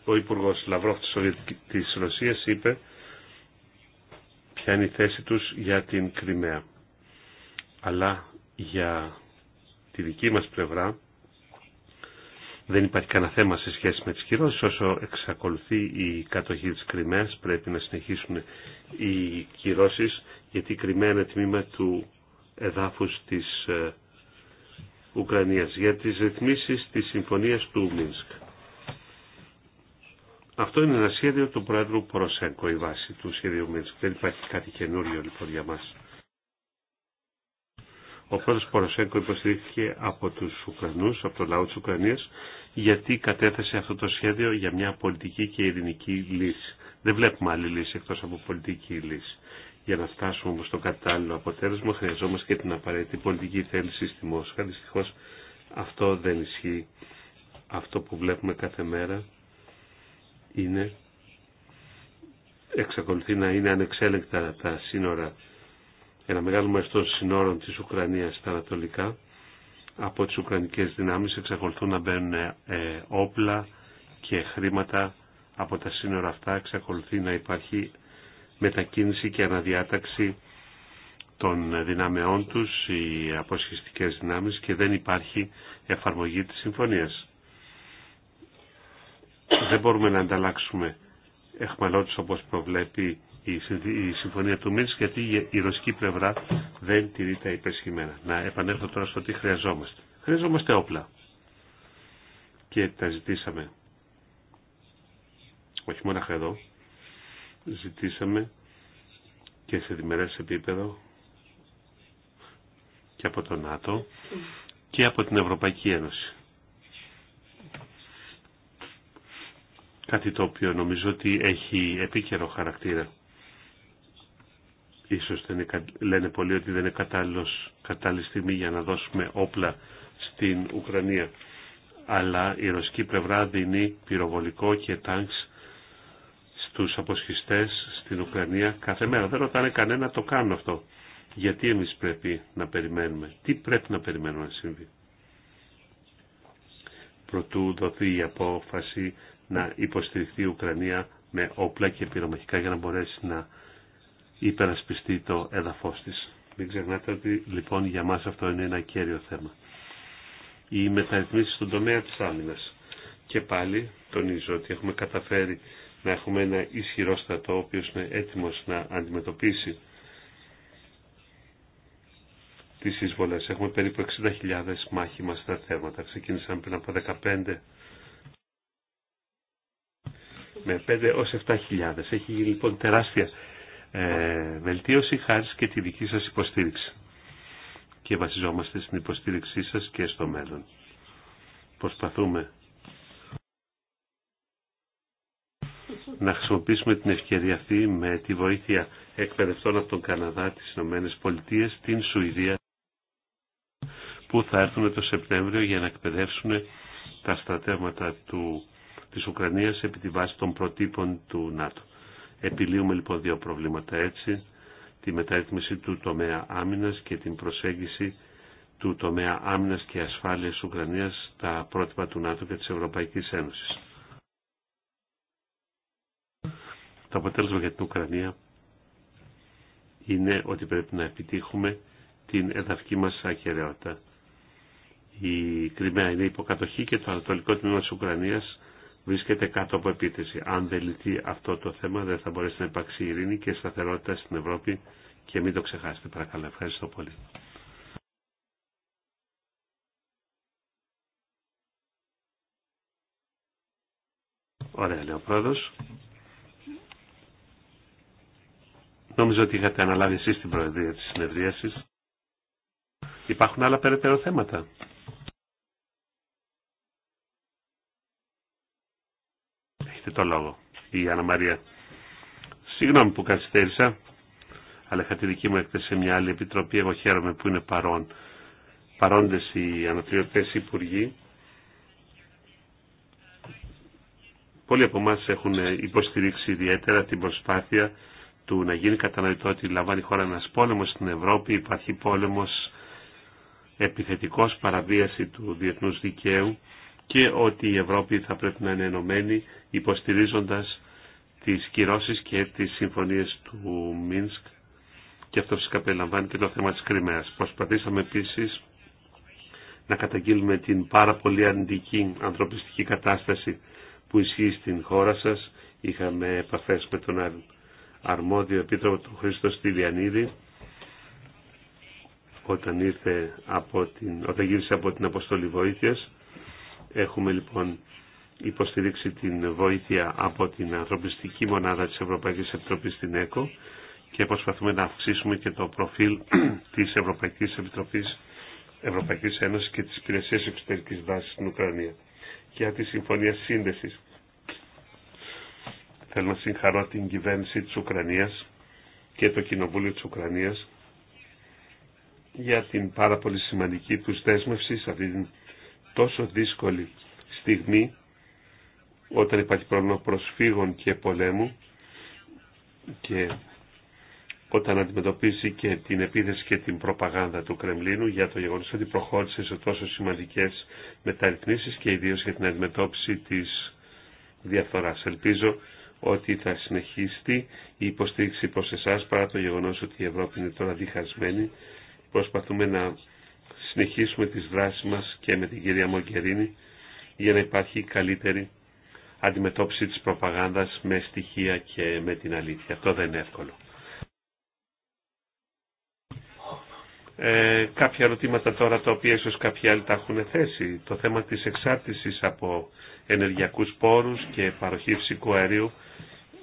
Ο Υπουργός Λαυρόφ της Ρωσίας είπε ποια είναι η θέση τους για την Κρυμαία. Αλλά για τη δική μας πλευρά δεν υπάρχει κανένα θέμα σε σχέση με τις κυρώσεις. Όσο εξακολουθεί η κατοχή της Κρυμαίας πρέπει να συνεχίσουν οι κυρώσεις γιατί η Κρυμαία είναι τμήμα του εδάφους της ε, Ουκρανίας για τις ρυθμίσεις της συμφωνίας του Μίνσκ. Αυτό είναι ένα σχέδιο του Πρόεδρου Ποροσέγκο, η βάση του σχέδιου Μίνσκ. Δεν υπάρχει κάτι καινούριο λοιπόν για μας. Ο πρόεδρος Ποροσέγκο υποστηρίχθηκε από τους Ουκρανού, από το λαό τη Ουκρανία, γιατί κατέθεσε αυτό το σχέδιο για μια πολιτική και ειρηνική λύση. Δεν βλέπουμε άλλη λύση εκτός από πολιτική λύση. Για να φτάσουμε όμω στο κατάλληλο αποτέλεσμα χρειαζόμαστε και την απαραίτητη πολιτική θέληση στη Μόσχα. Δυστυχώ αυτό δεν ισχύει. Αυτό που βλέπουμε κάθε μέρα είναι εξακολουθεί να είναι ανεξέλεγκτα τα σύνορα ένα μεγάλο μέρος των συνόρων της Ουκρανίας στα Ανατολικά από τις Ουκρανικές δυνάμεις εξακολουθούν να μπαίνουν ε, ε, όπλα και χρήματα από τα σύνορα αυτά εξακολουθεί να υπάρχει μετακίνηση και αναδιάταξη των δυνάμεών τους, οι αποσχιστικές δυνάμεις και δεν υπάρχει εφαρμογή της συμφωνίας. Δεν μπορούμε να ανταλλάξουμε εχμαλώτους όπως προβλέπει η συμφωνία του Μίνσκ γιατί η ρωσική πλευρά δεν τηρεί τα υπεσχημένα. Να επανέλθω τώρα στο τι χρειαζόμαστε. Χρειαζόμαστε όπλα. Και τα ζητήσαμε. Όχι μόνο εδώ. Ζητήσαμε και σε διμερές επίπεδο και από το ΝΑΤΟ και από την Ευρωπαϊκή Ένωση. Κάτι το οποίο νομίζω ότι έχει επίκαιρο χαρακτήρα Ίσως δεν λένε πολλοί ότι δεν είναι κατάλληλος, κατάλληλη στιγμή για να δώσουμε όπλα στην Ουκρανία. Αλλά η ρωσική πλευρά δίνει πυροβολικό και τάγκς στους αποσχιστές στην Ουκρανία κάθε μέρα. Δεν ρωτάνε κανένα το κάνω αυτό. Γιατί εμείς πρέπει να περιμένουμε. Τι πρέπει να περιμένουμε να συμβεί. Προτού δοθεί η απόφαση να υποστηριχθεί η Ουκρανία με όπλα και πυρομαχικά για να μπορέσει να υπερασπιστεί το έδαφος της. Μην ξεχνάτε ότι λοιπόν για μας αυτό είναι ένα κέριο θέμα. Οι μεταρρυθμίσεις στον τομέα της άμυνας. Και πάλι τονίζω ότι έχουμε καταφέρει να έχουμε ένα ισχυρό στρατό ο οποίος είναι έτοιμος να αντιμετωπίσει τι εισβολές. Έχουμε περίπου 60.000 μάχημα στα θέματα. Ξεκίνησαν πριν από 15 με 5 έως 7.000. Έχει γίνει λοιπόν τεράστια ε, βελτίωση χάρη και τη δική σας υποστήριξη. Και βασιζόμαστε στην υποστήριξή σας και στο μέλλον. Προσπαθούμε να χρησιμοποιήσουμε την ευκαιρία αυτή με τη βοήθεια εκπαιδευτών από τον Καναδά, τις Ηνωμένε Πολιτείε, την Σουηδία, που θα έρθουν το Σεπτέμβριο για να εκπαιδεύσουν τα στρατεύματα του, της Ουκρανίας επί τη βάση των προτύπων του ΝΑΤΟ. Επιλύουμε λοιπόν δύο προβλήματα έτσι, τη μεταρρύθμιση του τομέα άμυνας και την προσέγγιση του τομέα άμυνας και ασφάλειας Ουκρανίας στα πρότυπα του ΝΑΤΟ και της Ευρωπαϊκής Ένωσης. Το αποτέλεσμα για την Ουκρανία είναι ότι πρέπει να επιτύχουμε την εδαφική μας ακαιρεότητα. Η Κρυμαία είναι υποκατοχή και το ανατολικό τμήμα της Ουκρανίας βρίσκεται κάτω από επίθεση. Αν δεν λυθεί αυτό το θέμα δεν θα μπορέσει να υπάρξει ειρήνη και σταθερότητα στην Ευρώπη και μην το ξεχάσετε παρακαλώ. Ευχαριστώ πολύ. Ωραία λέει ο πρόεδρος. Νόμιζα ότι είχατε αναλάβει εσείς την προεδρία της συνεδρίασης. Υπάρχουν άλλα περαιτέρω θέματα. έχετε το λόγο. Η Αναμαρία. Συγγνώμη που καθυστέρησα, αλλά είχα τη δική μου έκθεση σε μια άλλη επιτροπή. Εγώ χαίρομαι που είναι παρόν. παρόντες οι αναπληρωτές υπουργοί. Πολλοί από εμά έχουν υποστηρίξει ιδιαίτερα την προσπάθεια του να γίνει κατανοητό ότι λαμβάνει η χώρα ένας πόλεμο στην Ευρώπη, υπάρχει πόλεμο επιθετικός παραβίαση του διεθνού δικαίου και ότι η Ευρώπη θα πρέπει να είναι ενωμένη υποστηρίζοντας τις κυρώσεις και τις συμφωνίες του Μίνσκ και αυτό φυσικά περιλαμβάνει και το θέμα της Κρυμαίας. Προσπαθήσαμε επίσης να καταγγείλουμε την πάρα πολύ αρνητική ανθρωπιστική κατάσταση που ισχύει στην χώρα σας. Είχαμε επαφές με τον αρμόδιο επίτροπο του Χρήστο Στυλιανίδη όταν, όταν γύρισε από την Αποστολή Βοήθειας Έχουμε λοιπόν υποστηρίξει την βοήθεια από την ανθρωπιστική μονάδα της Ευρωπαϊκής Επιτροπής στην ΕΚΟ και προσπαθούμε να αυξήσουμε και το προφίλ της Ευρωπαϊκής Επιτροπής Ευρωπαϊκής Ένωσης και της Υπηρεσίας Εξωτερικής Βάσης στην Ουκρανία για τη Συμφωνία Σύνδεσης. Θέλω να συγχαρώ την κυβέρνηση της Ουκρανίας και το Κοινοβούλιο της Ουκρανίας για την πάρα πολύ σημαντική τους δέσμευση σε αυτή την τόσο δύσκολη στιγμή όταν υπάρχει πρόβλημα προσφύγων και πολέμου και όταν αντιμετωπίζει και την επίθεση και την προπαγάνδα του Κρεμλίνου για το γεγονός ότι προχώρησε σε τόσο σημαντικές μεταρρυθμίσεις και ιδίως για την αντιμετώπιση της διαφθοράς. Ελπίζω ότι θα συνεχίσει η υποστήριξη προς εσάς παρά το γεγονός ότι η Ευρώπη είναι τώρα διχασμένη. Προσπαθούμε να συνεχίσουμε τις δράσεις μας και με την κυρία Μογκερίνη για να υπάρχει καλύτερη αντιμετώπιση της προπαγάνδας με στοιχεία και με την αλήθεια. Αυτό δεν είναι εύκολο. Ε, κάποια ερωτήματα τώρα τα οποία ίσως κάποιοι άλλοι τα έχουν θέσει. Το θέμα της εξάρτησης από ενεργειακούς πόρους και παροχή φυσικού αερίου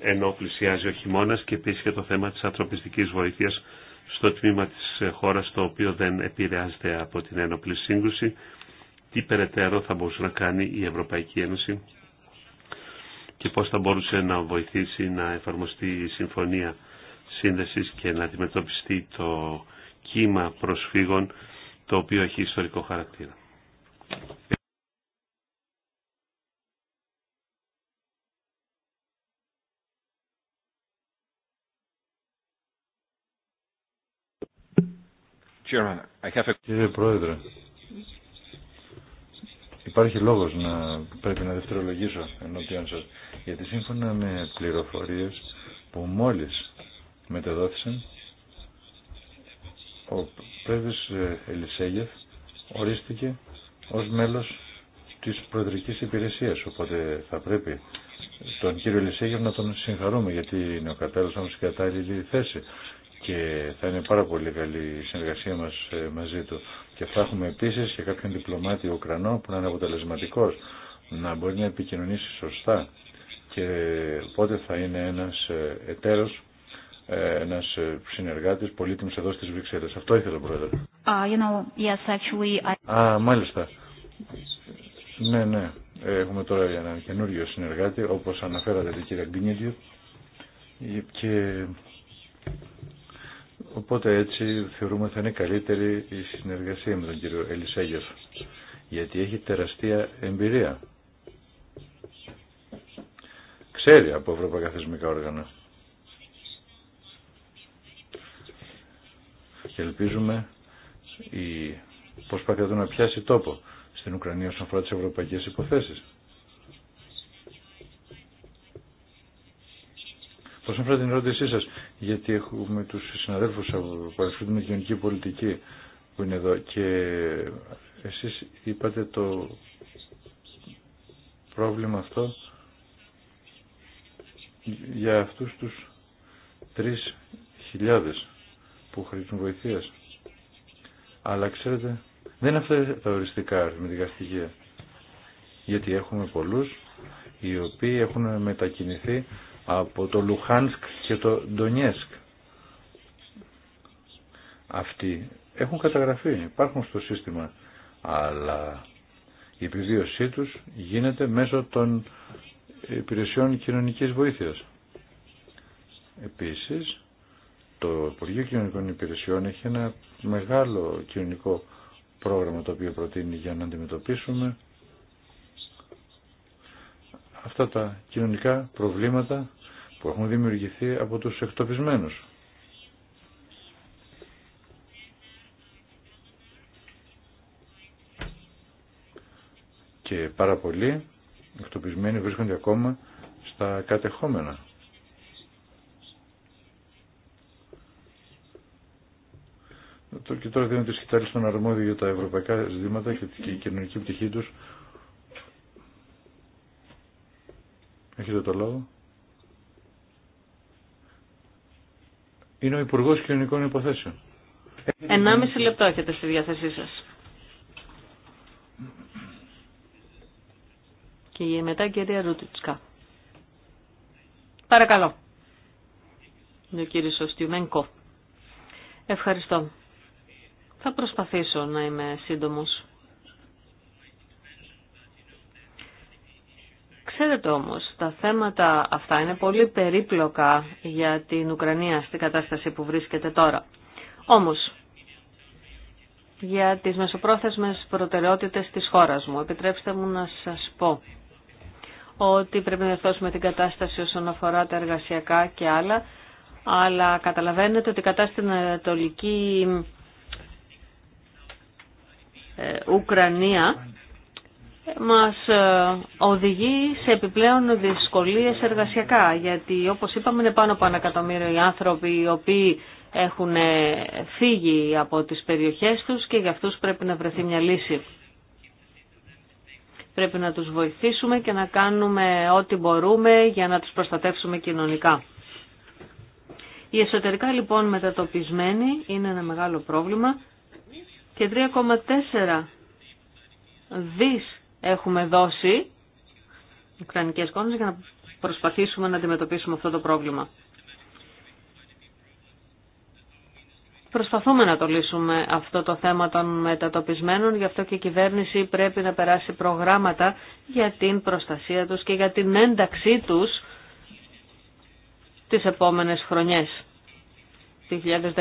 ενώ πλησιάζει ο χειμώνα και επίσης και το θέμα της ανθρωπιστικής βοήθειας στο τμήμα της ε, χώρας το οποίο δεν επηρεάζεται από την ένοπλη σύγκρουση, τι περαιτέρω θα μπορούσε να κάνει η Ευρωπαϊκή Ένωση και πώς θα μπορούσε να βοηθήσει να εφαρμοστεί η Συμφωνία Σύνδεσης και να αντιμετωπιστεί το κύμα προσφύγων το οποίο έχει ιστορικό χαρακτήρα. Κύριε Πρόεδρε, υπάρχει λόγος να πρέπει να δευτερολογήσω ενώπιον σας, γιατί σύμφωνα με πληροφορίες που μόλις μετεδόθησαν, ο πρέσβης ε, Ελισέγεφ ορίστηκε ως μέλος της Προεδρικής Υπηρεσίας, οπότε θα πρέπει τον κύριο Ελισέγεφ να τον συγχαρούμε, γιατί είναι ο κατάλληλος και κατάλληλη θέση και θα είναι πάρα πολύ καλή η συνεργασία μας ε, μαζί του. Και θα έχουμε επίσης και κάποιον διπλωμάτη Ουκρανό που να είναι αποτελεσματικό, να μπορεί να επικοινωνήσει σωστά και πότε θα είναι ένας ε, εταίρος, ε, ένας συνεργάτης πολύτιμος εδώ στις Βρυξέλλες. Αυτό ήθελα πρόεδρε. Uh, Α, μάλιστα. Ναι, ναι. Έχουμε τώρα έναν καινούριο συνεργάτη, όπως αναφέρατε την κυρία Γκνίδιου, και Οπότε έτσι θεωρούμε θα είναι καλύτερη η συνεργασία με τον κύριο Ελισέγιος, γιατί έχει τεραστία εμπειρία. Ξέρει από ευρωπαϊκά θεσμικά όργανα. Και ελπίζουμε η πως να πιάσει τόπο στην Ουκρανία όσον αφορά τις ευρωπαϊκές υποθέσεις. Όσον αφορά την ερώτησή σα, γιατί έχουμε του συναδέλφου που ασχολούνται με κοινωνική πολιτική που είναι εδώ και εσεί είπατε το πρόβλημα αυτό για αυτούς τους 3.000 που χρήζουν βοηθείας. Αλλά ξέρετε, δεν είναι αυτά τα οριστικά αριθμητικά στοιχεία. Γιατί έχουμε πολλούς οι οποίοι έχουν μετακινηθεί από το Λουχάνσκ και το Ντονιέσκ. Αυτοί έχουν καταγραφεί, υπάρχουν στο σύστημα, αλλά η επιβίωσή τους γίνεται μέσω των υπηρεσιών κοινωνικής βοήθειας. Επίσης, το Υπουργείο Κοινωνικών Υπηρεσιών έχει ένα μεγάλο κοινωνικό πρόγραμμα το οποίο προτείνει για να αντιμετωπίσουμε αυτά τα κοινωνικά προβλήματα που έχουν δημιουργηθεί από τους εκτοπισμένους. Και πάρα πολλοί εκτοπισμένοι βρίσκονται ακόμα στα κατεχόμενα. Και τώρα δίνουν τη σκητάλη στον αρμόδιο για τα ευρωπαϊκά ζητήματα και την κοινωνική πτυχή τους. Έχετε το λόγο. είναι ο Υπουργό Κοινωνικών Υποθέσεων. Ενάμιση λεπτό έχετε στη διάθεσή σας. Και μετά η κυρία Ρούτιτσκα. Παρακαλώ. Είναι ο κύριος Ευχαριστώ. Θα προσπαθήσω να είμαι σύντομος. Ξέρετε όμως, τα θέματα αυτά είναι πολύ περίπλοκα για την Ουκρανία στην κατάσταση που βρίσκεται τώρα. Όμως, για τις μεσοπρόθεσμες προτεραιότητες της χώρας μου, επιτρέψτε μου να σας πω ότι πρέπει να ευθώσουμε την κατάσταση όσον αφορά τα εργασιακά και άλλα, αλλά καταλαβαίνετε ότι η κατάσταση στην Ανατολική ε, Ουκρανία μας ε, οδηγεί σε επιπλέον δυσκολίες εργασιακά, γιατί όπως είπαμε είναι πάνω από ένα εκατομμύριο οι άνθρωποι οι οποίοι έχουν ε, φύγει από τις περιοχές τους και για αυτούς πρέπει να βρεθεί μια λύση. Πρέπει να τους βοηθήσουμε και να κάνουμε ό,τι μπορούμε για να τους προστατεύσουμε κοινωνικά. Οι εσωτερικά λοιπόν μετατοπισμένοι είναι ένα μεγάλο πρόβλημα και 3,4 δις έχουμε δώσει ουκρανικές κόνες για να προσπαθήσουμε να αντιμετωπίσουμε αυτό το πρόβλημα. Προσπαθούμε να το λύσουμε αυτό το θέμα των μετατοπισμένων, γι' αυτό και η κυβέρνηση πρέπει να περάσει προγράμματα για την προστασία τους και για την ένταξή τους τις επόμενες χρονιές. 2015-2016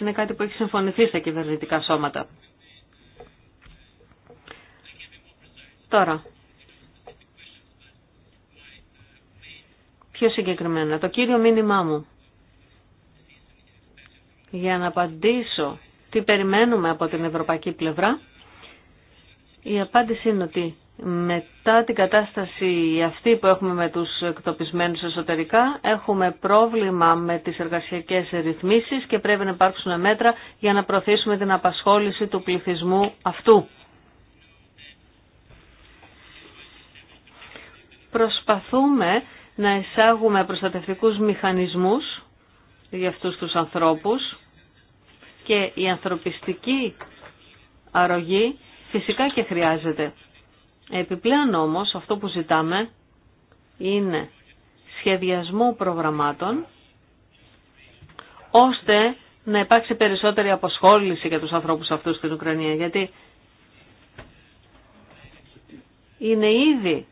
είναι κάτι που έχει συμφωνηθεί στα κυβερνητικά σώματα. Τώρα, πιο συγκεκριμένα, το κύριο μήνυμά μου για να απαντήσω τι περιμένουμε από την ευρωπαϊκή πλευρά, η απάντηση είναι ότι μετά την κατάσταση αυτή που έχουμε με τους εκτοπισμένους εσωτερικά, έχουμε πρόβλημα με τις εργασιακές ρυθμίσεις και πρέπει να υπάρξουν μέτρα για να προωθήσουμε την απασχόληση του πληθυσμού αυτού. προσπαθούμε να εισάγουμε προστατευτικούς μηχανισμούς για αυτούς τους ανθρώπους και η ανθρωπιστική αρρωγή φυσικά και χρειάζεται. Επιπλέον όμως αυτό που ζητάμε είναι σχεδιασμό προγραμμάτων ώστε να υπάρξει περισσότερη αποσχόληση για τους ανθρώπους αυτούς στην Ουκρανία γιατί είναι ήδη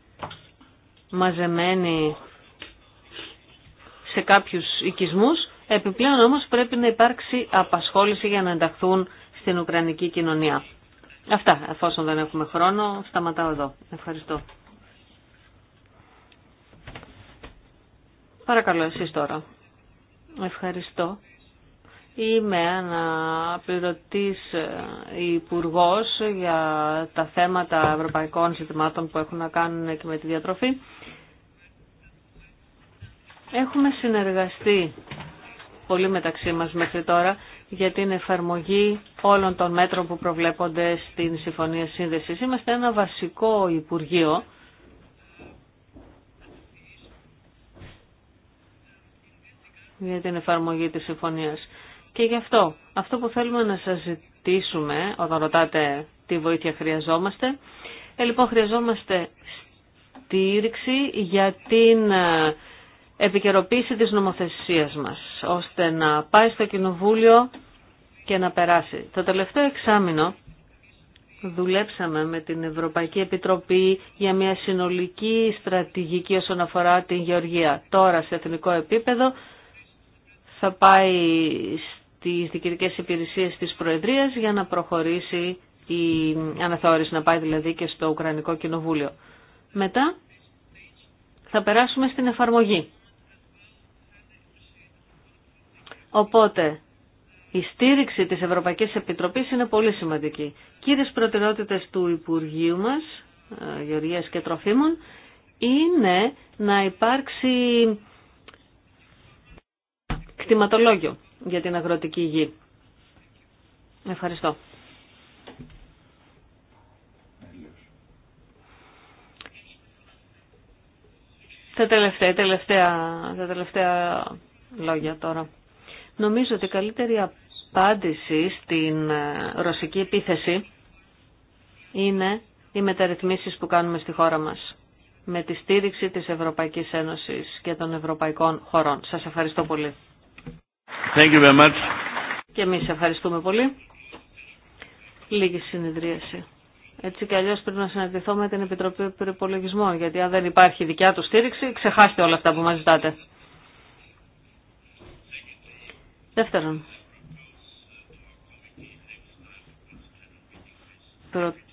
μαζεμένοι σε κάποιους οικισμούς, επιπλέον όμως πρέπει να υπάρξει απασχόληση για να ενταχθούν στην Ουκρανική κοινωνία. Αυτά, εφόσον δεν έχουμε χρόνο, σταματάω εδώ. Ευχαριστώ. Παρακαλώ, εσείς τώρα. Ευχαριστώ. Είμαι αναπληρωτής ε, υπουργό για τα θέματα ευρωπαϊκών ζητημάτων που έχουν να κάνουν και με τη διατροφή. Έχουμε συνεργαστεί πολύ μεταξύ μας μέχρι τώρα για την εφαρμογή όλων των μέτρων που προβλέπονται στην Συμφωνία Σύνδεσης. Είμαστε ένα βασικό Υπουργείο για την εφαρμογή της Συμφωνίας. Και γι' αυτό, αυτό που θέλουμε να σας ζητήσουμε, όταν ρωτάτε τι βοήθεια χρειαζόμαστε, ε, λοιπόν χρειαζόμαστε στήριξη για την ε, επικαιροποίηση της νομοθεσίας μας, ώστε να πάει στο Κοινοβούλιο και να περάσει. Το τελευταίο εξάμεινο δουλέψαμε με την Ευρωπαϊκή Επιτροπή για μια συνολική στρατηγική όσον αφορά την γεωργία. Τώρα σε εθνικό επίπεδο θα πάει τι διοικητικές υπηρεσίες της Προεδρίας για να προχωρήσει η αναθεώρηση, να πάει δηλαδή και στο Ουκρανικό Κοινοβούλιο. Μετά θα περάσουμε στην εφαρμογή. Οπότε, η στήριξη της Ευρωπαϊκής Επιτροπής είναι πολύ σημαντική. Κύριες προτεραιότητες του Υπουργείου μας, ε, Γεωργίας και Τροφίμων, είναι να υπάρξει κτηματολόγιο για την αγροτική γη. Ευχαριστώ. Τα τελευταία, τελευταία, τα τελευταία λόγια τώρα. Νομίζω ότι η καλύτερη απάντηση στην ε, ρωσική επίθεση είναι οι μεταρρυθμίσεις που κάνουμε στη χώρα μας με τη στήριξη της Ευρωπαϊκής Ένωσης και των ευρωπαϊκών χωρών. Σας ευχαριστώ πολύ. Thank you very much. Και εμείς ευχαριστούμε πολύ. Λίγη συνεδρίαση. Έτσι κι αλλιώς πρέπει να συναντηθώ με την Επιτροπή Περιπολογισμών, γιατί αν δεν υπάρχει δικιά του στήριξη, ξεχάστε όλα αυτά που μας ζητάτε. Δεύτερον,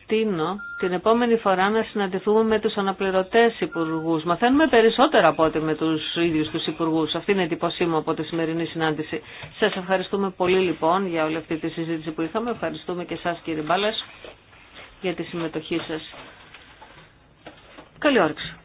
προτείνω την επόμενη φορά να συναντηθούμε με τους αναπληρωτές υπουργούς. Μαθαίνουμε περισσότερα από ό,τι με τους ίδιους τους υπουργούς. Αυτή είναι η εντυπωσή μου από τη σημερινή συνάντηση. Σας ευχαριστούμε πολύ λοιπόν για όλη αυτή τη συζήτηση που είχαμε. Ευχαριστούμε και εσάς κύριε Μπάλας για τη συμμετοχή σας. Καλή όρεξη.